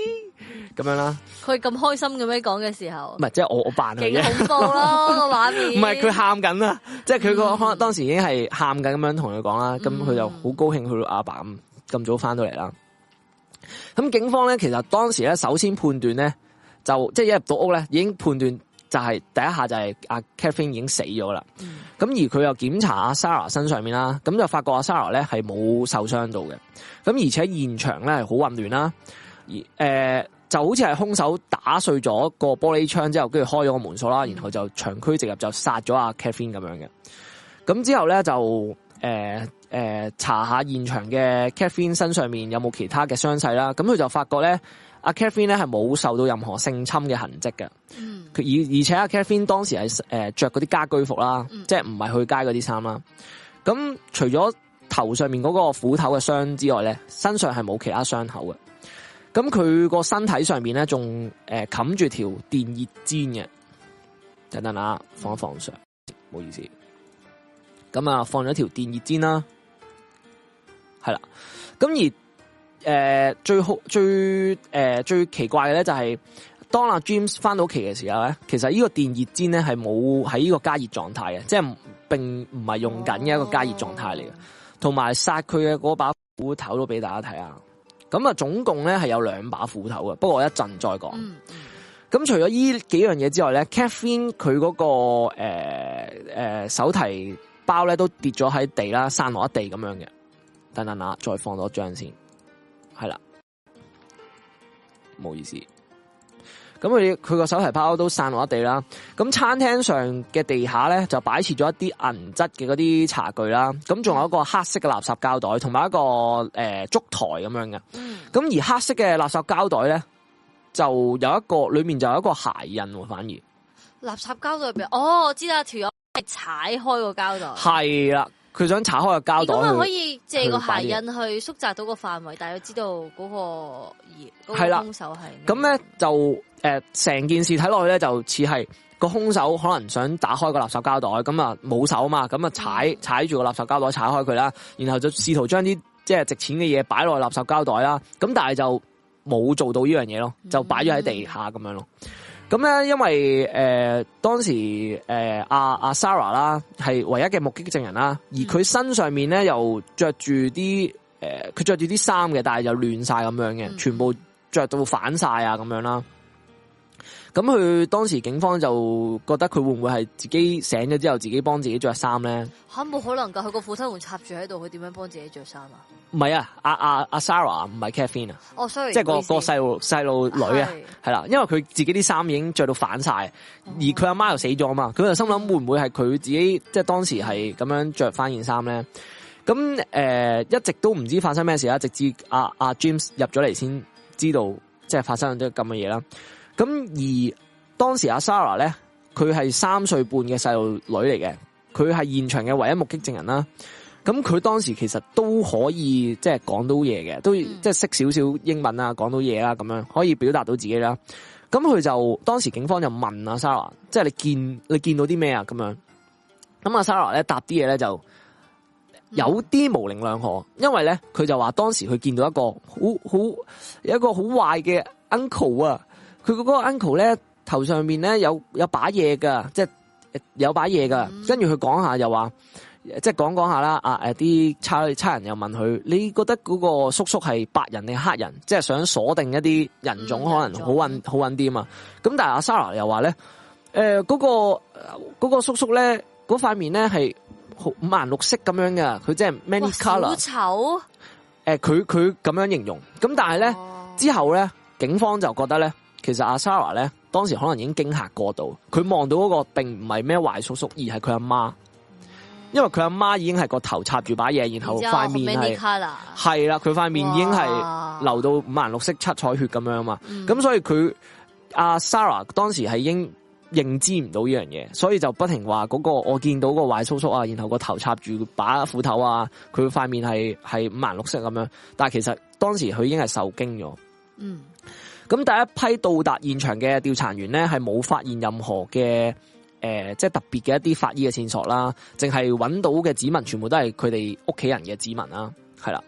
咁樣啦。佢咁開心噉樣講嘅時候唔係即係我我扮佢啫。恐怖咯，個畫唔係佢喊緊啦， 懶得 是 即係佢個可能當時已經係喊緊咁樣同佢講啦。咁、嗯、佢就好高興佢阿爸咁咁早翻到嚟啦。咁、嗯、警方咧其實當時咧首先判斷咧。就即係一入到屋咧，已經判斷就係、是、第一下就係阿 Catherine 已經死咗啦。咁、嗯、而佢又檢查阿 Sarah 身上面啦，咁就發覺阿 Sarah 咧係冇受傷到嘅。咁而且現場咧係好混亂啦，而、呃、誒就好似係凶手打碎咗個玻璃窗之後，跟住開咗個門鎖啦，然後就長驅直入就殺咗阿 Catherine 咁樣嘅。咁之後咧就誒誒、呃呃、查下現場嘅 Catherine 身上面有冇其他嘅傷勢啦。咁佢就發覺咧。阿 Katherine 咧係冇受到任何性侵嘅痕跡嘅、嗯，而而且阿 Katherine 當時係誒着嗰啲家居服啦，即係唔係去街嗰啲衫啦。咁除咗頭上面嗰個斧頭嘅傷之外咧，身上係冇其他傷口嘅。咁佢個身體上面咧仲誒冚住條電熱氈嘅，等等啊，放一放上，唔好意思。咁啊，放咗條電熱氈啦，係啦。咁而。誒，最好最誒最奇怪嘅咧，就係當阿 James 翻到屋企嘅時候咧，其實呢個電熱氈咧係冇喺呢個加熱狀態嘅，即係並唔係用緊嘅一個加熱狀態嚟嘅。同埋殺佢嘅嗰把斧頭都俾大家睇下。咁啊，總共咧係有兩把斧頭嘅，不過我一陣再講。咁、嗯、除咗呢幾樣嘢之外咧 ，Catherine 佢嗰、嗰個誒誒、呃呃、手提包咧都跌咗喺地啦，散落一地咁樣嘅。等等啊，再放多張先。唔好意思，咁佢佢個手提包都散落地啦。咁餐廳上嘅地下咧就擺設咗一啲銀質嘅嗰啲茶具啦。咁仲有一個黑色嘅垃圾膠袋，同埋一個誒燭、呃、台咁樣嘅。咁、嗯、而黑色嘅垃圾膠袋咧，就有一個裏面就有一個鞋印喎、啊。反而垃圾膠袋入邊，哦，我知道條友係踩開個膠袋，係啦。佢想查開個膠袋，可能可以借個鞋印去縮窄到個範圍，但係佢知道嗰個係啦，兇手係咁咧，就誒成件事睇落去咧就似係個凶手可能想打開個垃圾膠袋，咁啊，冇手嘛，咁啊踩，踩住個垃圾膠袋踩開佢啦，然後就試圖將啲即係值錢嘅嘢擺落垃圾膠袋啦，咁但係就冇做到呢樣嘢咯，就擺咗喺地下咁樣咯。嗯咁、嗯、咧，因為誒、呃，當時誒阿阿 Sarah 啦，係唯一嘅目擊證人啦，而佢身上面咧又着住啲誒，佢着住啲衫嘅，但係又亂晒咁樣嘅，全部着到反晒啊咁樣啦。咁佢當時警方就覺得佢會唔會係自己醒咗之後自己幫自己着衫咧？嚇、啊、冇可能㗎！佢個父親會插住喺度，佢點樣幫自己着衫啊？唔係啊，阿阿阿 Sarah 唔係 Catherine 啊，即係個個細路細路女啊，係、oh, 啊、啦，因為佢自己啲衫已經着到反曬，oh. 而佢阿媽，媽又死咗啊嘛，佢就心諗會唔會係佢自己即係、就是、當時係咁樣着翻件衫咧？咁、呃、一直都唔知發生咩事啦，直至阿、啊、阿 James、啊、入咗嚟先知道，即、就、係、是、發生咗咁嘅嘢啦。咁而當時阿 Sarah 咧，佢係三歲半嘅細路女嚟嘅，佢係現場嘅唯一目擊證人啦。咁佢當時其實都可以即係講到嘢嘅，都即係識少少英文啊，講到嘢啦，咁樣可以表達到自己啦。咁佢就當時警方就問阿 Sarah，即係你見你見到啲咩啊？咁樣咁阿 Sarah 咧答啲嘢咧就有啲模棱兩可，因為咧佢就話當時佢見到一個好好有一個好壞嘅 uncle 啊。佢嗰個 uncle 咧，頭上面咧有有把嘢噶，即係有把嘢噶。跟住佢講下又話，即係講講下啦。啊誒，啲差差人又問佢，你覺得嗰個叔叔係白人定黑人？即係想鎖定一啲人種，嗯、可能、嗯、好搵好揾啲嘛。咁但係阿 Sarah 又話咧，嗰、呃嗰個嗰、嗰個叔叔咧嗰塊面咧係五顏六色咁樣嘅，佢即係 many colour 好醜佢佢咁、呃、樣形容咁，但係咧、哦、之後咧，警方就覺得咧。其實阿 Sarah 咧，當時可能已經驚嚇過度。佢望到嗰個並唔係咩壞叔叔，而係佢阿媽。因為佢阿媽已經係個頭插住把嘢，然後塊面係啦，佢塊面已經係流到五顏六色，七彩血咁樣嘛。咁、嗯、所以佢阿、啊、Sarah 當時係已經認知唔到呢樣嘢，所以就不停話嗰、那個我見到個壞叔叔啊，然後個頭插住把斧頭啊，佢塊面係係五顏六色咁樣。但係其實當時佢已經係受驚咗。嗯。咁第一批到達現場嘅調查員咧，係冇發現任何嘅、呃、即係特別嘅一啲法醫嘅線索啦，淨係揾到嘅指紋全部都係佢哋屋企人嘅指紋啦，係啦，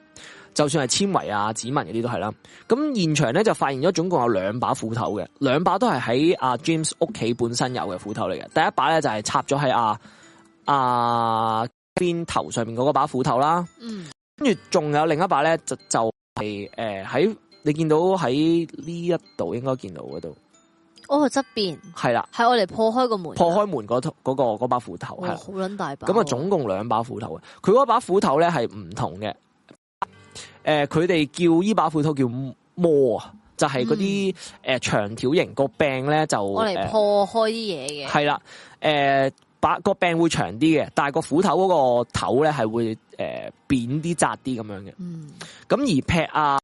就算係纖維啊、指紋嗰啲都係啦。咁現場咧就發現咗總共有兩把斧頭嘅，兩把都係喺阿 James 屋企本身有嘅斧頭嚟嘅。第一把咧就係、是、插咗喺啊阿、啊、邊頭上面嗰個把斧頭啦，嗯，跟住仲有另一把咧就就係、是、喺。呃你見到喺呢一度應該見到嗰度，哦側邊係啦，係我哋破開個門，破開門嗰、嗰個，嗰個把斧頭係好捻大把，啊，咁啊總共兩把斧頭，佢嗰把斧頭咧係唔同嘅，誒佢哋叫呢把斧頭叫磨，啊、就是，就係嗰啲誒長條型個柄咧就我嚟破開啲嘢嘅，係啦，誒把個柄會長啲嘅，但係個斧頭嗰、呃呃嗰個頭咧係會誒、呃、扁啲窄啲咁樣嘅，咁、嗯、而劈啊。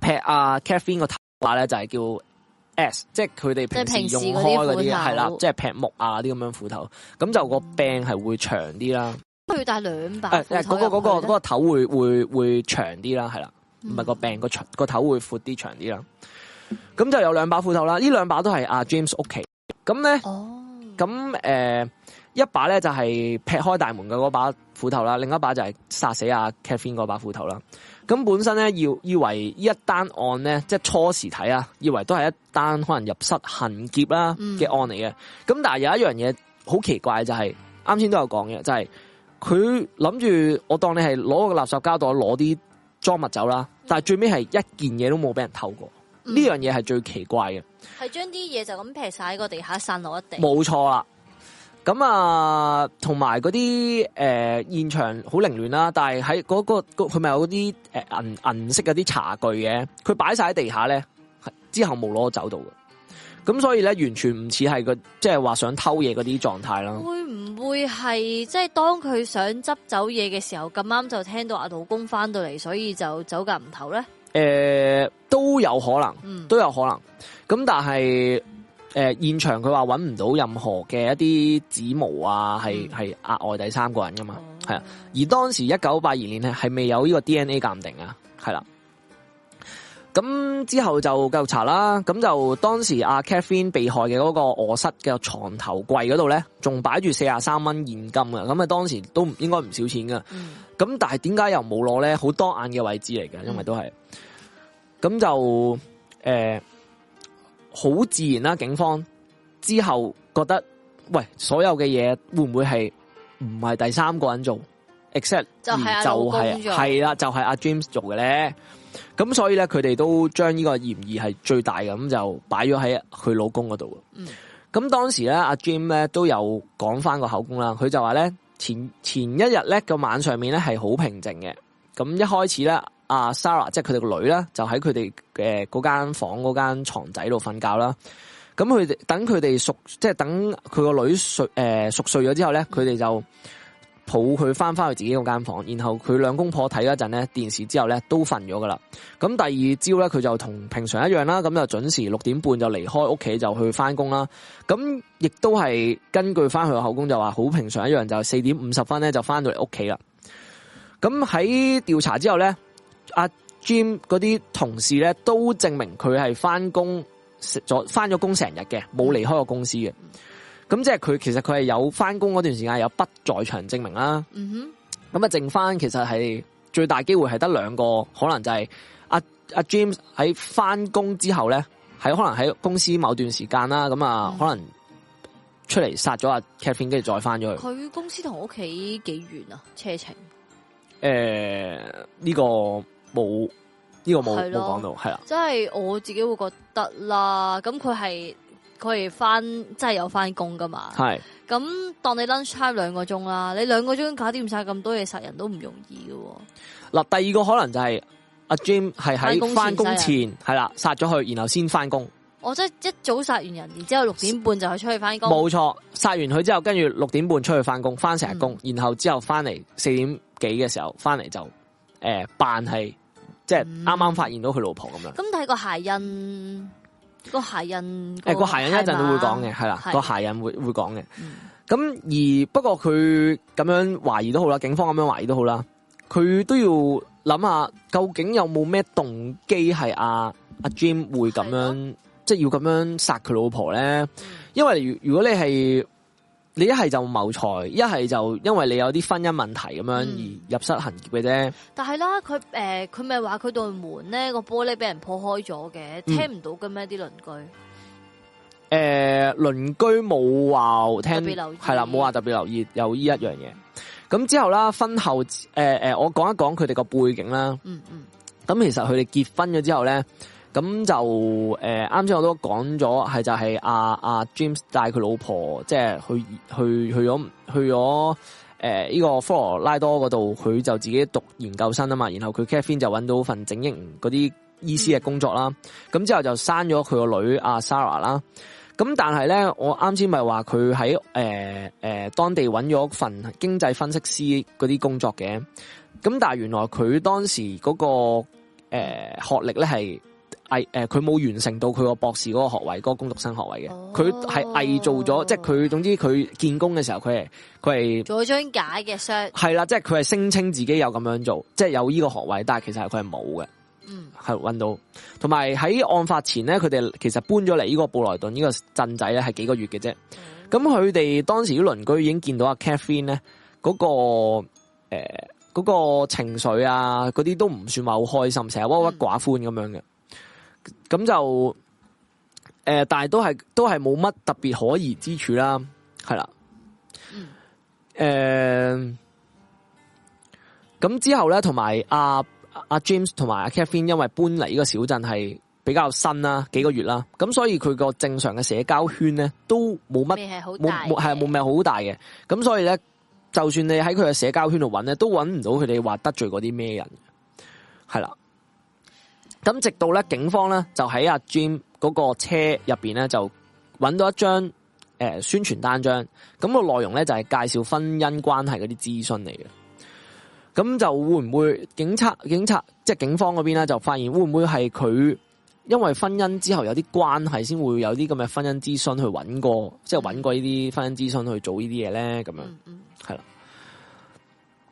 劈啊 Catherine 個頭話咧就係叫 S，即係佢哋平時用開嗰啲係啦，即係劈木啊啲咁樣斧頭，咁就個柄係會長啲啦。都要帶兩把，嗰、欸欸嗰個嗰、嗰個嗰、嗰個頭會會會長啲啦，係啦，唔係個柄個個頭會闊啲長啲啦。咁就有兩把斧頭啦，呢兩把都係阿、啊、James 屋企咁咧。哦，咁誒、呃，一把咧就係劈開大門嘅嗰把斧頭啦，另一把就係殺死阿 Catherine 嗰把斧頭啦。咁本身咧，要以為呢一單案咧，即係初時睇啊，以為都係一單可能入室行劫啦嘅案嚟嘅。咁、嗯、但係有一樣嘢好奇怪就係、是，啱先都有講嘅，就係佢諗住我當你係攞個垃圾膠袋攞啲裝物走啦，但最尾係一件嘢都冇俾人偷過。呢、嗯、樣嘢係最奇怪嘅，係將啲嘢就咁劈晒喺個地下散落一地。冇錯啦。咁、嗯、啊，同埋嗰啲誒，現場好凌亂啦，但係喺嗰個佢咪、那個、有啲誒銀銀色嗰啲茶具嘅，佢擺晒喺地下咧，之後冇攞走到，嘅、嗯，咁所以咧完全唔似係個即係話想偷嘢嗰啲狀態啦。會唔會係即係當佢想執走嘢嘅時候咁啱就聽到阿老公翻到嚟，所以就走夾唔唞咧？誒、呃，都有可能，都有可能，咁、嗯嗯、但係。誒、呃，現場佢話搵唔到任何嘅一啲指模啊，係係、嗯、額外第三個人噶嘛，係啊。而當時一九八二年咧，係未有呢個 DNA 鑑定啊，係啦。咁之後就繼續查啦。咁就當時阿、啊、Catherine 被害嘅嗰個臥室嘅床頭櫃嗰度咧，仲擺住四十三蚊現金啊。咁啊，當時都應該唔少錢噶。咁、嗯、但係點解又冇攞咧？好當眼嘅位置嚟嘅，因為都係。咁就誒。呃好自然啦、啊，警方之後覺得喂，所有嘅嘢會唔會係唔係第三個人做？except 就係係啦，就係、是、阿、啊就是啊、James 做嘅咧。咁所以咧，佢哋都將呢個嫌疑係最大嘅，咁就擺咗喺佢老公嗰度。嗯，咁當時咧，阿、啊、James 咧都有講翻個口供啦。佢就話咧，前前一日咧個晚上面咧係好平靜嘅。咁一開始呢。阿 Sarah 即係佢哋個女啦，就喺佢哋嘅嗰間房嗰間床仔度瞓覺啦。咁佢哋等佢哋熟，即係等佢個女熟誒熟睡咗之後咧，佢哋就抱佢翻翻去自己個間房。然後佢兩公婆睇咗陣咧，電視之後咧都瞓咗噶啦。咁第二朝咧，佢就同平常一樣啦。咁就準時六點半就離開屋企就去翻工啦。咁亦都係根據翻佢個口供就話好平常一樣，就四點五十分咧就翻到嚟屋企啦。咁喺調查之後咧。阿、啊、Jim 嗰啲同事咧，都證明佢係翻工食咗翻咗工成日嘅，冇離開過公司嘅。咁即係佢其實佢係有翻工嗰段時間有不在場證明啦。嗯哼，咁啊，剩翻其實係最大機會係得兩個，可能就係阿阿 Jim 喺翻工之後咧，喺可能喺公司某段時間啦，咁、嗯、啊可能出嚟殺咗阿 Kathleen，跟住再翻咗去。佢公司同屋企幾遠啊？車程？誒、呃、呢、這個冇呢、這個冇冇講到，係啦，即係我自己會覺得啦。咁佢係佢係翻，即係有翻工噶嘛？係咁，當你 lunch time 兩個鐘啦，你兩個鐘搞掂晒咁多嘢殺人都唔容易噶。嗱，第二個可能就係、是、阿 Jim 係喺翻工前係啦殺咗佢，然後先翻工。我、哦、即係一早殺完人，然之後六點半就去出去翻工。冇錯，殺完佢之後，跟住六點半出去翻工，翻成日工，然後之後翻嚟四點幾嘅時候翻嚟，就誒，扮係即係啱啱發現到佢老婆咁樣，咁睇個鞋印，個鞋印、那個，誒、欸、個鞋印一陣都會講嘅，係啦個鞋印會會講嘅。咁而不過佢咁樣懷疑都好啦，警方咁樣懷疑都好啦，佢都要諗下究竟有冇咩動機係阿阿 Jim 會咁樣，即係要咁樣殺佢老婆咧？因為如如果你係。你一係就謀財，一係就因為你有啲婚姻問題咁樣而入室行劫嘅啫。但係啦，佢誒，佢咪話佢對門咧個玻璃俾人破開咗嘅，聽唔到嘅咩？啲鄰居？誒，鄰居冇話聽，係啦，冇話特別留意有依一樣嘢。咁之後啦，婚後誒誒，呃，我講一講佢哋個背景啦。嗯嗯。咁其實佢哋結婚咗之後咧。咁就誒，啱、呃、先我都講咗，係就係阿阿 James 帶佢老婆，即、就、係、是、去去去咗去咗誒呢個科羅拉多嗰度，佢就自己讀研究生啊嘛。然後佢 Catherine 就揾到份整形嗰啲醫師嘅工作啦。咁、嗯、之後就生咗佢個女阿、啊、Sarah 啦。咁但係咧，我啱先咪話佢喺誒當地揾咗份經濟分析師嗰啲工作嘅。咁但係原來佢當時嗰、那個誒、呃、學歷咧係。偽佢冇完成到佢個博士嗰個學位，嗰、嗰個攻讀生學位嘅，佢、哦、係偽造咗，即係佢總之佢建工嘅時候，佢係佢係攞張假嘅 s 係啦，即係佢係聲稱自己有咁樣做，即係有呢個學位，但係其實佢係冇嘅。嗯，係揾到同埋喺案發前咧，佢哋其實搬咗嚟呢個布萊頓呢個鎮仔咧，係幾個月嘅啫，咁佢哋當時啲鄰居已經見到阿 Catherine 咧嗰、嗰個誒、呃嗰個、情緒啊，嗰啲都唔算話好開心，成日鬱鬱寡歡咁樣嘅。嗯咁就誒、呃，但係都係都係冇乜特別可疑之處啦，係啦。誒、嗯，咁、呃、之後咧，同埋阿阿 James 同埋阿 Catherine 因為搬嚟呢個小鎮係比較新啦，幾個月啦，咁所以佢個正常嘅社交圈咧都冇乜，冇冇係冇咩好大嘅，咁所以咧，就算你喺佢嘅社交圈度揾咧，都揾唔到佢哋話得罪嗰啲咩人，係啦。咁直到咧，警方咧就喺阿 Jim 嗰個車入邊咧，就揾到一張誒宣傳單張，咁個內容咧就係介紹婚姻關係嗰啲諮詢嚟嘅。咁就會唔會警察警察即係警方嗰邊咧就發現會唔會係佢因為婚姻之後有啲關係先會有啲咁嘅婚姻諮詢去揾過，即係揾過呢啲婚姻諮詢去做呢啲嘢咧？咁樣。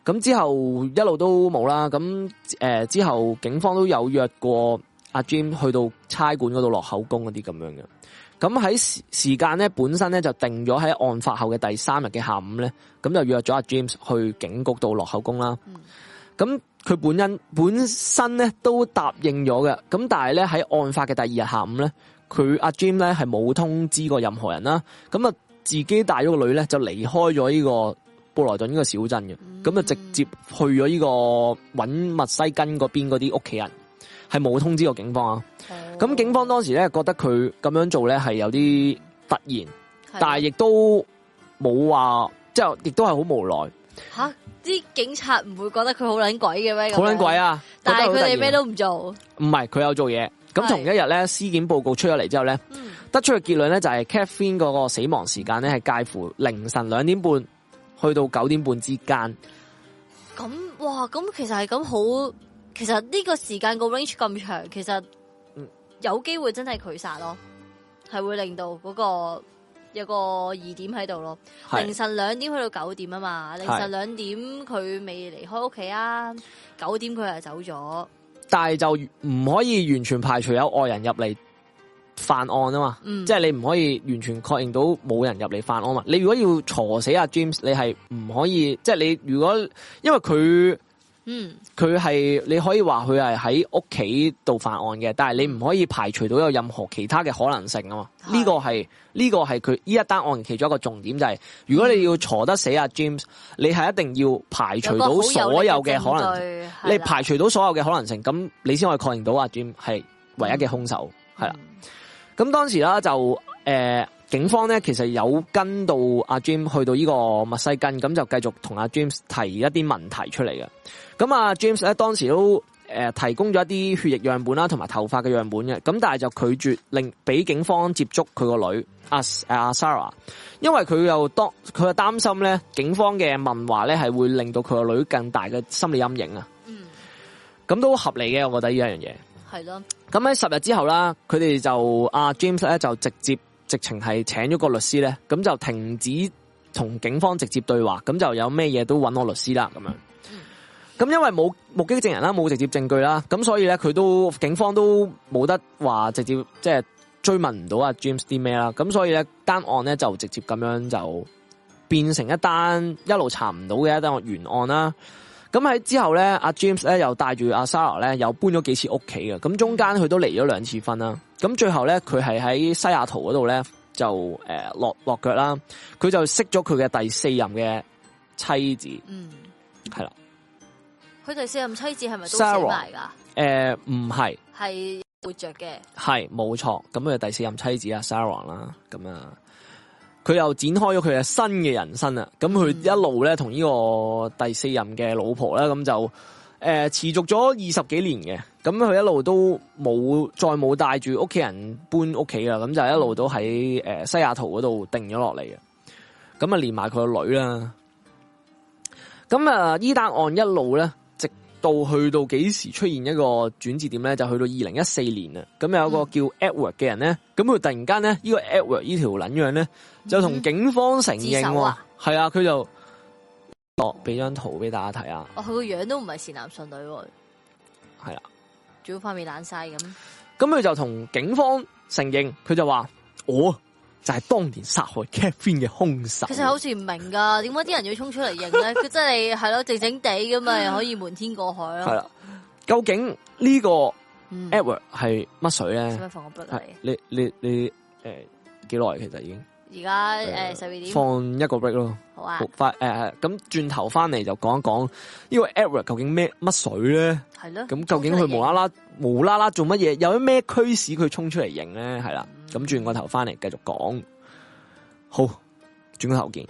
咁之後一路都冇啦，咁之後警方都有約過阿 Jim 去到差館嗰度落口供嗰啲咁樣嘅，咁喺時間咧本身咧就定咗喺案發後嘅第三日嘅下午咧，咁就約咗阿 Jim 去警局度落口供啦。咁、嗯、佢本，本身本身咧都答應咗嘅，咁但係咧喺案發嘅第二日下午咧，佢阿 Jim 咧係冇通知過任何人啦，咁啊自己帶咗個女咧就離開咗呢、這個。布來頓呢個小鎮嘅，咁就直接去咗呢個搵密西根嗰邊嗰啲屋企人，係冇通知過警方啊。咁、oh. 警方當時咧覺得佢咁樣做咧係有啲突然，但係亦都冇話即係，亦都係好無奈吓。啲警察唔會覺得佢好撚鬼嘅咩？好撚鬼啊！但係佢哋咩都唔做，唔係，佢有做嘢。咁同一日咧，屍檢報告出咗嚟之後咧、嗯，得出嘅結論咧就係 c a f f i n e 嗰個死亡時間咧係介乎凌晨兩點半。去到九點半之間，咁哇，咁其實係咁好，其實呢個時間個 range 咁長，其實有機會真係佢殺咯，係會令到嗰個有個疑點喺度咯。凌晨兩點去到九點啊嘛，凌晨兩點佢未離開屋企啊，九點佢又走咗，但係就唔可以完全排除有外人入嚟，犯案啊嘛，嗯、即係你唔可以完全確認到冇人入嚟犯案嘛。你如果要鎖死阿、啊、James，你係唔可以，即係你如果因為佢，嗯，佢係你可以話佢係喺屋企度犯案嘅，但係你唔可以排除到有任何其他嘅可能性啊嘛。呢、嗯這個係呢、這個係佢呢一單案其中一個重點就係、是，如果你要鎖得死阿、啊、James，、嗯、你係一定要排除到所有嘅可能性的的，你排除到所有嘅可能性，咁你先可以確認到阿、啊、James 係唯一嘅凶手，係、嗯、啦。咁當時啦，就、呃、誒警方咧，其實有跟到阿、啊、James 去到呢個墨西哥，咁就繼續同阿、啊、James 提一啲問題出嚟嘅。咁啊，James 咧當時都提供咗一啲血液樣本啦，同埋頭髮嘅樣本嘅。咁但係就拒絕令俾警方接觸佢個女阿阿、啊啊、Sarah，因為佢又當佢又擔心咧警方嘅問話咧，係會令到佢個女更大嘅心理陰影啊。嗯，咁都合理嘅，我覺得呢一樣嘢。係咯。咁喺十日之後啦，佢哋就阿、啊、James 咧就直接直情係請咗個律師咧，咁就停止同警方直接對話，咁就有咩嘢都搵我律師啦咁樣。咁因為冇目擊證人啦，冇直接證據啦，咁所以咧佢都警方都冇得話直接即係、就是、追問唔到阿 James 啲咩啦，咁所以咧單案咧就直接咁樣就變成一單一路查唔到嘅一單懸案啦。咁喺之後咧，阿 James 咧又帶住阿 Sarah 咧又搬咗幾次屋企嘅，咁中間佢都離咗兩次婚啦。咁最後咧，佢係喺西雅圖嗰度咧就誒、呃、落落腳啦。佢就識咗佢嘅第四任嘅妻子，嗯，係啦。佢第四任妻子係咪都 Sarah 噶？誒、呃，唔係，係活着嘅。係冇錯，咁佢第四任妻子阿 Sarah 啦，咁啊。佢又展開咗佢嘅新嘅人生啦，咁佢一路咧同呢個第四任嘅老婆咧，咁就誒、呃、持續咗二十幾年嘅，咁佢一路都冇再冇帶住屋企人搬屋企啦，咁就一路都喺誒、呃、西雅圖嗰度定咗落嚟嘅，咁啊連埋佢個女啦，咁啊呢單案一路咧。到去到幾時出現一個轉折點咧？就去到二零一四年。咁有個叫 Edward 嘅人咧，咁佢突然間咧，呢、呢個 Edward 條，呢條撚樣咧，就同警方承認，係、嗯、啊，佢、啊、就，我俾張圖俾大家睇啊。哦，佢個、哦、樣都唔係善男信女，係啊，仲要塊面爛晒咁。咁佢就同警方承認，佢就話我。哦就係、是、當年殺害 Captain 嘅凶手。其實好似唔明噶，點解啲人要衝出嚟認咧？佢 真係係咯，靜靜地咁咪可以瞞天過海咯。係 啦，究竟呢個 Edward 係乜水咧？嗯、放個 break 嚟你你你誒，幾、呃、耐其實已經？而家誒十二點。放一個 break 咯。好啊。翻誒，咁、呃、轉頭翻嚟就講一講呢、這個 Edward 究竟咩乜水咧？係咯。咁究竟佢無啦啦無啦啦做乜嘢？有啲咩驅使佢衝出嚟認咧？係啦。咁轉個頭返嚟繼續講，好，轉個頭見。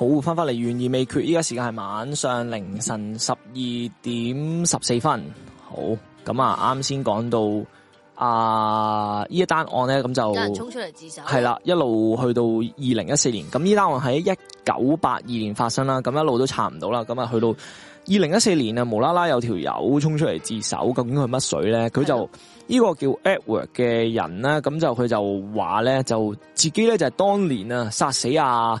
好，返返嚟懸疑未決，依家時間係晚上凌晨十二點十四分。好，咁啊，啱先講到啊，呢一單案咧，咁就有人衝出嚟自首，係啦，一路去到二零一四年。咁呢單案喺一九八二年發生啦，咁一路都查唔到啦。咁啊，去到二零一四年啊，無啦啦有條友衝出嚟自首，究竟佢乜水咧？佢就呢、呢個叫 Edward 嘅人咧，咁就佢就話咧，就自己咧就係當年啊殺死啊。誒、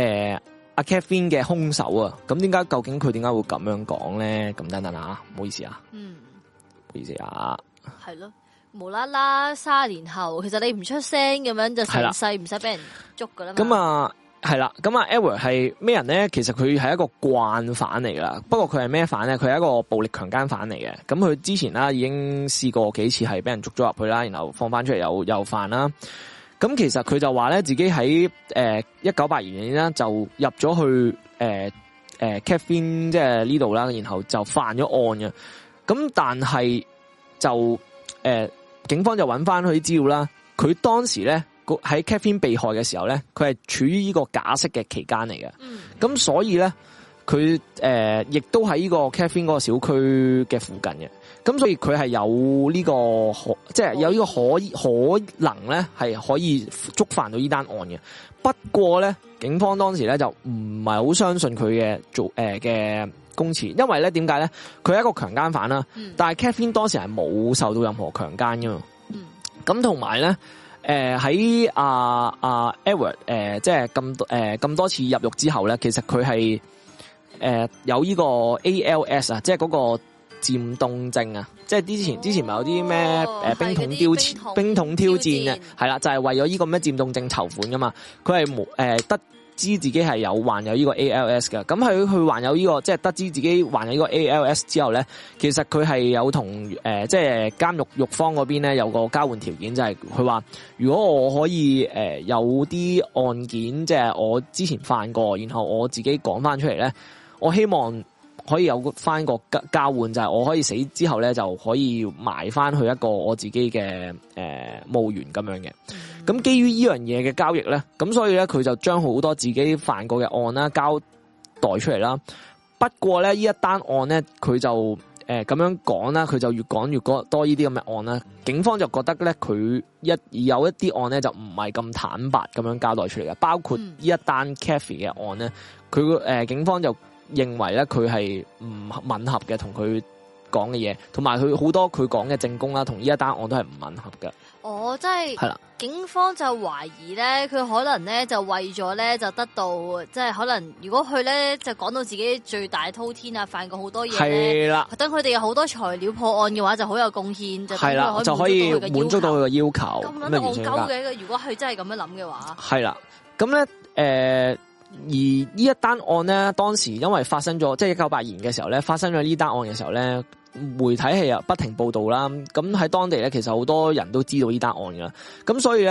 呃。阿 Katherine 嘅兇手啊，咁點解？究竟佢點解會咁樣講咧？咁等等啊，唔好意思啊，嗯，唔好意思啊，係咯，無啦啦卅年後，其實你唔出聲咁樣就成世唔使俾人捉噶啦。咁啊，係啦，咁啊，Edward 係咩人咧？其實佢係一個慣犯嚟噶，不過佢係咩犯咧？佢係一個暴力強奸犯嚟嘅。咁佢之前啦已經試過幾次係俾人捉咗入去啦，然後放翻出嚟又又犯啦。咁其實佢就話咧，自己喺誒一九八二年啦，呃、就入咗去誒誒 Cathkin 即係呢度啦，然後就犯咗案嘅。咁但係就誒、呃、警方就揾翻佢啲資料啦。佢當時咧喺 Cathkin 被害嘅時候咧，佢係處於呢個假釋嘅期間嚟嘅。咁、嗯、所以咧，佢誒、呃、亦都喺呢個 Cathkin 嗰個小區嘅附近嘅。咁所以佢係有呢、這個就是、個可以，即係有呢個可以可能咧，係可以觸犯到呢單案嘅。不過咧，警方當時咧就唔係好相信佢嘅做誒嘅供詞，因為咧點解咧？佢係一個強奸犯啦、嗯，但係 Catherine 當時係冇受到任何強奸噶嘛。咁同埋咧，誒喺阿阿 Edward 誒、呃，即係咁誒咁多次入獄之後咧，其實佢係誒有呢個 ALS 啊，即係、嗰個。漸凍症啊，即係之前之前咪有啲咩誒冰桶挑戰冰桶挑戰嘅，係啦，就係、是、為咗呢個咩漸凍症籌款噶嘛。佢係冇誒得知自己係有患有呢個 ALS 噶。咁佢佢患有呢、這個即係得知自己患有呢個 ALS 之後咧，其實佢係有同誒即係監獄獄方嗰邊咧有個交換條件，就係佢話如果我可以誒、呃、有啲案件即係、就是、我之前犯過，然後我自己講翻出嚟咧，我希望。可以有翻個交交換，就係、是、我可以死之後咧，就可以埋翻去一個我自己嘅誒墓園咁樣嘅。咁、嗯、基於呢樣嘢嘅交易咧，咁所以咧佢就將好多自己犯過嘅案啦交代出嚟啦。不過咧呢一單案咧，佢就誒咁、呃、樣講啦，佢就越講越多呢啲咁嘅案啦、嗯。警方就覺得咧，佢一有一啲案咧就唔係咁坦白咁樣交代出嚟嘅，包括一呢一單 Cathy 嘅案咧，佢個誒警方就。認為咧佢係唔吻合嘅，同佢講嘅嘢，同埋佢好多佢講嘅證供啦，同呢一單案都係唔吻合嘅。哦，即係係啦，警方就懷疑咧，佢可能咧就為咗咧就得到，即係可能如果佢咧就講到自己罪大滔天啊，犯過好多嘢，係啦，等佢哋有好多材料破案嘅話就很，就好有貢獻，就係啦，就可以滿足到佢嘅要求咁樣好鳩嘅。如果佢真係咁樣諗嘅話，係啦，咁咧，誒、呃。而呢一單案咧，當時因為發生咗，即係一九八年嘅時候咧，發生咗呢單案嘅時候咧，媒體係有不停報導啦。咁喺當地咧，其實好多人都知道呢單案㗎。咁所以咧，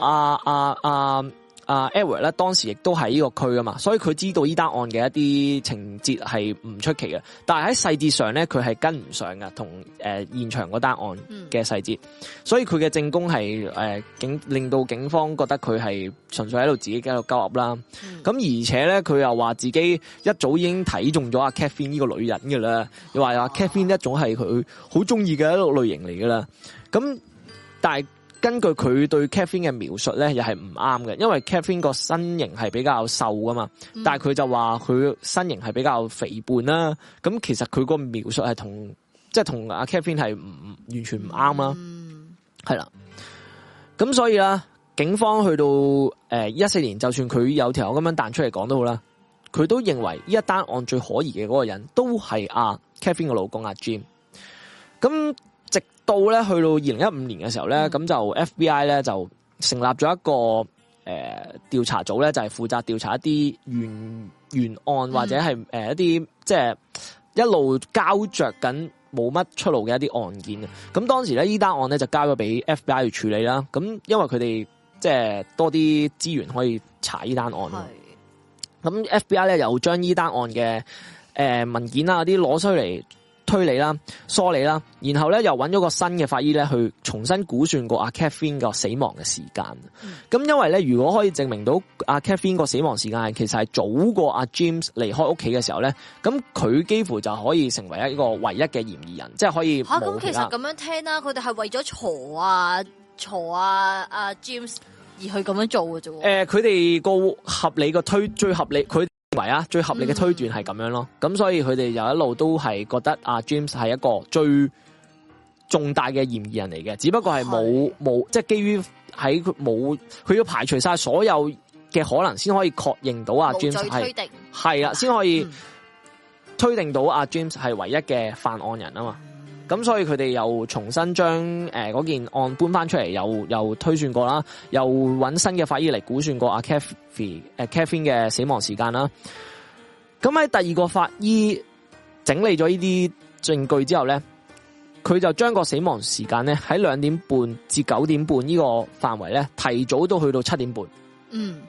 啊啊啊。啊啊、uh，Edward 咧，當時亦都喺呢個區啊嘛，所以佢知道呢單案嘅一啲情節係唔出奇嘅，但係喺細節上咧，佢係跟唔上嘅，同誒、呃、現場嗰單案嘅細節，嗯、所以佢嘅證供係誒警令到警方覺得佢係純粹喺度自己喺度交合啦。咁、嗯、而且咧，佢又話自己一早已經睇中咗阿 Catherine 呢個女人嘅啦，又話阿 Catherine 一種係佢好中意嘅一個類型嚟嘅啦。咁但係。根據佢對 Katherine 嘅描述咧，又係唔啱嘅，因為 Katherine 個身形係比較瘦噶嘛，嗯、但係佢就話佢身形係比較肥胖啦，咁其實佢個描述係同即係同阿 Katherine 係唔完全唔啱啦，係、嗯、啦，咁所以啦，警方去到誒一四年，就算佢有條友咁樣彈出嚟講都好啦，佢都認為呢一單案最可疑嘅嗰個人都係啊 Katherine 嘅、啊、老公阿、啊、Jim，咁。直到咧去到二零一五年嘅時候咧，咁、嗯、就 FBI 咧就成立咗一個誒調、呃、查組咧，就係、是、負責調查一啲懸懸案、嗯、或者係誒一啲即係一路交着緊冇乜出路嘅一啲案件嘅。咁、嗯、當時咧呢這單案咧就交咗俾 FBI 去處理啦。咁因為佢哋即係多啲資源可以查呢單案。係。咁 FBI 咧又將呢將這單案嘅誒、呃、文件啊啲攞出嚟。推理啦，梳理啦，然後咧又揾咗個新嘅法醫咧去重新估算過阿 Catherine 個死亡嘅時間。咁、嗯、因為咧，如果可以證明到阿 Catherine 個死亡時間其實係早過阿 James 離開屋企嘅時候咧，咁佢幾乎就可以成為一個唯一嘅嫌疑人，即係可以冇咁其，其實咁樣聽啦，佢哋係為咗查啊查啊阿、啊、James 而去咁樣做嘅啫。誒、呃，佢哋個合理嘅推最合理佢。係啊，最合理嘅推斷係咁樣咯。咁、嗯、所以佢哋就一路都係覺得阿、啊、James 係一個最重大嘅嫌疑人嚟嘅，只不過係冇冇，即係、就是、基於喺佢冇，佢要排除晒所有嘅可能，先可以確認到阿、啊、James 係係啊，先可以推定到阿、啊、James 係唯一嘅犯案人啊嘛。咁所以佢哋又重新將誒嗰件案搬翻出嚟，又又推算過啦，又揾新嘅法醫嚟估算過阿 k a f i y 誒 k 嘅死亡時間啦。咁喺第二個法醫整理咗呢啲證據之後咧，佢就將個死亡時間咧喺兩點半至九點半呢個範圍咧提早都去到七點半。嗯，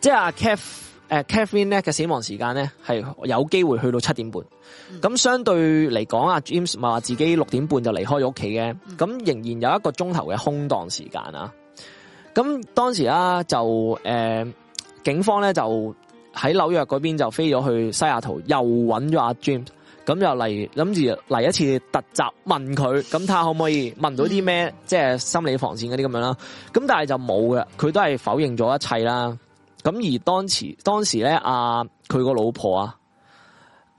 即係阿 k f f i n 誒 Katherine 咧嘅死亡時間咧係有機會去到七點半，咁、嗯、相對嚟講啊，James 咪話自己六點半就離開咗屋企嘅，咁、嗯、仍然有一個鐘頭嘅空檔時間啊。咁當時啊，就、呃、誒，警方咧就喺紐約嗰邊就飛咗去西雅圖，又揾咗阿 James，咁又嚟諗住嚟一次突襲問佢，咁睇下可唔可以問到啲咩、嗯？即係心理防線嗰啲咁樣啦。咁但係就冇嘅，佢都係否認咗一切啦。咁而當時當時咧，佢、啊、個老婆啊，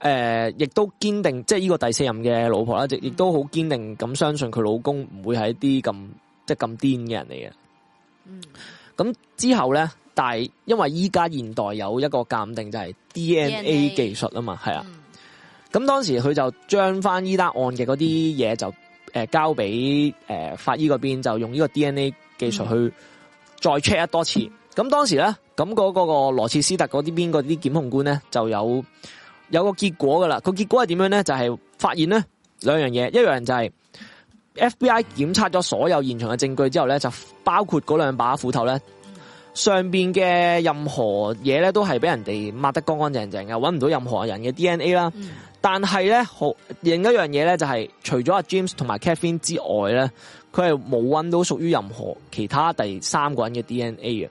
誒、呃，亦都堅定，即係呢個第四任嘅老婆啦，亦都好堅定咁相信佢老公唔會係一啲咁即係咁癲嘅人嚟嘅。嗯，咁、嗯、之後咧，但係因為依家現代有一個鑑定就係 D N A 技術啊嘛，係啊。咁、嗯、當時佢就將翻呢單案嘅嗰啲嘢就、嗯呃、交俾誒、呃、法醫嗰邊，就用呢個 D N A 技術去再 check 一多次。咁、嗯、當時咧。咁嗰個個羅切斯特嗰啲邊個啲檢控官咧，就有有個結果噶啦。個結果係點樣咧？就係、是、發現咧兩樣嘢，一樣就係 FBI 檢測咗所有現場嘅證據之後咧，就包括嗰兩把斧頭咧，上邊嘅任何嘢咧都係俾人哋抹得乾乾淨淨嘅，搵唔到任何人嘅 DNA 啦。嗯、但係咧好另一樣嘢咧，就係、是、除咗阿 James 同埋 Catherine 之外咧，佢係冇搵到屬於任何其他第三個人嘅 DNA 嘅。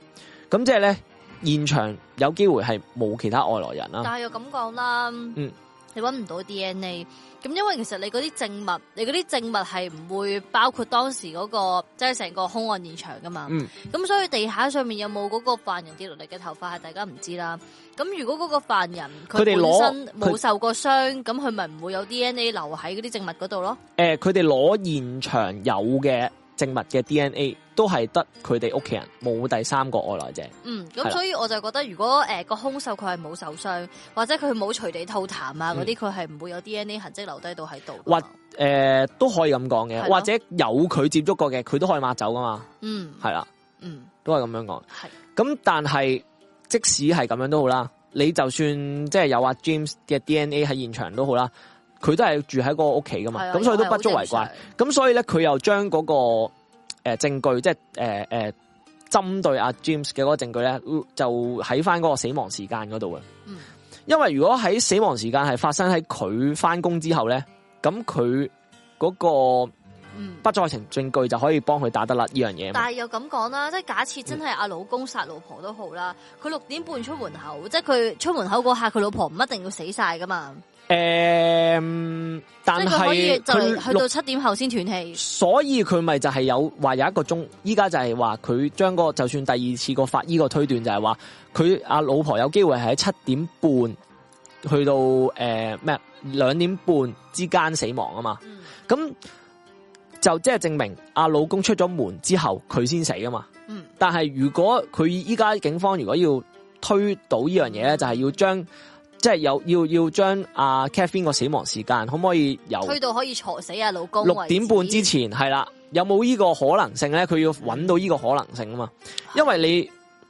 咁即係咧。現場有機會係冇其他外來人啦，但係又咁講啦，嗯，你搵唔到 DNA，咁因為其實你嗰啲證物，你嗰啲證物係唔會包括當時嗰、嗰個，即係成個凶案現場噶嘛，嗯，咁所以地下上面有冇嗰個犯人跌落嚟嘅頭髮，係大家唔知啦。咁如果嗰個犯人，佢哋攞身，冇受過傷，咁佢咪唔會有 DNA 留喺嗰啲證物嗰度咯？誒、呃，佢哋攞現場有嘅。證物嘅 DNA 都係得佢哋屋企人，冇第三個外來者。嗯，咁所以我就覺得，如果誒個凶手佢係冇受傷，或者佢冇隨地吐痰啊嗰啲，佢係唔會有 DNA 痕跡留低到喺度。或誒、呃、都可以咁講嘅，或者有佢接觸過嘅，佢都可以抹走噶嘛。嗯，係啦，嗯，都係咁樣講。係，咁但係即使係咁樣都好啦，你就算即係有阿、啊、James 嘅 DNA 喺現場都好啦。佢都係住喺嗰個屋企噶嘛，咁所以都不足為怪。咁所以咧，佢又將嗰個誒證據，即係誒誒，針、呃呃、對阿 James 嘅嗰個證據咧，就喺翻嗰個死亡時間嗰度嘅。因為如果喺死亡時間係發生喺佢翻工之後咧，咁佢嗰個不在場證據就可以幫佢打得甩呢樣嘢。但係又咁講啦，即係假設真係阿老公殺老婆都好啦，佢六點半出門口，即係佢出門口嗰刻，佢老婆唔一定要死晒噶嘛。誒、嗯，但係佢去到七點後先斷氣，所以佢咪就係有話有一個鐘，依家就係話佢將個就算第二次個法醫個推斷就係話佢阿老婆有機會係喺七點半去到誒咩兩點半之間死亡啊嘛，咁、嗯、就即係證明阿老公出咗門之後佢先死啊嘛，嗯、但係如果佢依家警方如果要推倒呢樣嘢咧，就係、是、要將。即係有要要將阿 caffeine、uh, 個死亡時間可唔可以由去到可以坐死、啊、老公，六點半之前係啦，有冇呢個可能性咧？佢要揾到呢個可能性啊嘛，因為你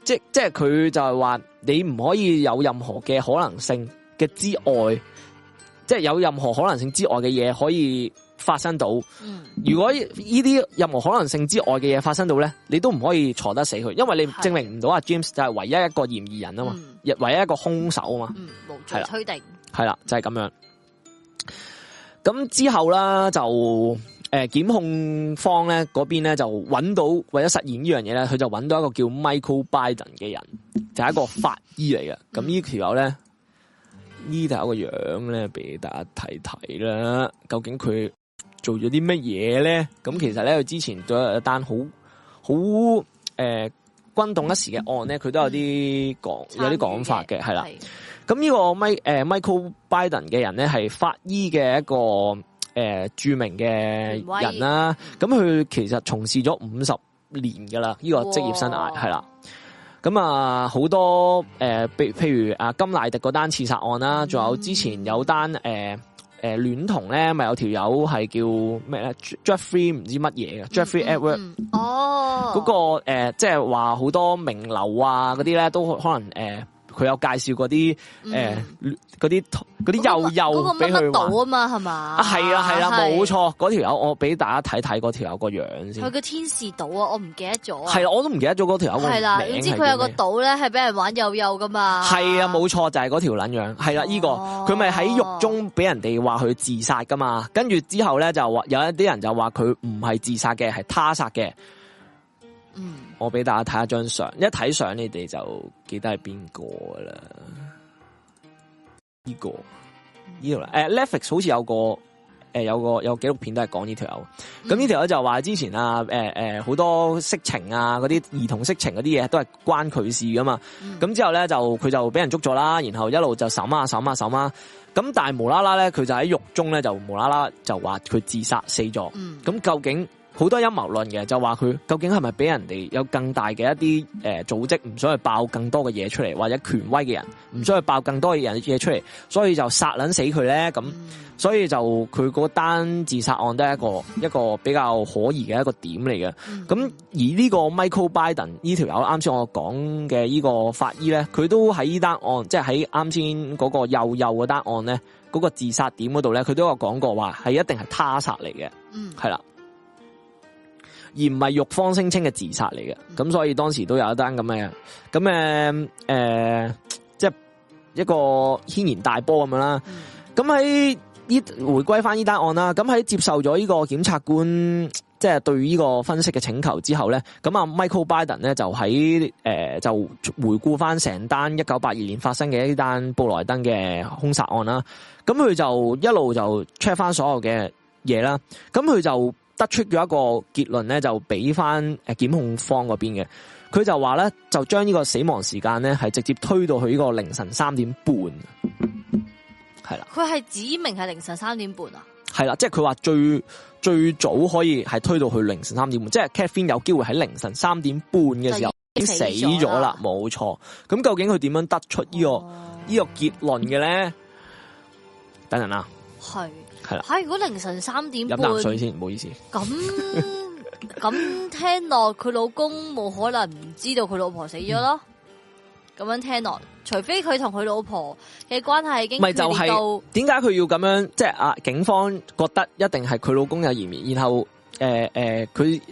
即即係佢就係話你唔可以有任何嘅可能性嘅之外，即、就、係、是、有任何可能性之外嘅嘢可以。發生到，如果呢啲任何可能性之外嘅嘢發生到咧，你都唔可以坐得死佢，因為你證明唔到阿 James 就係唯一一個嫌疑人啊嘛，亦、嗯、唯一一個凶手啊嘛，係、嗯、無罪推定係啦就係、是、咁樣。咁之後咧就誒檢、呃、控方咧嗰邊咧就揾到為咗實現呢樣嘢咧，佢就揾到一個叫 Michael Biden 嘅人，就係、是、一個法醫嚟嘅。咁、嗯、呢條友咧呢條有個樣咧俾大家睇睇啦，究竟佢。做咗啲乜嘢咧？咁、嗯嗯、其實咧，佢之前都有一單好好誒轟動一時嘅案咧，佢、嗯、都有啲講、嗯，有啲講法嘅，係啦。咁呢個誒、呃、Michael Biden 嘅人咧，係法醫嘅一個誒、呃、著名嘅人啦。咁佢其實從事咗五十年噶啦，呢、這個職業生涯係啦。咁啊，好、呃、多誒，譬、呃、譬如啊，甘、呃、迺迪嗰單刺殺案啦，仲、嗯、有之前有單誒。呃誒、呃、戀童咧，咪有條友係叫咩咧？Jeffrey 唔知乜嘢嘅 Jeffrey Edward、嗯嗯。哦，嗰、嗰個即係話好多名流啊呢，嗰啲咧都可能誒。呃佢有介紹嗰啲嗰啲嗰啲幼幼俾佢玩啊、嗰個嗰個咩個島、嘛，係嘛？係啊係啦，冇、啊啊啊、錯，嗰、啊、條友我俾大家睇睇嗰條友個樣先。佢個天使島啊，啊，我唔記得咗、啊。係啦，我都唔記得咗嗰條友。係啦，你知佢有個島咧，係俾人玩幼幼噶嘛？係啊，冇錯，就係、是、嗰條撚樣。係啦、啊，呢、哦這個佢咪喺獄中俾人哋話佢自殺噶嘛？跟住之後咧就話有一啲人就話佢唔係自殺嘅，係他殺嘅。嗯。我俾大家睇下張相，一睇相你哋就記得係邊，這個啦。呢、嗯欸，個呢條誒 Netflix 好似有個誒，有個有紀錄片都係講呢條友。咁呢條友就話之前啊，誒、欸、誒，好、欸、多色情啊，嗰啲兒童色情嗰啲嘢都係關佢事噶嘛。咁、嗯、之後咧就佢就俾人捉咗啦，然後一路就審啊審啊審啊。咁但係無啦啦咧，佢就喺獄中咧就無啦啦就話佢自殺死咗。咁、嗯、究竟？好多陰謀論嘅，就話佢究竟係咪俾人哋有更大嘅一啲誒、呃、組織唔想去爆更多嘅嘢出嚟，或者權威嘅人唔想去爆更多嘅人嘢出嚟，所以就殺捻死佢咧咁。所以就佢嗰單自殺案都係一個 一個比較可疑嘅一個點嚟嘅。咁而呢個 Michael Biden 呢條友啱先我講嘅呢個法醫咧，佢都喺呢單案，即係喺啱先嗰個幼幼嗰單案咧，嗰、嗰個自殺點嗰度咧，佢都有講過話係一定係他殺嚟嘅，係 啦。而唔係獄方聲稱嘅自殺嚟嘅，咁所以當時都有一單咁嘅，咁誒，誒、呃呃，即係一個軒然大波咁樣啦。咁喺呢回歸翻呢單案啦，咁喺接受咗呢個檢察官即係、就是、對呢個分析嘅請求之後咧，咁啊，Michael Biden 咧就喺誒、呃、就回顧翻成單一九八二年發生嘅呢單布萊登嘅凶殺案啦。咁佢就一路就 check 翻所有嘅嘢啦，咁佢就，得出咗一個結論咧，就俾翻誒檢控方嗰邊嘅，佢就話咧，就將呢個死亡時間咧係直接推到去呢個凌晨三點半，係啦。佢係指明係凌晨三點半啊？係啦，即係佢話最最早可以係推到去凌晨三點半，即係 Catherine 有機會喺凌晨三點半嘅時候已經死咗啦，冇錯。咁究竟佢點樣得出呢、呢個呢、哦呢個結論嘅咧？等陣啊，吓！如果凌晨三點半飲啖水先，唔好意思。咁 咁聽落，佢老公冇可能唔知道佢老婆死咗咯。咁、嗯、樣聽落，除非佢同佢老婆嘅關係已經唔係就係、是。點解佢要咁樣？即係啊，警方覺得一定係佢老公有嫌疑，然後誒誒，佢、呃呃，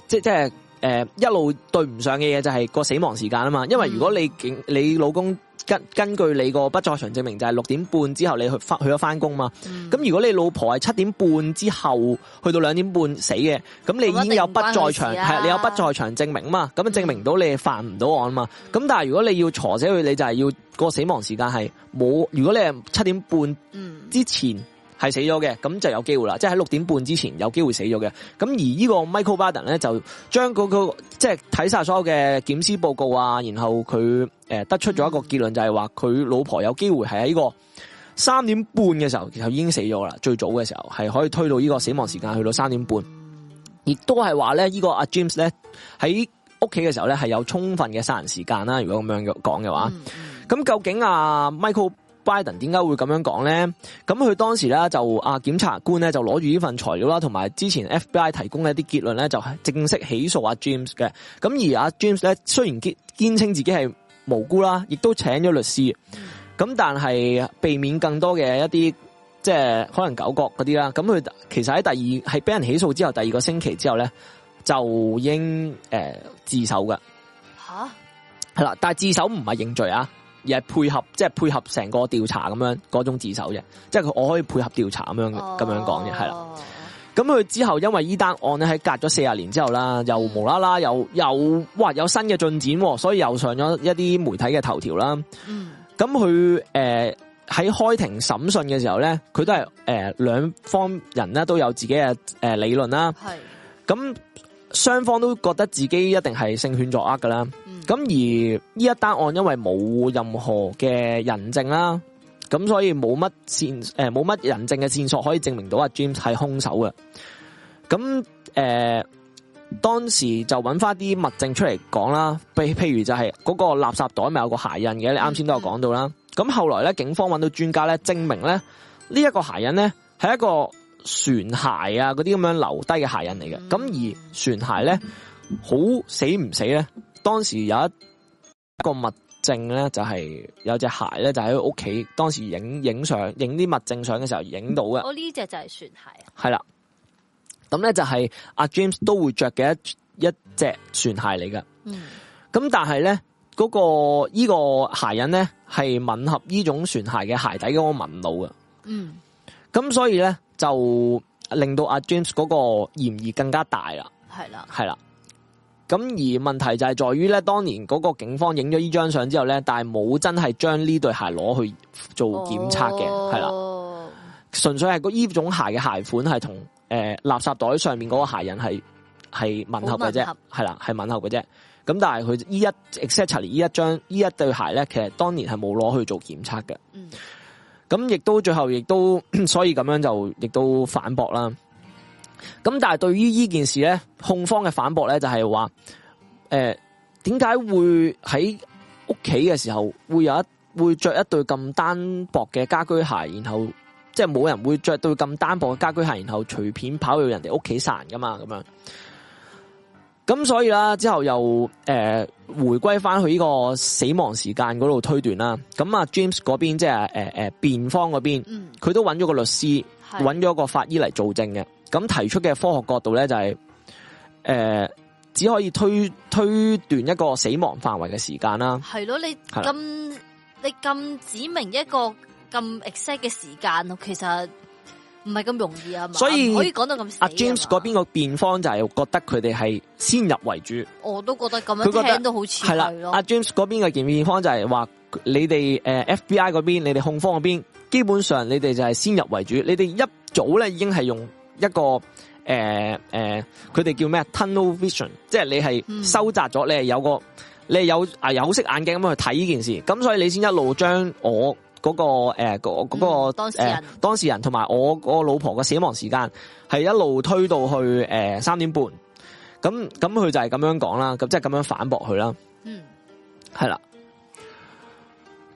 即即係。誒、呃，一路對唔上嘅嘢就係個死亡時間啊嘛，因為如果你警你老公根根據你個不在場證明就係六點半之後你去翻去咗翻工嘛，咁、嗯、如果你老婆係七點半之後去到兩點半死嘅，咁你已經有不在場係、啊、你有不在場證明啊嘛，咁證明到你犯唔到案啊嘛，咁、嗯、但係如果你要鋤死佢，你就係、是、要、那個死亡時間係冇，如果你係七點半之前。嗯係死咗嘅，咁就有機會啦。即係喺六點半之前有機會死咗嘅。咁而呢個 Michael Baden 咧，就將嗰、嗰個即係睇晒所有嘅檢屍報告啊，然後佢誒得出咗一個結論，就係話佢老婆有機會係喺呢個三點半嘅時，時候，其實已經死咗啦。最早嘅時候係可以推到呢個死亡時間去到三點半，亦都係話咧呢、呢個阿、啊、James 咧喺屋企嘅時候咧係有充分嘅殺人時間啦。如果咁樣講嘅話，咁、嗯、究竟啊 Michael？Biden 點解會咁樣講咧？咁佢當時咧就啊檢察官咧就攞住呢份材料啦，同埋之前 FBI 提供嘅一啲結論咧就正式起訴阿、啊、James 嘅。咁而阿、啊、James 咧雖然堅堅稱自己係無辜啦，亦都請咗律師。咁、嗯、但係避免更多嘅一啲即係可能糾角嗰啲啦。咁佢其實喺第二係俾人起訴之後，第二個星期之後咧就應誒、呃、自首嘅。吓係啦，但係自首唔係認罪啊。而係配合，即、就、係、是、配合成個調查咁樣嗰種自首啫，即、就、係、是、我可以配合調查咁樣咁、哦、樣講喇，係啦。咁佢之後因為呢單案咧喺隔咗四十年之後啦，又無啦啦又又哇有新嘅進展、哦，所以又上咗一啲媒體嘅頭條啦。咁佢誒喺開庭審訊嘅時候咧，佢都係誒兩方人咧都有自己嘅誒、呃、理論啦。係咁雙方都覺得自己一定係勝券在握噶啦。咁而呢一單案因為冇任何嘅人證啦，咁所以冇乜線誒冇乜人證嘅線索可以證明到阿 James 係凶手嘅。咁誒、呃，當時就揾翻啲物證出嚟講啦，譬譬如就係嗰個垃圾袋咪有個鞋印嘅，你啱先都有講到啦。咁後來咧，警方揾到專家咧證明咧，呢一個鞋印咧係、這個、一個船鞋啊嗰啲咁樣留低嘅鞋印嚟嘅。咁而船鞋咧好死唔死咧？當時有一個物證咧，就係、是、有隻鞋咧，就喺屋企當時影影相，影啲物證相嘅時候影到嘅。我呢隻就係船鞋，啊。係啦，咁咧就係阿 James 都會着嘅一一隻船鞋嚟嘅。嗯。咁但係咧，嗰、那個依、這個鞋印咧係吻合依種船鞋嘅鞋底嗰個紋路嘅。嗯。咁所以咧就令到阿 James 嗰個嫌疑更加大啦。係啦。係啦。咁而問題就係在於咧，當年嗰個警方影咗呢張相之後咧，但係冇真係將呢對鞋攞去做檢測嘅，係、哦、啦，純粹係個呢種鞋嘅鞋款係同誒垃圾袋上面嗰個鞋印係係吻合嘅啫，係啦，係吻合嘅啫。咁但係佢呢一 exactly 呢一張呢一對鞋咧，其實當年係冇攞去做檢測嘅。咁、嗯、亦都最後亦都所以咁樣就亦都反駁啦。咁但係對於呢件事咧，控方嘅反駁咧就係、是、話，誒、呃，點解會喺屋企嘅時候會有一會着一對咁單薄嘅家居鞋，然後即係冇人會着對咁單薄嘅家居鞋，然後隨便跑到人哋屋企散㗎噶嘛？咁樣，咁所以啦，之後又誒、呃、回歸翻去呢個死亡時間嗰度推斷啦。咁啊，James 嗰邊即係誒誒辯方嗰邊，佢、嗯、都揾咗個律師，揾咗個法醫嚟做證嘅。咁提出嘅科學角度咧，就係、是、誒、呃，只可以推推斷一個死亡範圍嘅時間啦。係咯，你咁你咁指明一個咁 exact 嘅時間，其實唔係咁容易啊嘛。所以、啊、可以講到咁。阿、啊、James 嗰邊個辯方就係覺得佢哋係先入為主。我都覺得咁樣聽都好似係咯。阿、啊、James 嗰邊嘅辯方就係話、呃，你哋誒 FBI 嗰邊，你哋控方嗰邊，基本上你哋就係先入為主，你哋一早咧已經係用一個誒誒，佢、呃、哋、呃、叫咩？Tunnel Vision，即係你係收集咗、嗯，你係有個，你係有啊有色眼鏡咁去睇呢件事，咁所以你先一路將我嗰、嗰個誒嗰嗰個誒、呃嗯、當事人同埋我我老婆嘅死亡時間係一路推到去誒三點半，咁咁佢就係咁樣講啦，咁即係咁樣反駁佢啦，係、嗯、啦。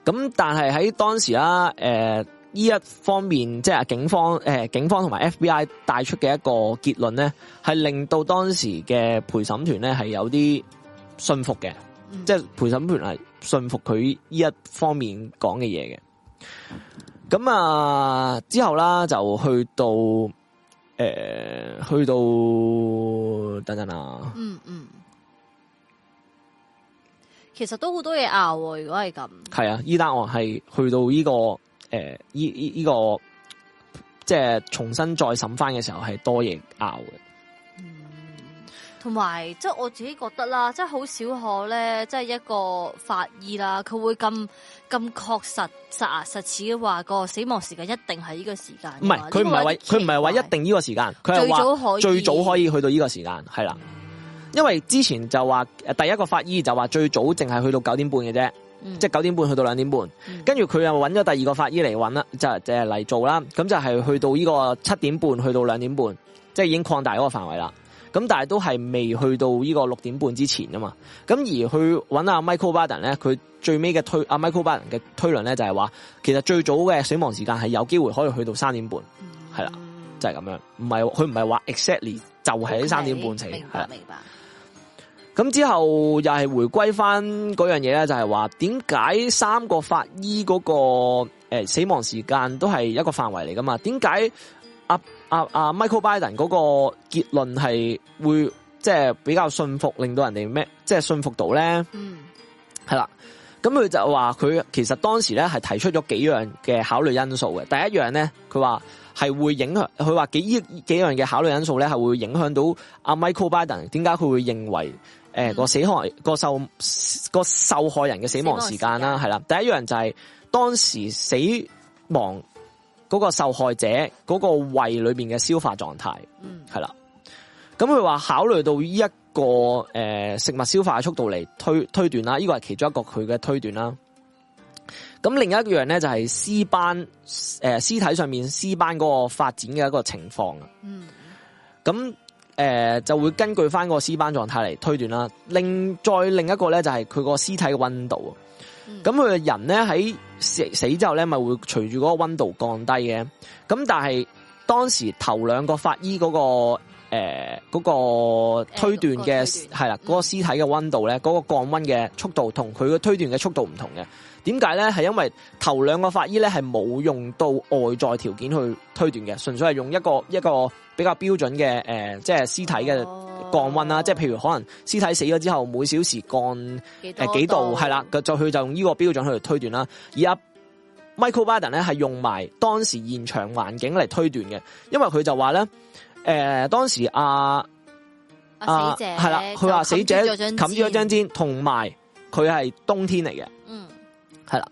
咁但係喺當時啊，誒、呃。呢一方面，即係警方，誒、呃，警方同埋 FBI 帶出嘅一個結論咧係令到當時嘅陪審團咧係有啲信服嘅、嗯，即係陪審團係信服佢呢一方面講嘅嘢嘅。咁、嗯嗯、啊，之後啦，就去到，誒、呃，去到等陣啊，嗯嗯，其實都好多嘢拗、哦，如果係咁，係啊，依單案係去到呢、這個。誒、呃，依依呢個即係重新再審翻嘅時候，係多嘢拗嘅。嗯，同埋即係我自己覺得啦，即係好少可咧，即係一個法醫啦，佢會咁咁確實實牙實齒嘅話，個死亡時間一定係呢個時間。唔係，佢唔係話，佢唔係話一定呢個時間，佢係話最早可以，最早可以去到呢個時間，係啦。因為之前就話誒，第一個法醫就話最早淨係去到九點半嘅啫。即係九點半去到兩點半，跟住佢又搵咗第二個法醫嚟搵啦，就即係嚟做啦。咁就係去到呢個七點半去到兩點半，即係已經擴大嗰個範圍啦。咁但係都係未去到呢個六點半之前啊嘛。咁而去搵阿 Michael Baden 咧，佢最尾嘅推阿、啊、Michael Baden 嘅推論咧就係話，其實最早嘅死亡時間係有機會可以去到三點半，係、嗯、啦，就係咁樣。唔係，佢唔係話 exactly 就係三點半前。明白。咁之後又係回歸翻嗰樣嘢咧，就係話點解三個法醫嗰個死亡時間都係一個範圍嚟噶嘛？點解阿阿阿 Michael Biden 嗰個結論係會即係、就是、比較信服，令到人哋咩即係信服到咧？嗯，係啦。咁佢就話佢其實當時咧係提出咗幾樣嘅考慮因素嘅。第一樣咧，佢話係會影響，佢話幾，幾樣嘅考慮因素咧係會影響到阿 Michael Biden 點解佢會認為？誒、欸，嗰個死害、嗰個受、嗰個受害人嘅死亡時間啦，係啦。第一樣就係當時死亡嗰個受害者嗰個胃裏面嘅消化狀態，嗯，係啦。咁佢話考慮到依、呢、一個誒、呃、食物消化嘅速度嚟，推推斷啦，呢個係其中一個佢嘅推斷啦。咁另一樣咧就係屍斑，誒、呃、屍體上面屍斑嗰個發展嘅一個情況啊。嗯，咁。誒、呃，就會根據翻個屍斑狀態嚟推斷啦。另再另一個咧，就係佢個屍體嘅温度。咁、嗯、佢人咧喺死死之後咧，咪會隨住嗰個温度降低嘅。咁但係當時頭兩個法醫嗰、嗰個誒，嗰、呃嗰個推斷嘅係啦，嗰、呃嗰個屍、嗰個、體嘅温度咧，嗰、嗯嗰個降温嘅速度同佢嘅推斷嘅速度唔同嘅。點解咧？係因為頭兩個法醫咧係冇用到外在條件去推斷嘅，純粹係用一個一個比較標準嘅誒、呃，即係屍體嘅降溫啦、哦。即係譬如可能屍體死咗之後每小時降誒、呃、幾度，係啦，就佢就用呢個標準去推斷啦。而家、啊、Michael Baden 咧係用埋當時現場環境嚟推斷嘅，因為佢就話咧誒，當時阿、啊、阿、啊、死者係、啊、啦，佢話死者冚住咗張氈，同埋佢係冬天嚟嘅。係啦，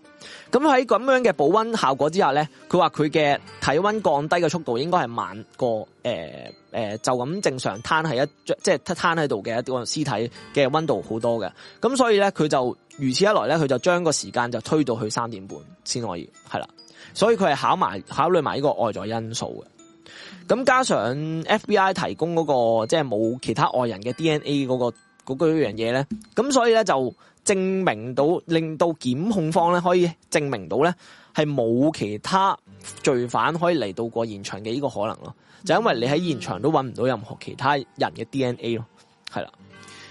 咁喺咁樣嘅保温效果之下咧，佢話佢嘅體溫降低嘅速度應該係慢過誒誒、呃呃，就咁正常攤喺一即係攤喺度嘅一個屍體嘅温度好多嘅，咁所以咧佢就如此一來咧，佢就將個時間就推到去三點半先可以係啦，所以佢係考埋考慮埋呢個外在因素嘅，咁加上 FBI 提供嗰、嗰個即係冇其他外人嘅 DNA 嗰、嗰個嗰嗰樣嘢咧，咁、那個、所以咧就。證明到令到檢控方咧可以證明到咧係冇其他罪犯可以嚟到過現場嘅呢個可能咯，嗯，就因為你喺現場都搵唔到任何其他人嘅 DNA 咯，係啦。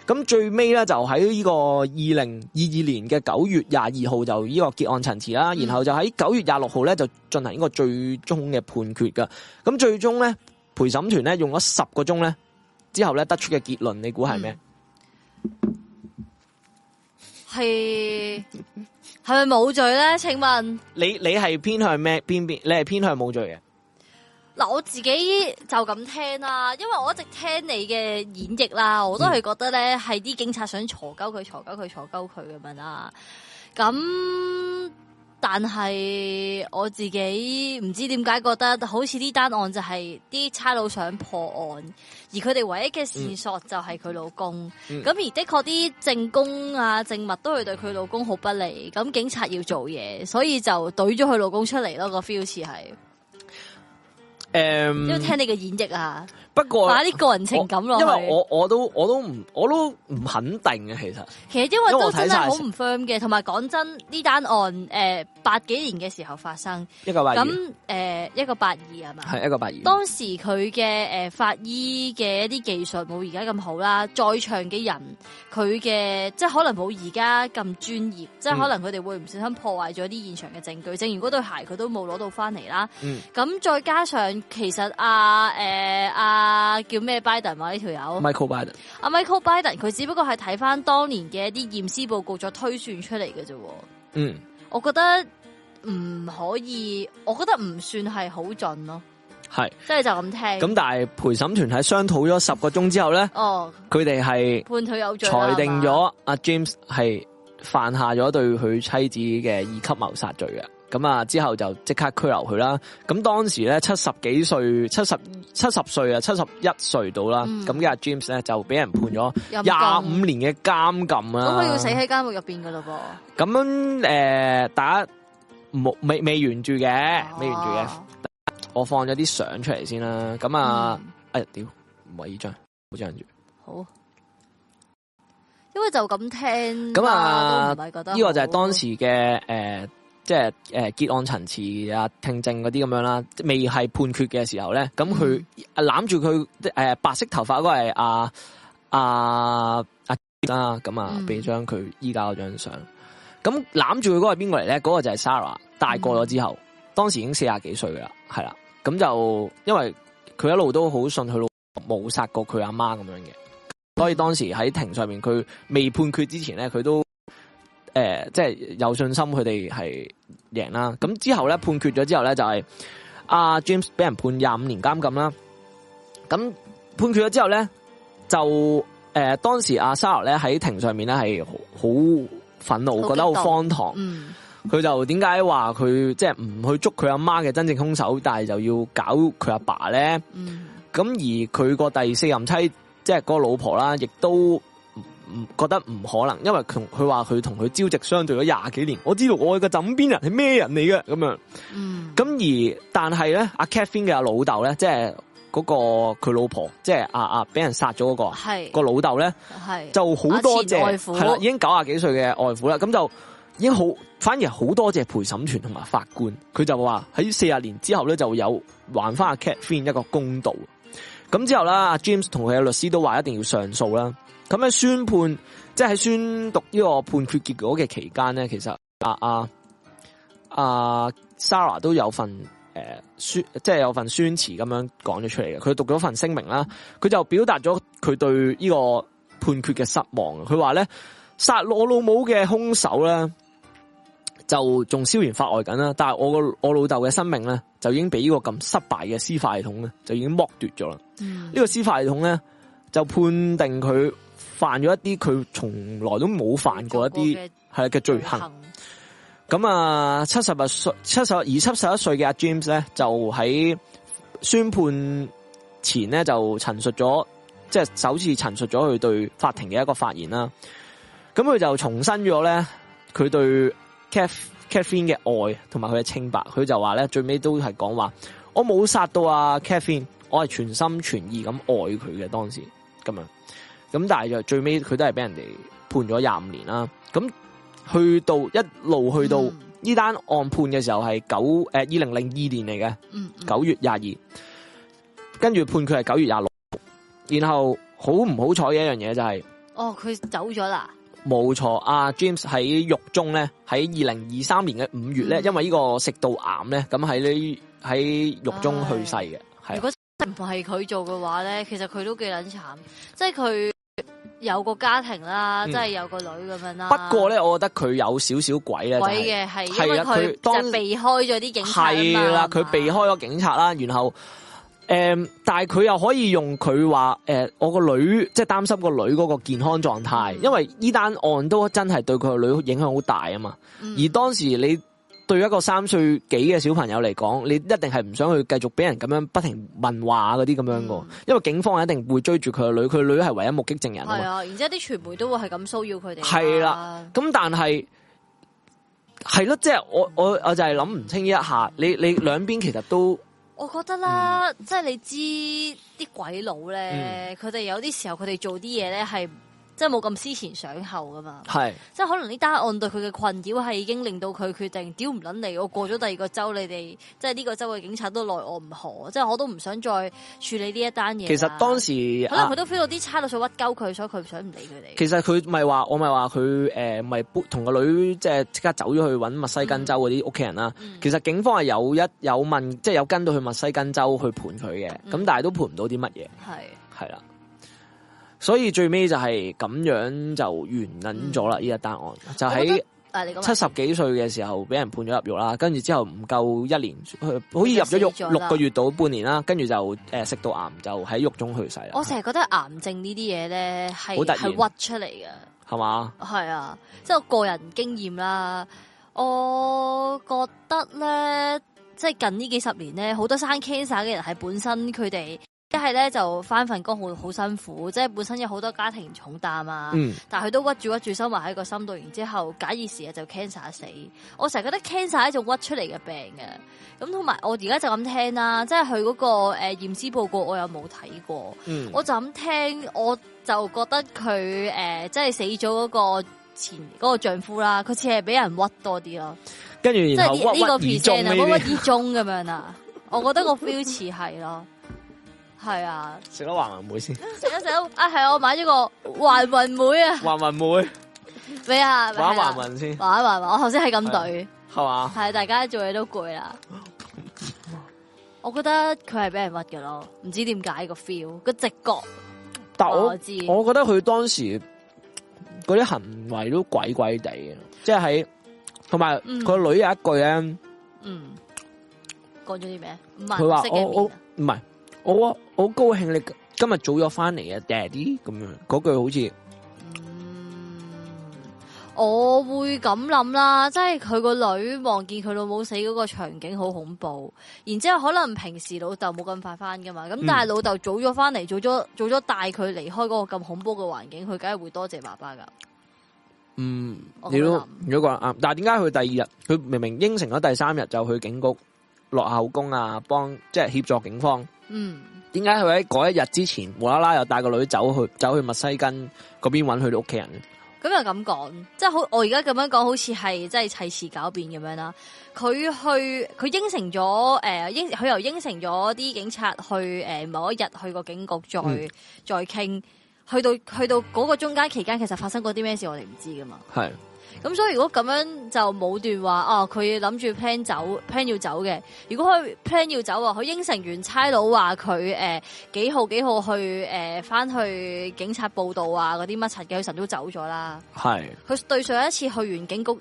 咁最尾咧就喺呢個二零二二年嘅九月廿二號就呢個結案陳詞啦，然後就喺九月廿六號咧就進行呢個最終嘅判決噶。咁最終咧陪審團咧用咗十個鐘咧之後咧得出嘅結論，你估係咩？嗯係係咪冇罪咧？請問你你係偏向咩邊邊？你係偏向冇罪嘅？嗱，我自己就咁聽啦，因為我一直聽你嘅演繹啦，我都係覺得咧係啲警察，想鋤鳩佢，鋤鳩佢，鋤鳩佢咁樣啦。咁。但係我自己唔知點解覺得好似呢單案就係啲差佬想破案，而佢哋唯一嘅線索就係佢老公。咁、嗯、而的確啲證供啊證物都係對佢老公好不利。咁警察要做嘢，所以就懟咗佢老公出嚟咯。個 feel 似係，誒，要聽你嘅演繹啊。不過，把啲個人情感落去，因為我我都我都唔我都唔肯定嘅，其實其實因為都真係好唔 firm 嘅，同埋講真呢單案誒、呃、八幾年嘅時候發生一個、呃、一個八二咁誒一個八二係嘛係一個八二當時佢嘅誒法醫嘅一啲技術冇而家咁好啦，在場嘅人佢嘅即係可能冇而家咁專業，即係可能佢哋會唔小心破壞咗啲現場嘅證據，正、嗯、如嗰對鞋佢都冇攞到翻嚟啦。咁、嗯、再加上其實誒、啊、阿。呃啊什麼啊！叫咩 b i 拜登嘛？呢條友 Michael Biden，阿 Michael Biden 佢只不過係睇翻當年嘅一啲驗屍報告再推算出嚟嘅啫。嗯，我覺得唔可以，我覺得唔算係好準咯。係，即係就咁，是，聽。咁但係陪審團喺商討咗十個鐘之後咧，哦，佢哋係判佢有罪了，裁定咗阿 James 係犯下咗對佢妻子嘅二級謀殺罪啊。咁啊！之後就即刻拘留佢啦。咁當時咧七十幾歲，七十七十歲啊，七十一歲到啦。咁阿 James 咧就俾人判咗廿五年嘅監禁啦。咁佢要死喺監獄入邊噶喇噃。咁樣誒，大家、呃、冇未未完住嘅，未完住嘅、啊。我放咗啲相出嚟先啦。咁啊，誒、嗯，屌、哎，唔係呢張，冇張住。好，因為就咁聽。咁啊，覺得呢、這個就係當時嘅誒。呃即係誒結案陳詞啊聽證嗰啲咁樣啦，未係判決嘅時候咧，咁佢攬住佢誒白色頭髮嗰個係阿阿阿啦，咁啊，畀張佢依家嗰張相。咁攬住佢嗰個係邊個嚟咧？嗰、嗰個就係 Sarah，大個咗之後、嗯，當時已經四呀幾歲噶啦，係啦。咁就因為佢一路都好信佢老母冇殺過佢阿媽咁樣嘅，所以當時喺庭上面佢未判決之前咧，佢都。誒、呃，即係有信心佢哋係贏啦。咁之後咧判決咗之後咧就係、是、阿、啊、James 俾人判廿五年監禁啦。咁判決咗之後咧就誒、呃，當時阿 Sarah 咧喺庭上面咧係好憤怒很，覺得好荒唐。佢、嗯、就點解話佢即係唔去捉佢阿媽嘅真正凶手，但係就要搞佢阿爸咧？咁、嗯、而佢個第四任妻，即、就、係、是、個老婆啦，亦都。唔覺得唔可能，因為同佢話佢同佢朝夕相對咗廿幾年，我知道我嘅枕邊人係咩人嚟嘅咁樣。嗯，咁而但係咧，阿 Catrin 嘅老豆咧，即係嗰個佢老婆，即係啊啊，俾人殺咗嗰個，係個老豆咧，係就好多謝，係啦、啊，已經九廿幾歲嘅外父啦，咁就已經好，反而好多謝陪審團同埋法官，佢就話喺四十年之後咧，就有還翻阿 Catrin 一個公道。咁之後啦，James 同佢嘅律師都話一定要上訴啦。咁樣宣判，即係宣讀呢個判決結果嘅期間咧，其實啊阿阿、啊啊、Sarah 都有份誒、呃、宣，即係有份宣詞咁樣講咗出嚟嘅。佢讀咗份聲明啦，佢就表達咗佢對呢個判決嘅失望。佢話咧，殺我老母嘅凶手咧，就仲逍遙法外緊啦。但係我個我老豆嘅生命咧，就已經俾呢個咁失敗嘅司法系統咧，就已經剝奪咗啦。呢、嗯這個司法系統咧，就判定佢，犯咗一啲佢從來都冇犯過一啲係嘅罪行。咁、呃、啊，七十日歲七十二七十一歲嘅阿 James 咧，就喺宣判前咧就陳述咗，即係首次陳述咗佢對法庭嘅一個發言啦。咁佢就重申咗咧，佢對 Catherine 嘅愛同埋佢嘅清白。佢就話咧，最尾都係講話我冇殺到阿、啊、Catherine 我係全心全意咁愛佢嘅。當時咁樣。咁但係就最尾佢都係俾人哋判咗廿五年啦。咁去到一路去到呢，嗯、單案判嘅時候係九誒二零零二年嚟嘅，九、嗯嗯、月廿二，跟住判佢係九月廿六。然後好唔好彩嘅一樣嘢就係、是，哦佢走咗啦。冇錯，啊 James 喺獄中咧，喺二零二三年嘅五月咧、嗯，因為呢個食道癌咧，咁喺呢喺獄中去世嘅、哎。如果唔係佢做嘅話咧，其實佢都幾撚慘，即係佢。有個家庭啦，即係有個女咁樣啦、嗯。不過咧，我覺得佢有少少鬼嘅、就是。因為佢就避開咗啲警察，係啦，佢避開咗警察啦，察啦，然後、嗯、但係佢又可以用佢話、呃、我個女即係、就是、擔心個女嗰個健康狀態，嗯、因為呢單案都真係對佢個女影響好大啊嘛、嗯。而當時你。對一個三歲幾嘅小朋友嚟講，你一定係唔想去繼續俾人咁樣不停問話嗰啲咁樣㗎，嗯、因為警方係一定會追住佢個女，佢女係唯一目擊證人。係啊，然之後啲傳媒都會係咁騷擾佢哋。係啦，咁但係係咯，即係我、嗯、我我就係諗唔清一下，你你兩邊其實都，我覺得啦，嗯、即係你知啲鬼佬咧，佢哋、嗯、有啲時候佢哋做啲嘢咧係。即係冇咁思前想後㗎嘛，即係可能呢單案對佢嘅困擾係已經令到佢決定屌唔撚你，我過咗第二個州，你哋即係呢個州嘅警察都奈我唔何，即係我都唔想再處理呢一單嘢。其實當時可能佢都 feel 到啲差佬想屈鳩佢，所以佢想唔理佢哋。其實佢咪話，我咪話佢誒，咪同個女即係即刻走咗去揾密西根州嗰啲屋企人啦、啊。嗯、其實警方係有一有問，即係有跟到去墨西根州去盤佢嘅，咁、嗯、但係都盤唔到啲乜嘢。係係啦。所以最尾就係咁樣就完忍咗啦，呢一單案就喺七十幾歲嘅時候俾人判咗入獄啦，跟住之後唔夠一年，好似、呃、入咗獄六個月到半年啦，跟住就誒食、呃、到癌就喺獄中去世啦。我成日覺得癌症呢啲嘢咧係好係屈出嚟嘅，係嘛？係啊，即係我個人經驗啦，我覺得咧，即係近呢幾十年咧，好多生 cancer 嘅人係本身佢哋。就是、呢一係咧就翻份工好好辛苦，即係本身有好多家庭重擔啊。嗯、但係佢都屈住屈住收埋喺個心度，然後之後假以時日就 cancer 死。我成日覺得 cancer 係一種屈出嚟嘅病嘅。咁同埋我而家就咁聽啦，即係佢嗰個誒、呃、驗屍報告我又冇睇過，嗯、我就咁聽，我就覺得佢誒即係死咗嗰個前嗰、嗰個丈夫啦，佢似係俾人屈多啲咯。跟住然後屈屈而終，屈屈而終咁樣啊！ 我覺得個 feel 似係咯。係啊，食咗還魂妹先，食咗食咗啊！係、啊、我買咗個還魂妹啊，還魂妹，你 啊，玩一還魂先，玩一還魂，我頭先係咁懟，係嘛？係大家做嘢都攰啦， 我覺得佢係俾人屈嘅咯。唔知點解、個 feel 個直覺，但我，我知，我覺得佢當時嗰啲行為都鬼鬼地嘅，即係喺，同埋佢女有一句咧，嗯，講咗啲咩？唔係，佢話我我唔係。我好高興你今日早咗翻嚟啊，Daddy 咁樣嗰句好似、嗯，我會咁諗啦，即係佢個女望見佢老母死嗰個場景好恐怖，然之後可能平時老豆冇咁快翻噶嘛，咁、嗯、但係老豆早咗翻嚟，早咗早咗帶佢離開嗰個咁恐怖嘅環境，佢梗係會多謝爸爸噶。嗯，你都如果話啱，但係點解佢第二日佢明明應承咗第三日就去警局？落口供啊，幫即係協助警方。嗯，點解佢喺嗰一日之前，無啦啦又帶個女走去走去墨西根嗰邊揾佢哋屋企人？咁又咁講，即係好，我而家咁樣講，好似係即係砌詞狡辯咁樣啦。佢去，佢應承咗，誒、呃，他應佢又應承咗啲警察去，誒、呃，某一日去個警局再再傾、嗯。去到去到嗰個中間期間，其實發生過啲咩事，我哋唔知噶嘛。係。咁所以如果咁樣就冇段話哦，佢諗住 plan 走 plan 要走嘅。如果佢 plan 要走啊，佢應承完差佬話佢誒幾號幾號去誒翻，呃、去警察報道啊嗰啲乜柒嘅，佢神都走咗啦。係佢對上一次去完警局，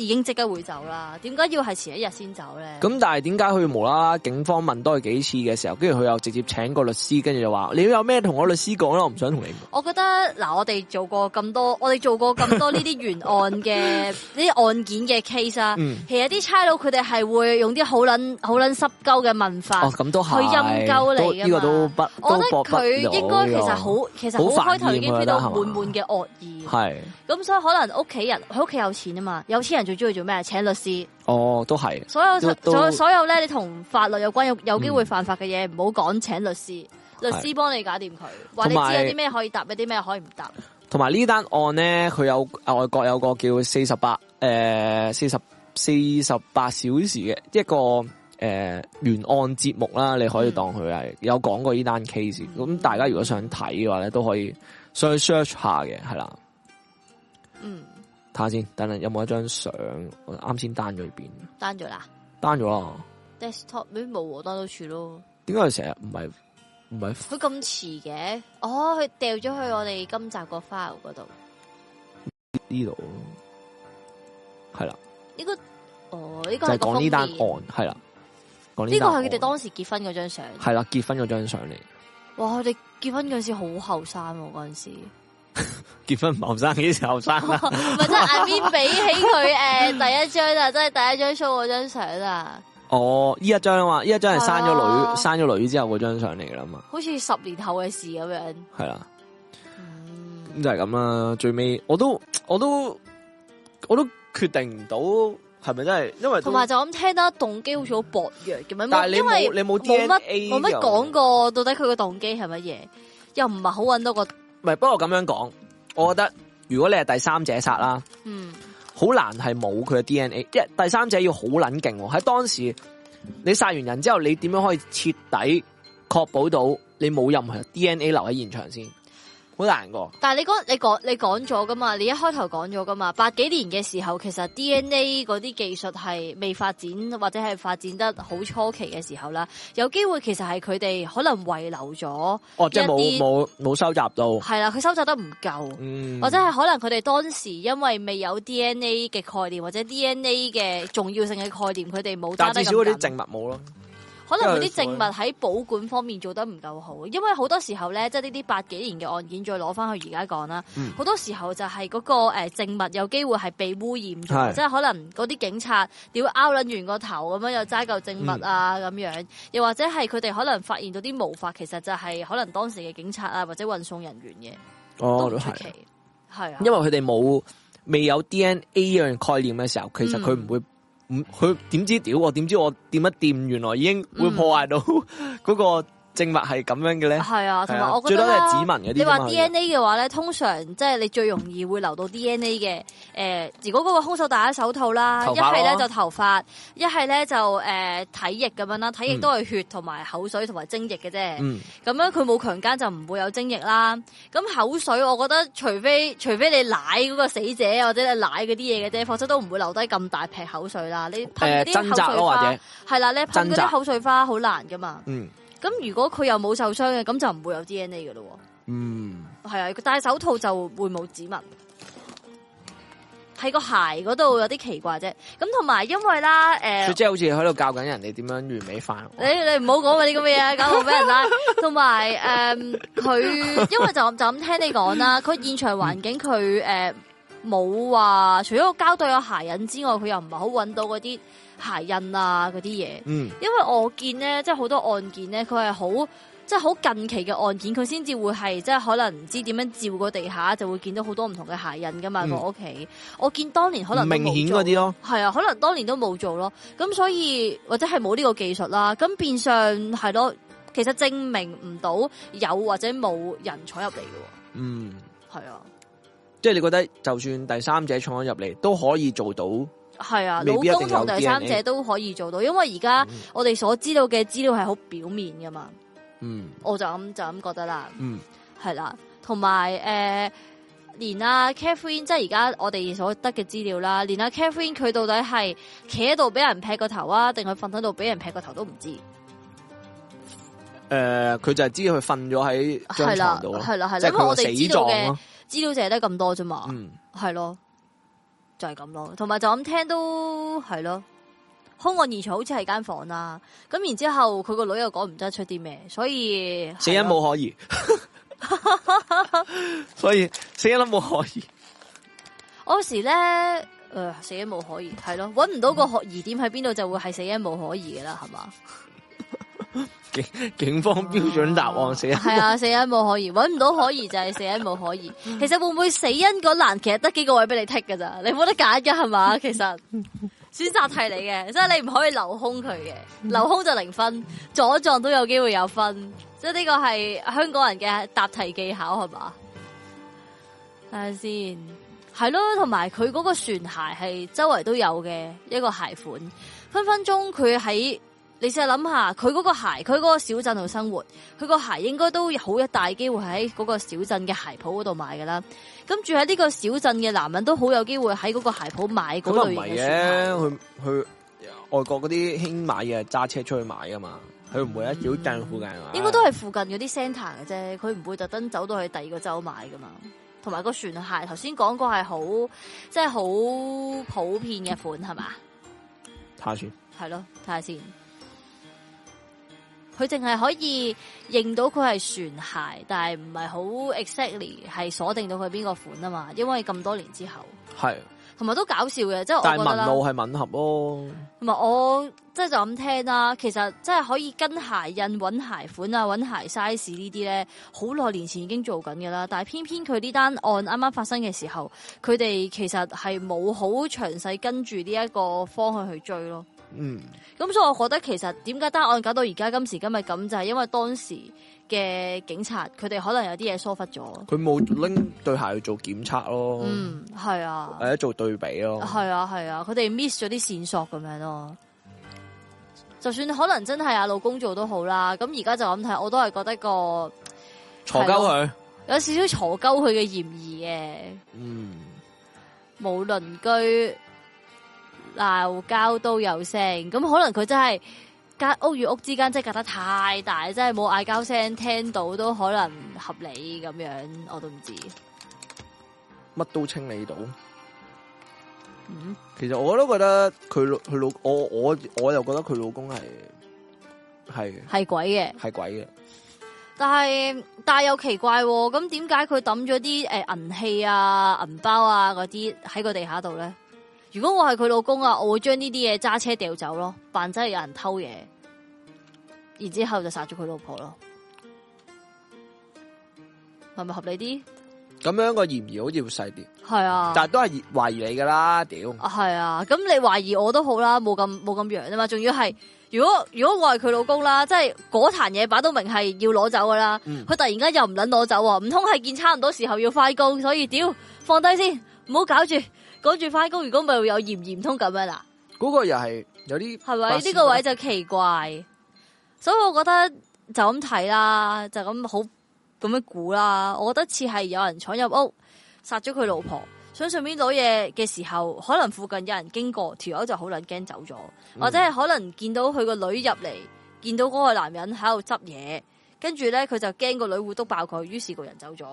已經即刻會走啦，點解要係前一日先走咧？咁但係點解佢無啦？警方問多佢幾次嘅時候，跟住佢又直接請個律師，跟住就話：你有咩同我律師講啦？我唔想同你講。我覺得嗱，我哋做過咁多，我哋做過咁多呢啲懸案嘅呢啲案件嘅 case 啊、嗯，其實啲差佬佢哋係會用啲好捻好捻濕鳩嘅問法、哦。咁都係，佢陰鳩嚟呢個都不，我覺得佢應該其實好、這個，其實好、這個、開頭已經知道滿滿嘅惡意。係。咁所以可能屋企人，佢屋企有錢啊嘛，有錢人。最中意做咩？請律師哦，都係所有所有所有咧，你同法律有關有有機會犯法嘅嘢，唔好講，請律師，律師幫你搞掂佢，話你知有啲咩可以答，有啲咩可以唔答。同埋呢單案咧，佢有外國有個叫四十八誒四十四十八小時嘅一個誒、呃、原案節目啦，你可以當佢係、嗯、有講過呢單 case。咁、嗯、大家如果想睇嘅話咧，都可以上去 search 下嘅，係啦。睇下先，等等有冇一張相？我啱先單咗入邊，單咗啦，單咗，desktop 你冇我單到處咯。點解佢成日唔係唔係？佢咁遲嘅，哦，佢掉咗去我哋今集個 file 嗰度呢度，係啦。呢個哦，呢個就係講呢單案係啦，講呢個係佢哋當時結婚嗰張相，係啦，結婚嗰張相嚟。哇，佢哋結婚嗰時好後生喎，嗰陣時。 結婚冇生，幾時後生啦、啊？唔係 即係 I mean 比起佢誒，呃、 第一張啊，即係第一張 show 嗰張相啊。哦，依一張嘛，依一張係生咗女，yeah. 生咗女之後嗰張相嚟噶嘛？好似十年後嘅事咁樣。係啦，咁、mm. 嗯、就係咁啦。最尾我都我都我都決定唔到係咪真係，因為同埋就咁聽到，動機好似好薄弱嘅咩、嗯？但係你冇冇乜冇乜講過，到底佢個動機係乜嘢？又唔係好揾到個。唔係，不過咁樣講，我覺得如果你係第三者殺啦，嗯，好難係冇佢嘅 DNA，因為第三者要好冷靜喎。喺當時你殺完人之後，你點樣可以徹底確保到你冇任何 DNA 留喺現場先？好難過，但係你講你講你講咗噶嘛，你一開頭講咗噶嘛？八幾年嘅時候，其實 DNA 嗰啲技術係未發展或者係發展得好初期嘅時候啦，有機會其實係佢哋可能遺留咗，哦，即係冇冇冇收集到，係啦，佢收集得唔夠，嗯，或者係可能佢哋當時因為未有 DNA 嘅概念或者 DNA 嘅重要性嘅概念，佢哋冇。但至少啲植物冇咯。可能佢啲證物喺保管方面做得唔夠好，因為好多時候咧，即係呢啲八幾年嘅案件再攞翻去而家講啦。好、嗯、多時候就係嗰個誒證物有機會係被污染咗，是即係可能嗰啲警察屌拗撚完個頭咁樣又揸嚿證物啊咁、嗯、樣，又或者係佢哋可能發現到啲毛髮，其實就係可能當時嘅警察啊或者運送人員嘅，哦、都出奇係啊。啊、因為佢哋冇未有 DNA 呢樣概念嘅時候，其實佢唔會、嗯。唔，佢點知屌我？點知我掂一掂，原來已經會破壞到嗰、那個。嗯。證物係咁樣嘅咧，係啊，同埋我覺得啦、啊，你說 DNA 的話 D N A 嘅話咧，通常即係你最容易會留到 D N A 嘅誒、呃，如果嗰個凶手戴咗手套啦，一係咧就頭髮，一係咧就誒、呃、體液咁樣啦，體液都係血同埋口水同埋精液嘅啫。嗯，咁樣佢冇強姦就唔會有精液啦。咁口水，我覺得除非除非你舐嗰個死者或者你舐嗰啲嘢嘅啫，否則都唔會留低咁大撇口水啦。你誒，掙、呃、扎咯、啊，或者係啦、啊，你噴嗰啲口水花好難噶嘛。嗯。咁如果佢又冇受傷嘅，咁就唔會有 DNA 嘅咯。嗯，係啊，戴手套就會冇指紋。喺個鞋嗰度有啲奇怪啫。咁同埋因為啦，誒、呃，即係好似喺度教緊人哋點樣完美化。你你唔 好講埋啲咁嘅嘢，搞好俾人拉，同埋誒，佢、呃、因為就就咁聽你講啦，佢現場環境佢誒冇話，除咗個膠袋有鞋印之外，佢又唔係好揾到嗰啲。鞋印啊，嗰啲嘢，嗯，因為我見咧，即係好多案件咧，佢係好，即係好近期嘅案件，佢先至會係即係可能唔知點樣照個地下，就會見到好多唔同嘅鞋印噶嘛，嗯。我屋企，我見當年可能都做明顯嗰啲咯。係啊，可能當年都冇做咯，咁所以或者係冇呢個技術啦。咁變相係咯，其實證明唔到有或者冇人坐入嚟嘅。嗯，係啊，即係你覺得就算第三者坐咗入嚟，都可以做到。係啊，老公同第三者都可以做到，因為而家我哋所知道嘅資料係好表面噶嘛。嗯，我就咁就咁覺得啦。嗯，係啦、啊，同埋誒，連阿、啊、Catherine 即係而家我哋所得嘅資料啦，連阿、啊、Catherine 佢到底係企喺度俾人劈個頭啊，定佢瞓喺度俾人劈個頭都唔知。誒，佢就係知佢瞓咗喺張床度，係啦係啦，因為我哋知道嘅資、呃啊啊啊啊就是、料就係得咁多啫嘛。嗯，係咯。就係咁咯，同埋就咁聽都係咯，兇案現場好似係間房啦。咁然後之後佢個女又講唔得出啲咩，所以了死因冇可疑。 所以死因都冇可疑。我有時咧，誒、呃，死因冇可疑，係咯，搵唔到個疑可疑點喺邊度，就會係死因冇可疑嘅啦，係嘛？警方標準答案死因係啊，死因冇可疑。揾唔、啊、到可疑就係死因冇可疑。 其實會唔會死因嗰欄其實得幾個位俾你剔 i 噶咋？你冇得揀噶係嘛？ 其實選擇題嚟嘅，即 係你唔可以留空佢嘅， 留空就零分，左撞都有機會有分。即係呢個係香港人嘅答題技巧係嘛？睇下先？係咯，同埋佢嗰個船鞋係周圍都有嘅一個鞋款，分分鐘佢喺。你試下諗下，佢嗰個鞋，佢嗰個小鎮度生活，佢個鞋應該都好一大機會喺嗰個小鎮嘅鞋鋪嗰度買噶啦。咁住喺呢個小鎮嘅男人都好有機會喺嗰個鞋鋪買嗰類型嘅船鞋。係嘅，佢佢外國嗰啲興買嘅，揸車出去買噶嘛。佢唔會喺小鎮附近嘛、嗯？應該都係附近嗰啲 center 嘅啫。佢唔會特登走到去第二個州買噶嘛。同埋個船鞋頭先講過係好，即係好普遍嘅款係嘛？睇下船，係咯，睇下先。看看佢淨係可以認到佢係船鞋，但係唔係好 exactly 係鎖定到佢邊個款啊嘛，因為咁多年之後係，同埋都搞笑嘅，即係我覺得。但係紋路係吻合咯、哦，同埋我即係就咁、是、聽啦。其實即係可以跟鞋印搵鞋款啊，搵鞋 size 呢啲咧，好耐年前已經做緊噶啦。但係偏偏佢呢單案啱啱發生嘅時候，佢哋其實係冇好詳細跟住呢一個方向去追咯。嗯，咁所以我覺得其實點解單案搞到而家今時今日咁，就係因為當時嘅警察佢哋可能有啲嘢疏忽咗。佢冇拎對鞋去做檢測咯。嗯，係啊。誒，做對比咯。係啊，係啊，佢哋 miss 咗啲線索咁樣咯。就算可能真係阿老公做都好啦，咁而家就咁睇，我都係覺得個坐鳩佢有少少坐鳩佢嘅嫌疑嘅。嗯，冇鄰居。鬧交都有聲，咁可能佢真係間屋與屋之間即係隔得太大，真係冇嗌交聲聽到都可能合理咁樣，我都唔知乜都清理到。嗯，其實我都覺得佢老佢老我我我又覺得佢老公係係係鬼嘅，係鬼嘅。但係但係又奇怪，咁點解佢抌咗啲誒銀器啊、銀包啊嗰啲喺個地下度咧？如果我係佢老公啊，我會將呢啲嘢揸車掉走咯，扮真係有人偷嘢，然之後就殺咗佢老婆咯，係咪合理啲？咁樣個嫌疑好似會細啲，係啊，但係都係懷疑你噶啦，屌，係啊，咁你懷疑我都好啦，冇咁冇咁樣啊嘛，仲要係如果如果我係佢老公啦，即係嗰壇嘢擺到明係要攞走噶啦，佢突然間又唔捻攞走啊，唔通係見差唔多時候要翻工，所以屌放低先，唔好搞住。趕住翻工，如果咪會有嚴嚴通咁樣啦，嗰個又係有啲係咪？呢個位就奇怪，所以我覺得就咁睇啦，就咁好咁樣估啦。我覺得似係有人闖入屋，殺咗佢老婆，想上面攞嘢嘅時候，可能附近有人經過，條友就好卵驚走咗，嗯、或者係可能見到佢個女入嚟，見到嗰個男人喺度執嘢，跟住咧佢就驚個女會篤爆佢，於是個人走咗，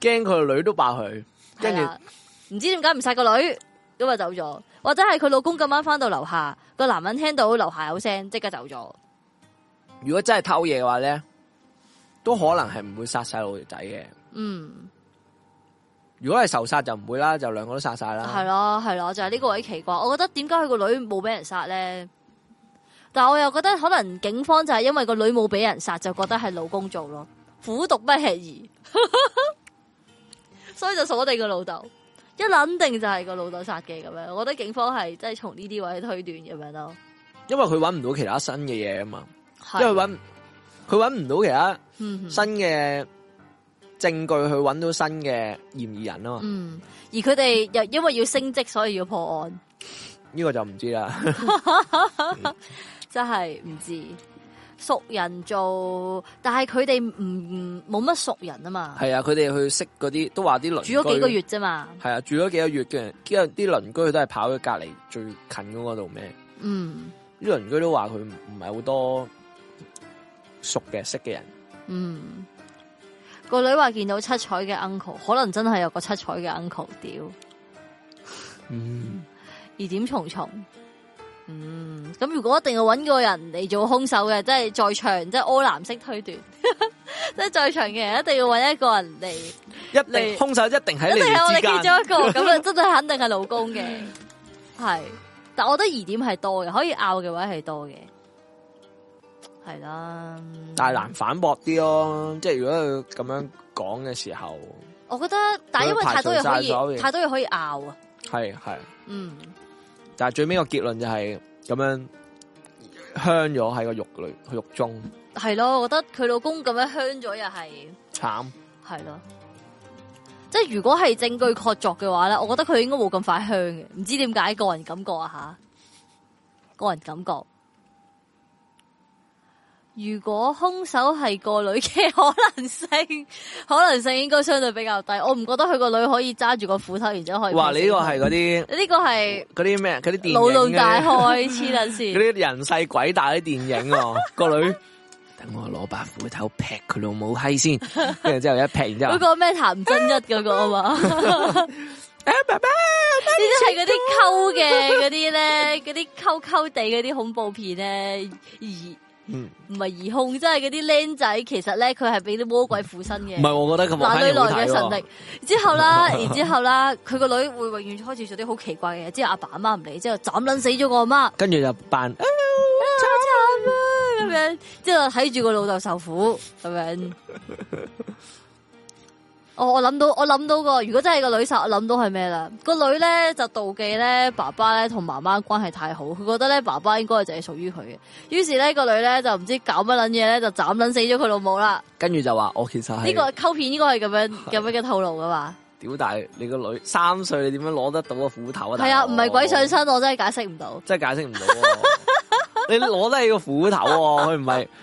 驚佢個女篤爆佢。跟住，唔知點解唔殺個女，咁啊走咗，或者係佢老公咁晚翻到樓下，個男人聽到樓下有聲，即刻走咗。如果真係偷嘢嘅話咧，都可能係唔會殺細路仔嘅。嗯，如果係仇殺就唔會啦，就兩個都殺晒啦。係咯，係咯，就係、是、呢個位奇怪。我覺得點解佢個女冇俾人殺咧？但係我又覺得可能警方就係因為個女冇俾人殺，就覺得係老公做咯，虎毒不吃兒。 所以就鎖定個老豆，一諗定就係個老豆殺嘅咁樣，我覺得警方係即係從呢啲位推斷咁樣咯。因為佢揾唔到其他新嘅嘢啊嘛，因為揾佢揾唔到其他新嘅證據、嗯、去揾到新嘅嫌疑人啊嘛、嗯。而佢哋又因為要升職，所以要破案。呢、呢個就唔知啦， 真係唔知。熟人做，但係佢哋唔冇乜熟人啊嘛。係啊，佢哋去識嗰啲，都話啲鄰居。住咗幾個月啫嘛。係啊，住咗幾個月嘅，因為啲鄰居都係跑去隔籬最近嗰度咩？嗯。啲鄰居都話佢唔係好多熟嘅識嘅人。嗯。個女話見到七彩嘅 uncle，可能真係有個七彩嘅 uncle 屌。嗯。疑點重重。嗯，咁如果一定要揾個人嚟做凶手嘅，即係在場，即係柯南式推斷，即 係在場嘅人一定要揾一個人嚟，一定凶手一定喺你之間。一定係我哋其中一個，咁啊，真係肯定係老公嘅，係， 但我覺得疑點係多嘅，可以拗嘅話係多嘅，係啦。但係難反駁啲咯，即係如果佢咁樣講嘅時候，我覺得，但係因為太多嘢可以， 太多嘢可以拗啊，係係，嗯。但係最尾個結論就係咁樣香咗喺個肉裏，肉中係咯，我覺得佢老公咁樣香咗又係慘，係咯，即係如果係證據確鑿嘅話咧，我覺得佢應該冇咁快香嘅，唔知點解個人感覺啊吓，個人感覺。如果凶手係個女嘅可能性，可能性應該相對比較低。我唔覺得佢個女的可以揸住個斧頭，然之後可以。你呢個係嗰啲呢個係嗰啲咩？嗰啲電影嘅腦洞大開，痴捻線。嗰 啲人細鬼大啲電影， 個女 等我攞把斧頭劈佢老母閪先，跟住之後一劈然後說，然之後個咩譚真一嗰、那個嘛、哎？爸爸， 哎、爸爸你呢啲係嗰啲溝嘅嗰啲咧，嗰啲溝溝地嗰啲恐怖片咧而。唔、嗯、係疑凶，即係嗰啲僆仔。其實咧，佢係俾啲魔鬼附身嘅。唔係，我覺得咁難睇。女郎嘅神力之後啦，然 之後啦，佢個女會永遠開始做啲好奇怪嘅嘢。之後阿爸阿媽唔理，之後斬捻死咗個阿媽，跟住就扮慘啦，咁、啊啊啊、樣、嗯、之後睇住個老豆受苦，係咪？ 哦、我諗到我諗到我諗到個，如果真係個女殺，我諗到係咩啦？個女咧就妒忌咧，爸爸咧同媽媽關係太好，佢覺得咧爸爸應該係就係屬於佢嘅。於是咧個女咧就唔知搞乜撚嘢咧，就斬撚死咗佢老母啦。跟住就話我其實呢、呢個溝片應該係咁樣咁樣嘅套路噶嘛？屌大，你個女三歲，你點樣攞得到個斧頭？係啊，唔係鬼上身，我真係解釋唔到，真係解釋唔到。 你攞得你個斧頭、啊，佢唔係。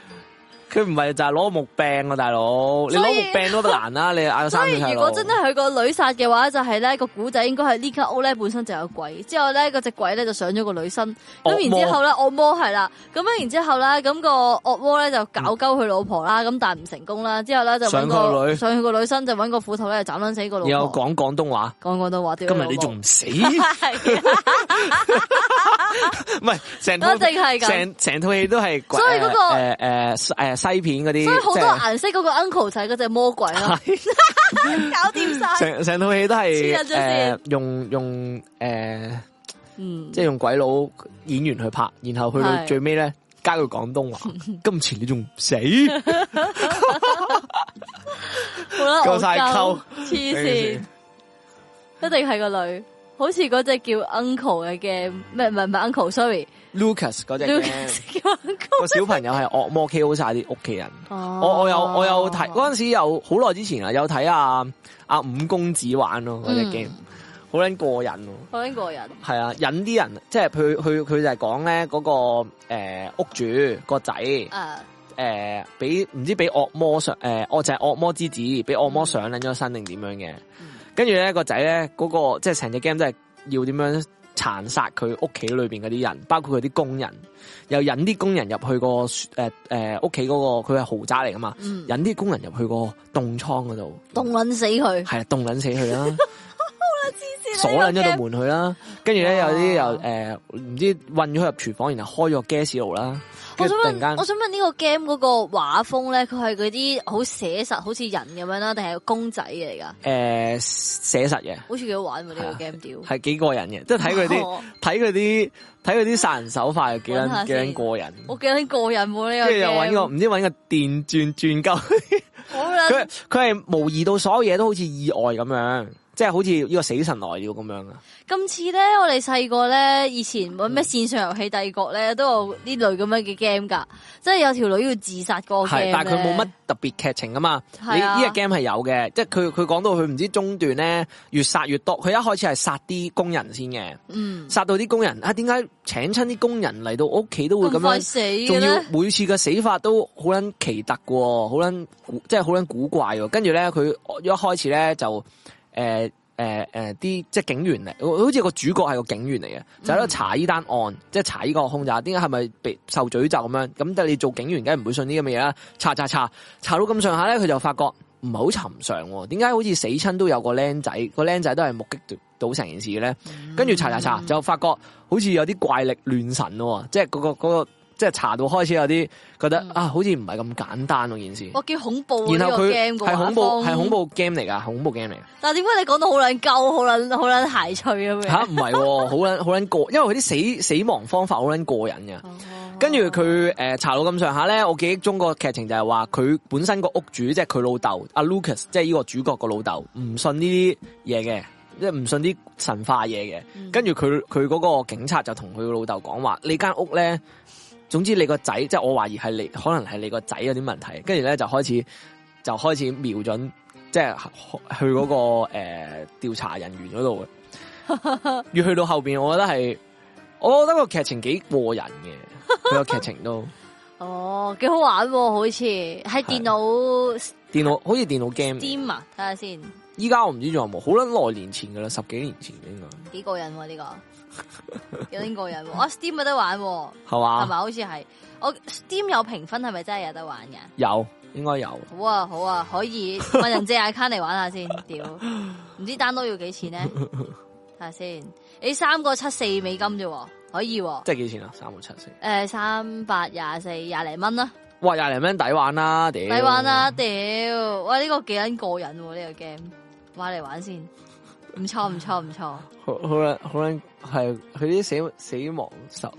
佢唔係就係、是、攞木柄啊大佬，你攞木柄都得難啦、啊，你嗌個生字，所以如果真係佢個女殺嘅話，就係、是、咧個古仔應該係呢間屋咧本身就有鬼，之後咧嗰隻鬼咧就上咗個女身，咁然之後咧惡魔係啦，咁樣然之後咧咁個惡魔咧就搞鳩佢老婆啦，咁但唔成功啦，之後咧就上個女，上個女生，就揾、嗯、個，個斧頭咧斬撚死個老婆。有講廣東話，講廣東話，今日你仲唔死？唔係成套，淨係成成套戲都係鬼。所以、那個誒誒誒。呃呃呃呃呃呃呃呃西片嗰啲，所以好多顏色嗰個 uncle 仔嗰隻魔鬼啦，就是、 搞掂晒。成成套戲都係、呃、用用誒，呃嗯、即係用鬼佬演員去拍，然後去到最尾咧加句廣東話， 今次你仲死。 好啦，我夠黐線，一定係個女，好似嗰隻叫 uncle 嘅嘅咩，唔係唔係 uncle，sorry。Lucas 嗰隻 game，個小朋友係惡魔 kill 晒啲屋企人。Oh. 我我有我有睇嗰陣時有好耐之前有睇啊，有睇阿阿五公子玩咯嗰隻 game，好捻過癮。好捻過癮。係、mm. 啊，引啲人，即係佢佢佢就係講咧嗰個誒、呃、屋主、個仔，誒俾唔知俾惡魔上誒、呃，就者、係、惡魔之子俾惡魔上捻咗、個、身定點樣嘅？跟住咧個仔咧嗰個即係成隻 game 都係要點樣？殘殺佢屋企裏邊嗰啲人，包括佢啲工人，又引啲工人入去個誒誒屋企嗰個，佢、呃、係、呃那個、豪宅嚟噶嘛？嗯、引啲工人入去那個凍倉嗰度，凍捻死佢，係啊，凍捻死佢啦， 好鎖捻咗度門佢啦，跟住咧有啲又誒唔、 呃、知韞咗佢入廚房，然後開咗 gas 爐啦。我想，我想問，我想問個個呢個 game 嗰個畫風咧，佢係嗰啲好寫實，好似人咁樣啦，定係個公仔嚟噶？誒、呃，寫實嘅，好似幾好玩喎呢個 game 屌，係幾過癮嘅，即係睇佢啲睇佢啲睇佢啲殺人手法又幾驚幾驚過癮，我驚啲過癮冇咧，跟住又搵個唔知搵個電鑽鑽鳩佢，佢係模擬到所有嘢都好似意外咁樣。即係好似呢個死神來了咁樣嘅。今次咧，我哋細個咧，以前冇咩線上遊戲帝國咧，都有呢類咁樣嘅 game 噶。即係有條女要自殺過，但係佢冇乜特別劇情㗎嘛。呢個 game 係有嘅，即係佢佢講到佢唔知中段咧，越殺越多。佢一開始係殺啲工人先嘅。嗯。殺到啲工人啊？點解請親啲工人嚟到屋企都會咁樣死。仲要每次嘅死法都好捻奇特喎，好捻即係好捻古怪喎。跟住咧，佢一開始咧就。誒誒誒，啲、呃呃、即係警員嚟，好似個主角係個警員嚟嘅、嗯，就喺度查呢單案，即係查呢個兇宅，點解係咪被受詛咒咁樣？咁但係你做警員，梗係唔會信啲咁嘅嘢啦。查查查，查到咁上下咧，佢就發覺唔係好尋常。點解好似死親都有個僆仔，個僆仔都係目擊到成件事嘅咧？跟住查查查，查，就發覺好似有啲怪力亂神咯，即係嗰個個。嗰個即、就、係、是、查到開始有啲覺得、嗯、啊,好似唔係咁簡單嗰、啊、件事。我叫恐，恐怖！然後佢係恐怖，係恐怖 game 嚟噶，恐怖 game 嚟。但係點解你講到好捻鳩、好捻好捻諧趣咁樣？吓唔係，好捻好捻過，因為佢啲死死亡方法好捻過癮嘅。跟住佢誒查到咁上下咧，我記憶中個劇情就係話佢本身個屋主即係佢老豆阿 Lucas，即係呢個主角個老豆，唔信呢啲嘢嘅，即係唔信啲神化嘢嘅。跟住佢佢嗰個警察就同佢老豆講話，嗯、呢間屋咧。總之你個仔，即係我懷疑係你，可能係你個仔有啲問題，跟住咧就開始就開始瞄準，即係去嗰個誒調查人員嗰度嘅。越 去到後邊，我覺得係，我覺得個劇情幾過癮嘅，個 劇情都。哦，幾好玩，好似喺電腦，電腦好似電腦 game，game 啊，睇下先。依家我唔知仲有冇，好耐年前噶啦，十幾年前應該。幾過癮呢個？有啲過癮，我 Steam 有，是是有得玩係嘛？係咪？好似係我 Steam 有評分，係咪真係有得玩嘅？有，應該有。好啊，好啊，可以問人借 account 嚟玩下 先。屌，唔知單刀要幾錢呢？睇下先。你三個七四美金啫、哦，可以、哦。即係幾錢啊？三個七四。誒、呃，三百廿四廿零蚊啦。哇，廿零蚊抵玩啦、啊！屌、啊，抵玩啦、啊！屌、啊，喂、啊，呢、呢個幾咁過癮呢個 game，買嚟玩先。唔錯唔錯唔錯，好好撚好撚，係佢啲死死亡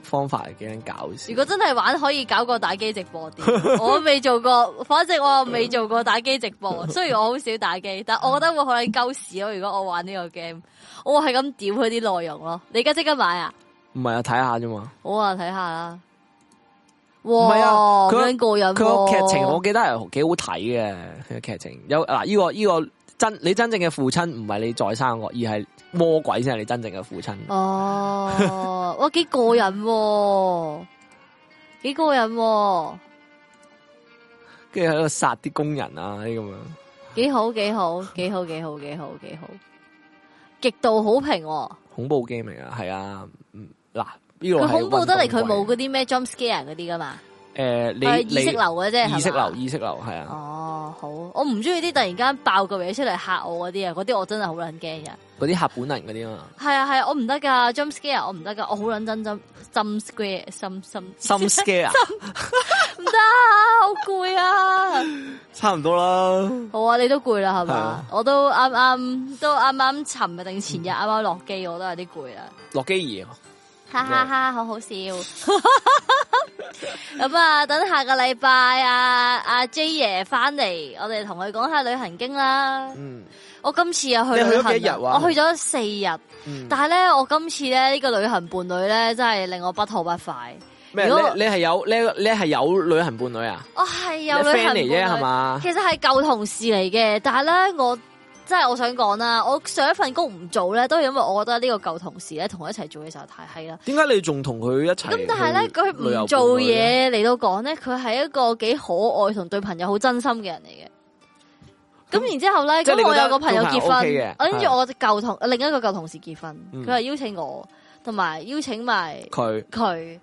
方法係幾撚搞笑的。如果真係玩，可以搞個打機直播 我未做過，反正我又未做過打機直播。 雖然我好少打機，但我覺得會好撚鳩屎咯。 如果我玩呢個 game，我係咁屌佢啲內容咯。你而家即刻買唔係啊？唔係啊，睇下啫嘛。好啊，睇下啦。哇，佢個人佢個劇情我記得係幾好睇嘅，佢個劇情有嗱呢個呢個。這個真你真正嘅父親唔係你再生我，而係魔鬼先係你真正嘅父親。 哦，哇幾過癮，幾過癮！跟住喺度殺啲工人啊，啲咁樣。幾好幾好幾好幾好幾好幾好，極度好評，哦。恐怖 game 嚟啊，係啊，嗱，佢恐怖得嚟，佢冇嗰啲咩 jump scare 嗰啲噶嘛。誒、呃，意識、啊、流嘅啫，意識流，意識流係啊。哦，好，我唔中意啲突然間爆個嘢出嚟嚇我嗰啲啊，嗰啲我真係好撚驚嘅。嗰啲吓本能嗰啲啊。係啊係，我唔得噶，jump scare，我唔得噶，我好撚真憎，some scare，some scare 唔 得， 好攰啊。啊 差唔多啦。好啊，你都攰啦係嘛？我都啱啱都啱啱尋定前日啱啱落機，我都有啲攰啦。落機儀。哈哈哈，好好笑。咁啊，等下個禮拜啊，阿、啊、J 爺翻嚟，我哋同佢講下旅行經啦。嗯，我今次又去旅行，去啊、我去咗四日，嗯。但係咧，我今次咧呢、這個旅行伴侶咧真係令我不吐不快。咩？你你係有你你係有旅行伴侶啊？哦，係有旅行伴侶啫，係嘛？其實係舊同事嚟嘅，但係咧我。真係我想講啦，我上一份工唔做咧，都係因為我覺得呢個舊同事咧，同我一齊做嘅時候太閪啦。點解你仲同佢一齊？咁但係咧，佢唔做嘢嚟到講咧，佢係一個幾可愛同對朋友好真心嘅人嚟嘅。咁、嗯、然之後咧，咁我有個朋友結婚，okay，我跟住我隻舊同另一個舊同事結婚，佢、嗯、係邀請我同埋邀請埋佢佢。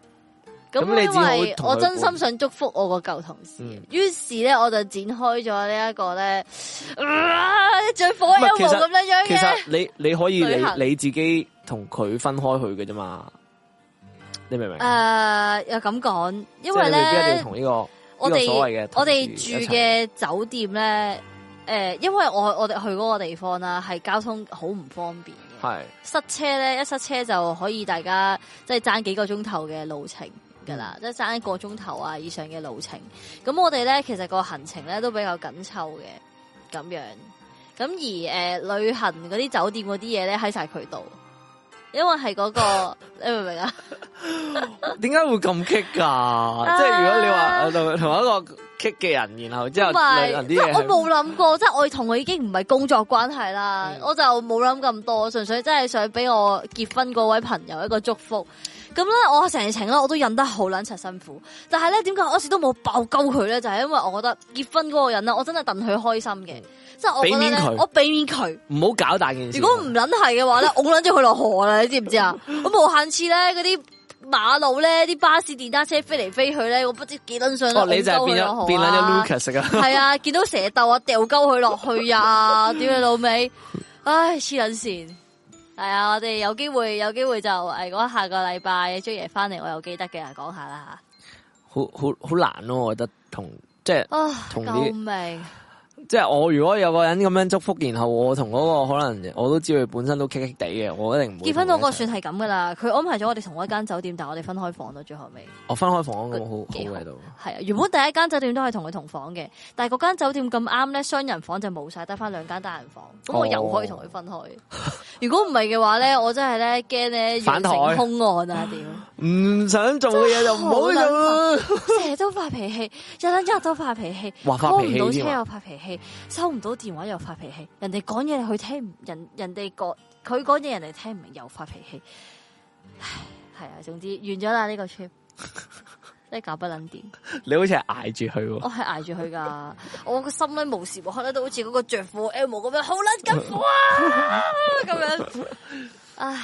咁，因為我真心想祝福我個舊同事，於、嗯、是咧我就展開咗呢一個咧最火。咁、嗯、其，其實你你可以你你自己同佢分開去嘅啫嘛，你明唔明？誒，又咁講，因為咧、這個這個、一定要同呢個我哋所謂嘅我哋住嘅酒店咧，誒、呃，因為我我哋去嗰個地方啦，係交通好唔方便嘅，係塞車咧，一塞車就可以大家即係爭幾個鐘頭嘅路程。噶啦，即係爭一個鐘頭啊以上嘅路程，咁我哋咧，其實個行程咧都比較緊湊嘅咁樣，咁而誒、呃、旅行嗰啲酒店嗰啲嘢咧喺晒佢度，因為係嗰、嗰個 你明唔明 啊？點解會咁棘噶？即係如果你話同同一個棘嘅人，然後之後旅行啲嘢，我冇諗過， 即係我同佢已經唔係工作關係啦，嗯、我就冇諗咁多，純粹真係想俾我結婚嗰位朋友一個祝福。咁咧，我成程咧，我都忍得好撚柒辛苦。但係咧，點解我始都冇爆鳩佢咧？就係、是、因為我覺得結婚嗰個人呢，我真係戥佢開心嘅。即係我覺得呢，我俾面佢，唔好搞大件事。如果唔撚係嘅話咧，我撚咗佢落河啦，你知唔知啊？咁 無限次咧，嗰啲馬路咧，啲巴士電單車飛嚟飛去咧，我不知幾撚想哦、啊，你就係變咗變咗 Lucas 啊？係 啊，見到蛇斗啊，掉鳩佢落去啊， 點樣老味？唉，黐撚線！係啊，我哋有機會有機會就誒，下個禮拜 Jer 爺翻嚟，我又記得嘅，講下啦吓。好好好難咯、啊，我覺得同即係同啲。救命即係我如果有個人咁樣祝福，然後我同嗰個可能我都知佢本身都棘棘地嘅，我一定唔會結婚嗰個算係咁噶啦。佢安排咗我哋同一間酒店，但係我哋分開房到 最後尾。哦，分開房咁好喺度。係啊，原本第一間酒店都係同佢同房嘅，但係嗰間酒店咁啱咧，雙人房就冇晒，得翻兩間單人房，咁我又可以同佢分開。哦， 如果唔係嘅話咧，我真係咧驚咧反成凶案啊！點？唔、嗯、想做嘅嘢就唔好做成日、啊、 都發脾氣，日日都發脾氣、啊，開唔到車又發脾氣，收唔到電話又發脾氣，人哋講嘢佢聽唔，人人哋講佢講嘢人哋聽唔明又發脾氣，係啊，總之完咗啦呢個車真係搞不捻掂， 你好似係捱住佢，我係捱住佢㗎， 我個心咧無時無刻都好似嗰個着火 M 咁樣，好捻緊火啊咁樣，唉。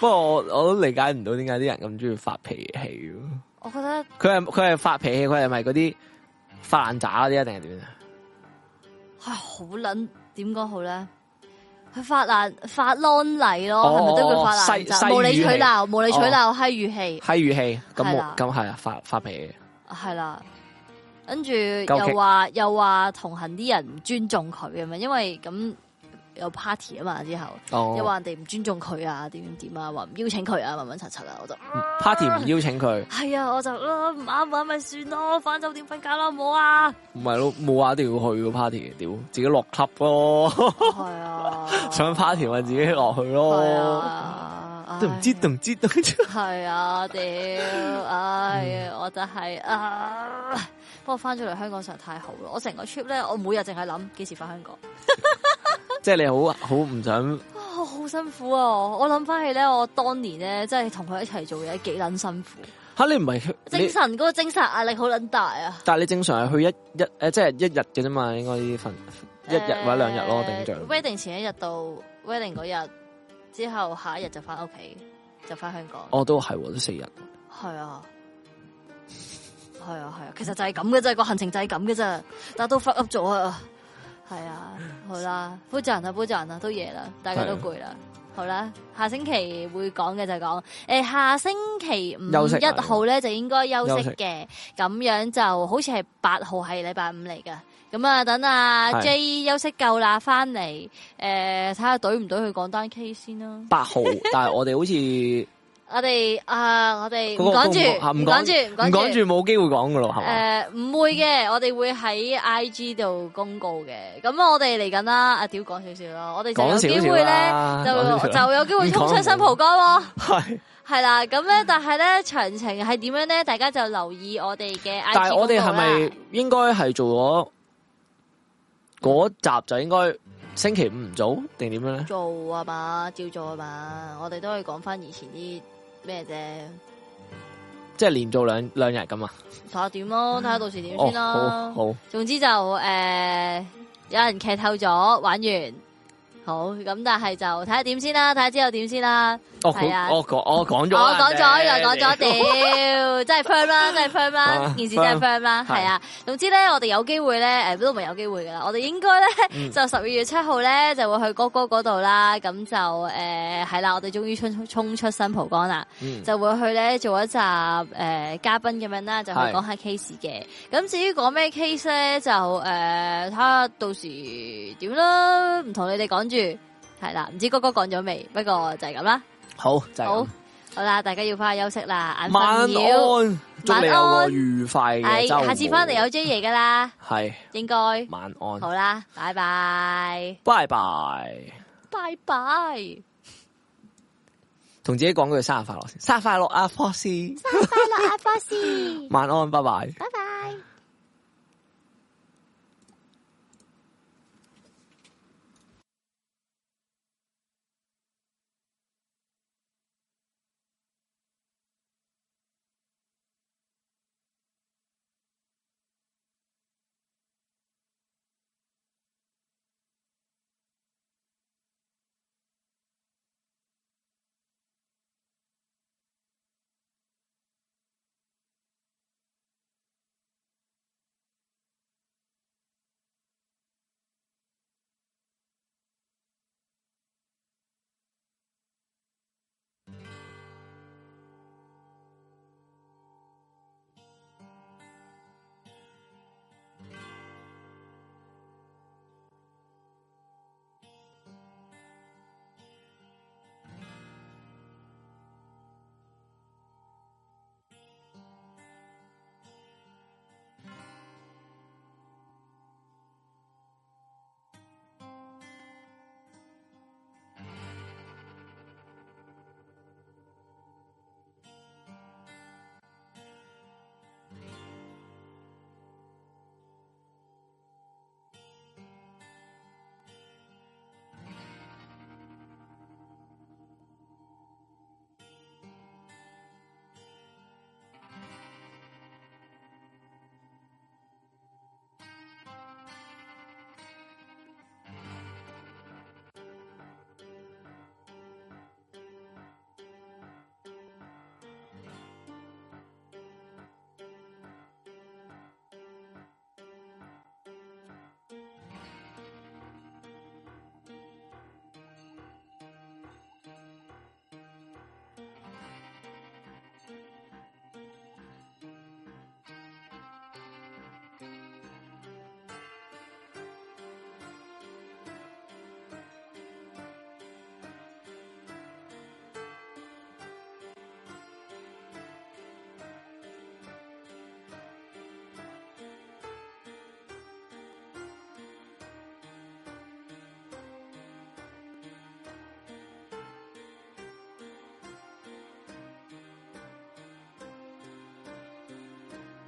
不過，我我都理解唔到點解啲人咁中意發脾氣。我覺得佢係佢係發脾氣，佢係咪嗰啲發爛渣嗰啲一定係點啊？係好撚點講好咧？佢、哎、發爛發爛泥咯，係、哦、咪都叫發爛渣氣？無理取鬧，無理取鬧，嗨、哦、語氣，嗨、哦、語氣，咁咁係啊，發發脾氣。係啦，跟住又話又話同行啲人唔尊重佢啊，因為咁。有 party 啊嘛，之後、哦、又話人哋唔尊重佢啊，點點點啊，話唔邀請佢啊，乜乜柒柒啊，我就 party 唔、啊、邀請佢，係啊，我就唔啱唔啱咪算咯，翻酒店瞓覺啦，好唔好啊？唔係咯，冇話一定要去個 party，屌自己落 club 咯，係啊，啊 想 party 咪自己落去咯、啊哎，都唔知都唔知都，係啊，屌，哎我就是啊、 唉，我就係、是、啊，不過翻咗嚟香港實在太好啦，我成個 trip 咧，我每日淨係諗幾時翻香港。 即係你好好唔想好、哦、辛苦啊！我諗翻起咧，我當年咧，即係同佢一齊做嘢，幾撚辛苦吓！你唔係精神嗰、嗰個精神壓力好撚大啊！但係你正常係去一一誒、呃，即係一日嘅啫嘛，應該瞓一日或者兩日咯，定、呃、咗。Wedding 前一日到 Wedding 嗰日之後，下一日就翻屋企，就翻香港。我都係都四日。係啊，係啊，係啊！其實就係咁嘅啫，個行程就係咁嘅啫，但係都發噏咗啊！係 啊，好啦，人啊，啦，波人啊，都夜啦，大家都攰啦，啊、好啦，下星期會講嘅就講，誒、呃，下星期五休息一號咧就應該休息嘅，咁樣就好似係八號係禮拜五嚟噶，咁啊，等阿、啊、J、啊、休息夠啦，翻嚟，誒、呃，睇下對唔對去講單 case 先啦，八號，但係我哋好似。 我哋啊，我哋趕住，趕、那、住、個，趕、那、住、個，冇機會講噶咯，係嘛？誒，唔、呃、會嘅，我哋會喺 I G 度公告嘅。咁我哋嚟緊啦，阿屌講少少咯。我哋就有機會咧，就有機就有機會衝出新蒲歌咯。係係啦，咁、哦、咧、啊，但係咧，詳情係點樣咧？大家就留意我哋嘅 IG。但係我哋係咪應該係做咗嗰集就應該星期五唔做定點樣咧？做啊嘛，照做啊嘛。我哋都可以講翻以前啲。咩啫？即、就、係、是、連續兩兩日咁啊？睇下點咯，睇下到時點、哦、先咯。好，好。總之就誒、呃，有人劇透咗，玩完。好，咁但係就睇下點先啦，睇下之後點先啦，oh, 啊 oh。我講我講咗，我講咗又講咗，屌 說了， 真係 firm 啦，uh, 真係 firm 啦，件事真係 firm 啦，係啊。總之咧，我哋有機會咧，誒，都唔係有機會噶啦。我哋應該咧、嗯、就十二月七號咧就會去哥哥嗰度啦。咁就誒係啦，我哋終於衝衝出新蒲崗啦。就會去咧做一集誒嘉賓咁樣啦，就去講下 case 嘅。咁至於講咩 case 咧，就誒睇下到時點咯。唔同你哋講住。係啦，唔知哥哥講咗未？不過就係咁啦。好，好，好啦，大家要翻去休息啦。晚安，祝你有個愉快嘅周末。係，下次翻嚟有 J 爺噶啦。係，應該。晚安，好啦，拜拜，拜拜，拜拜。同自己講句生日快樂先，生日快樂啊，Fox！生日快樂啊，Fox！晚安，拜拜，拜拜。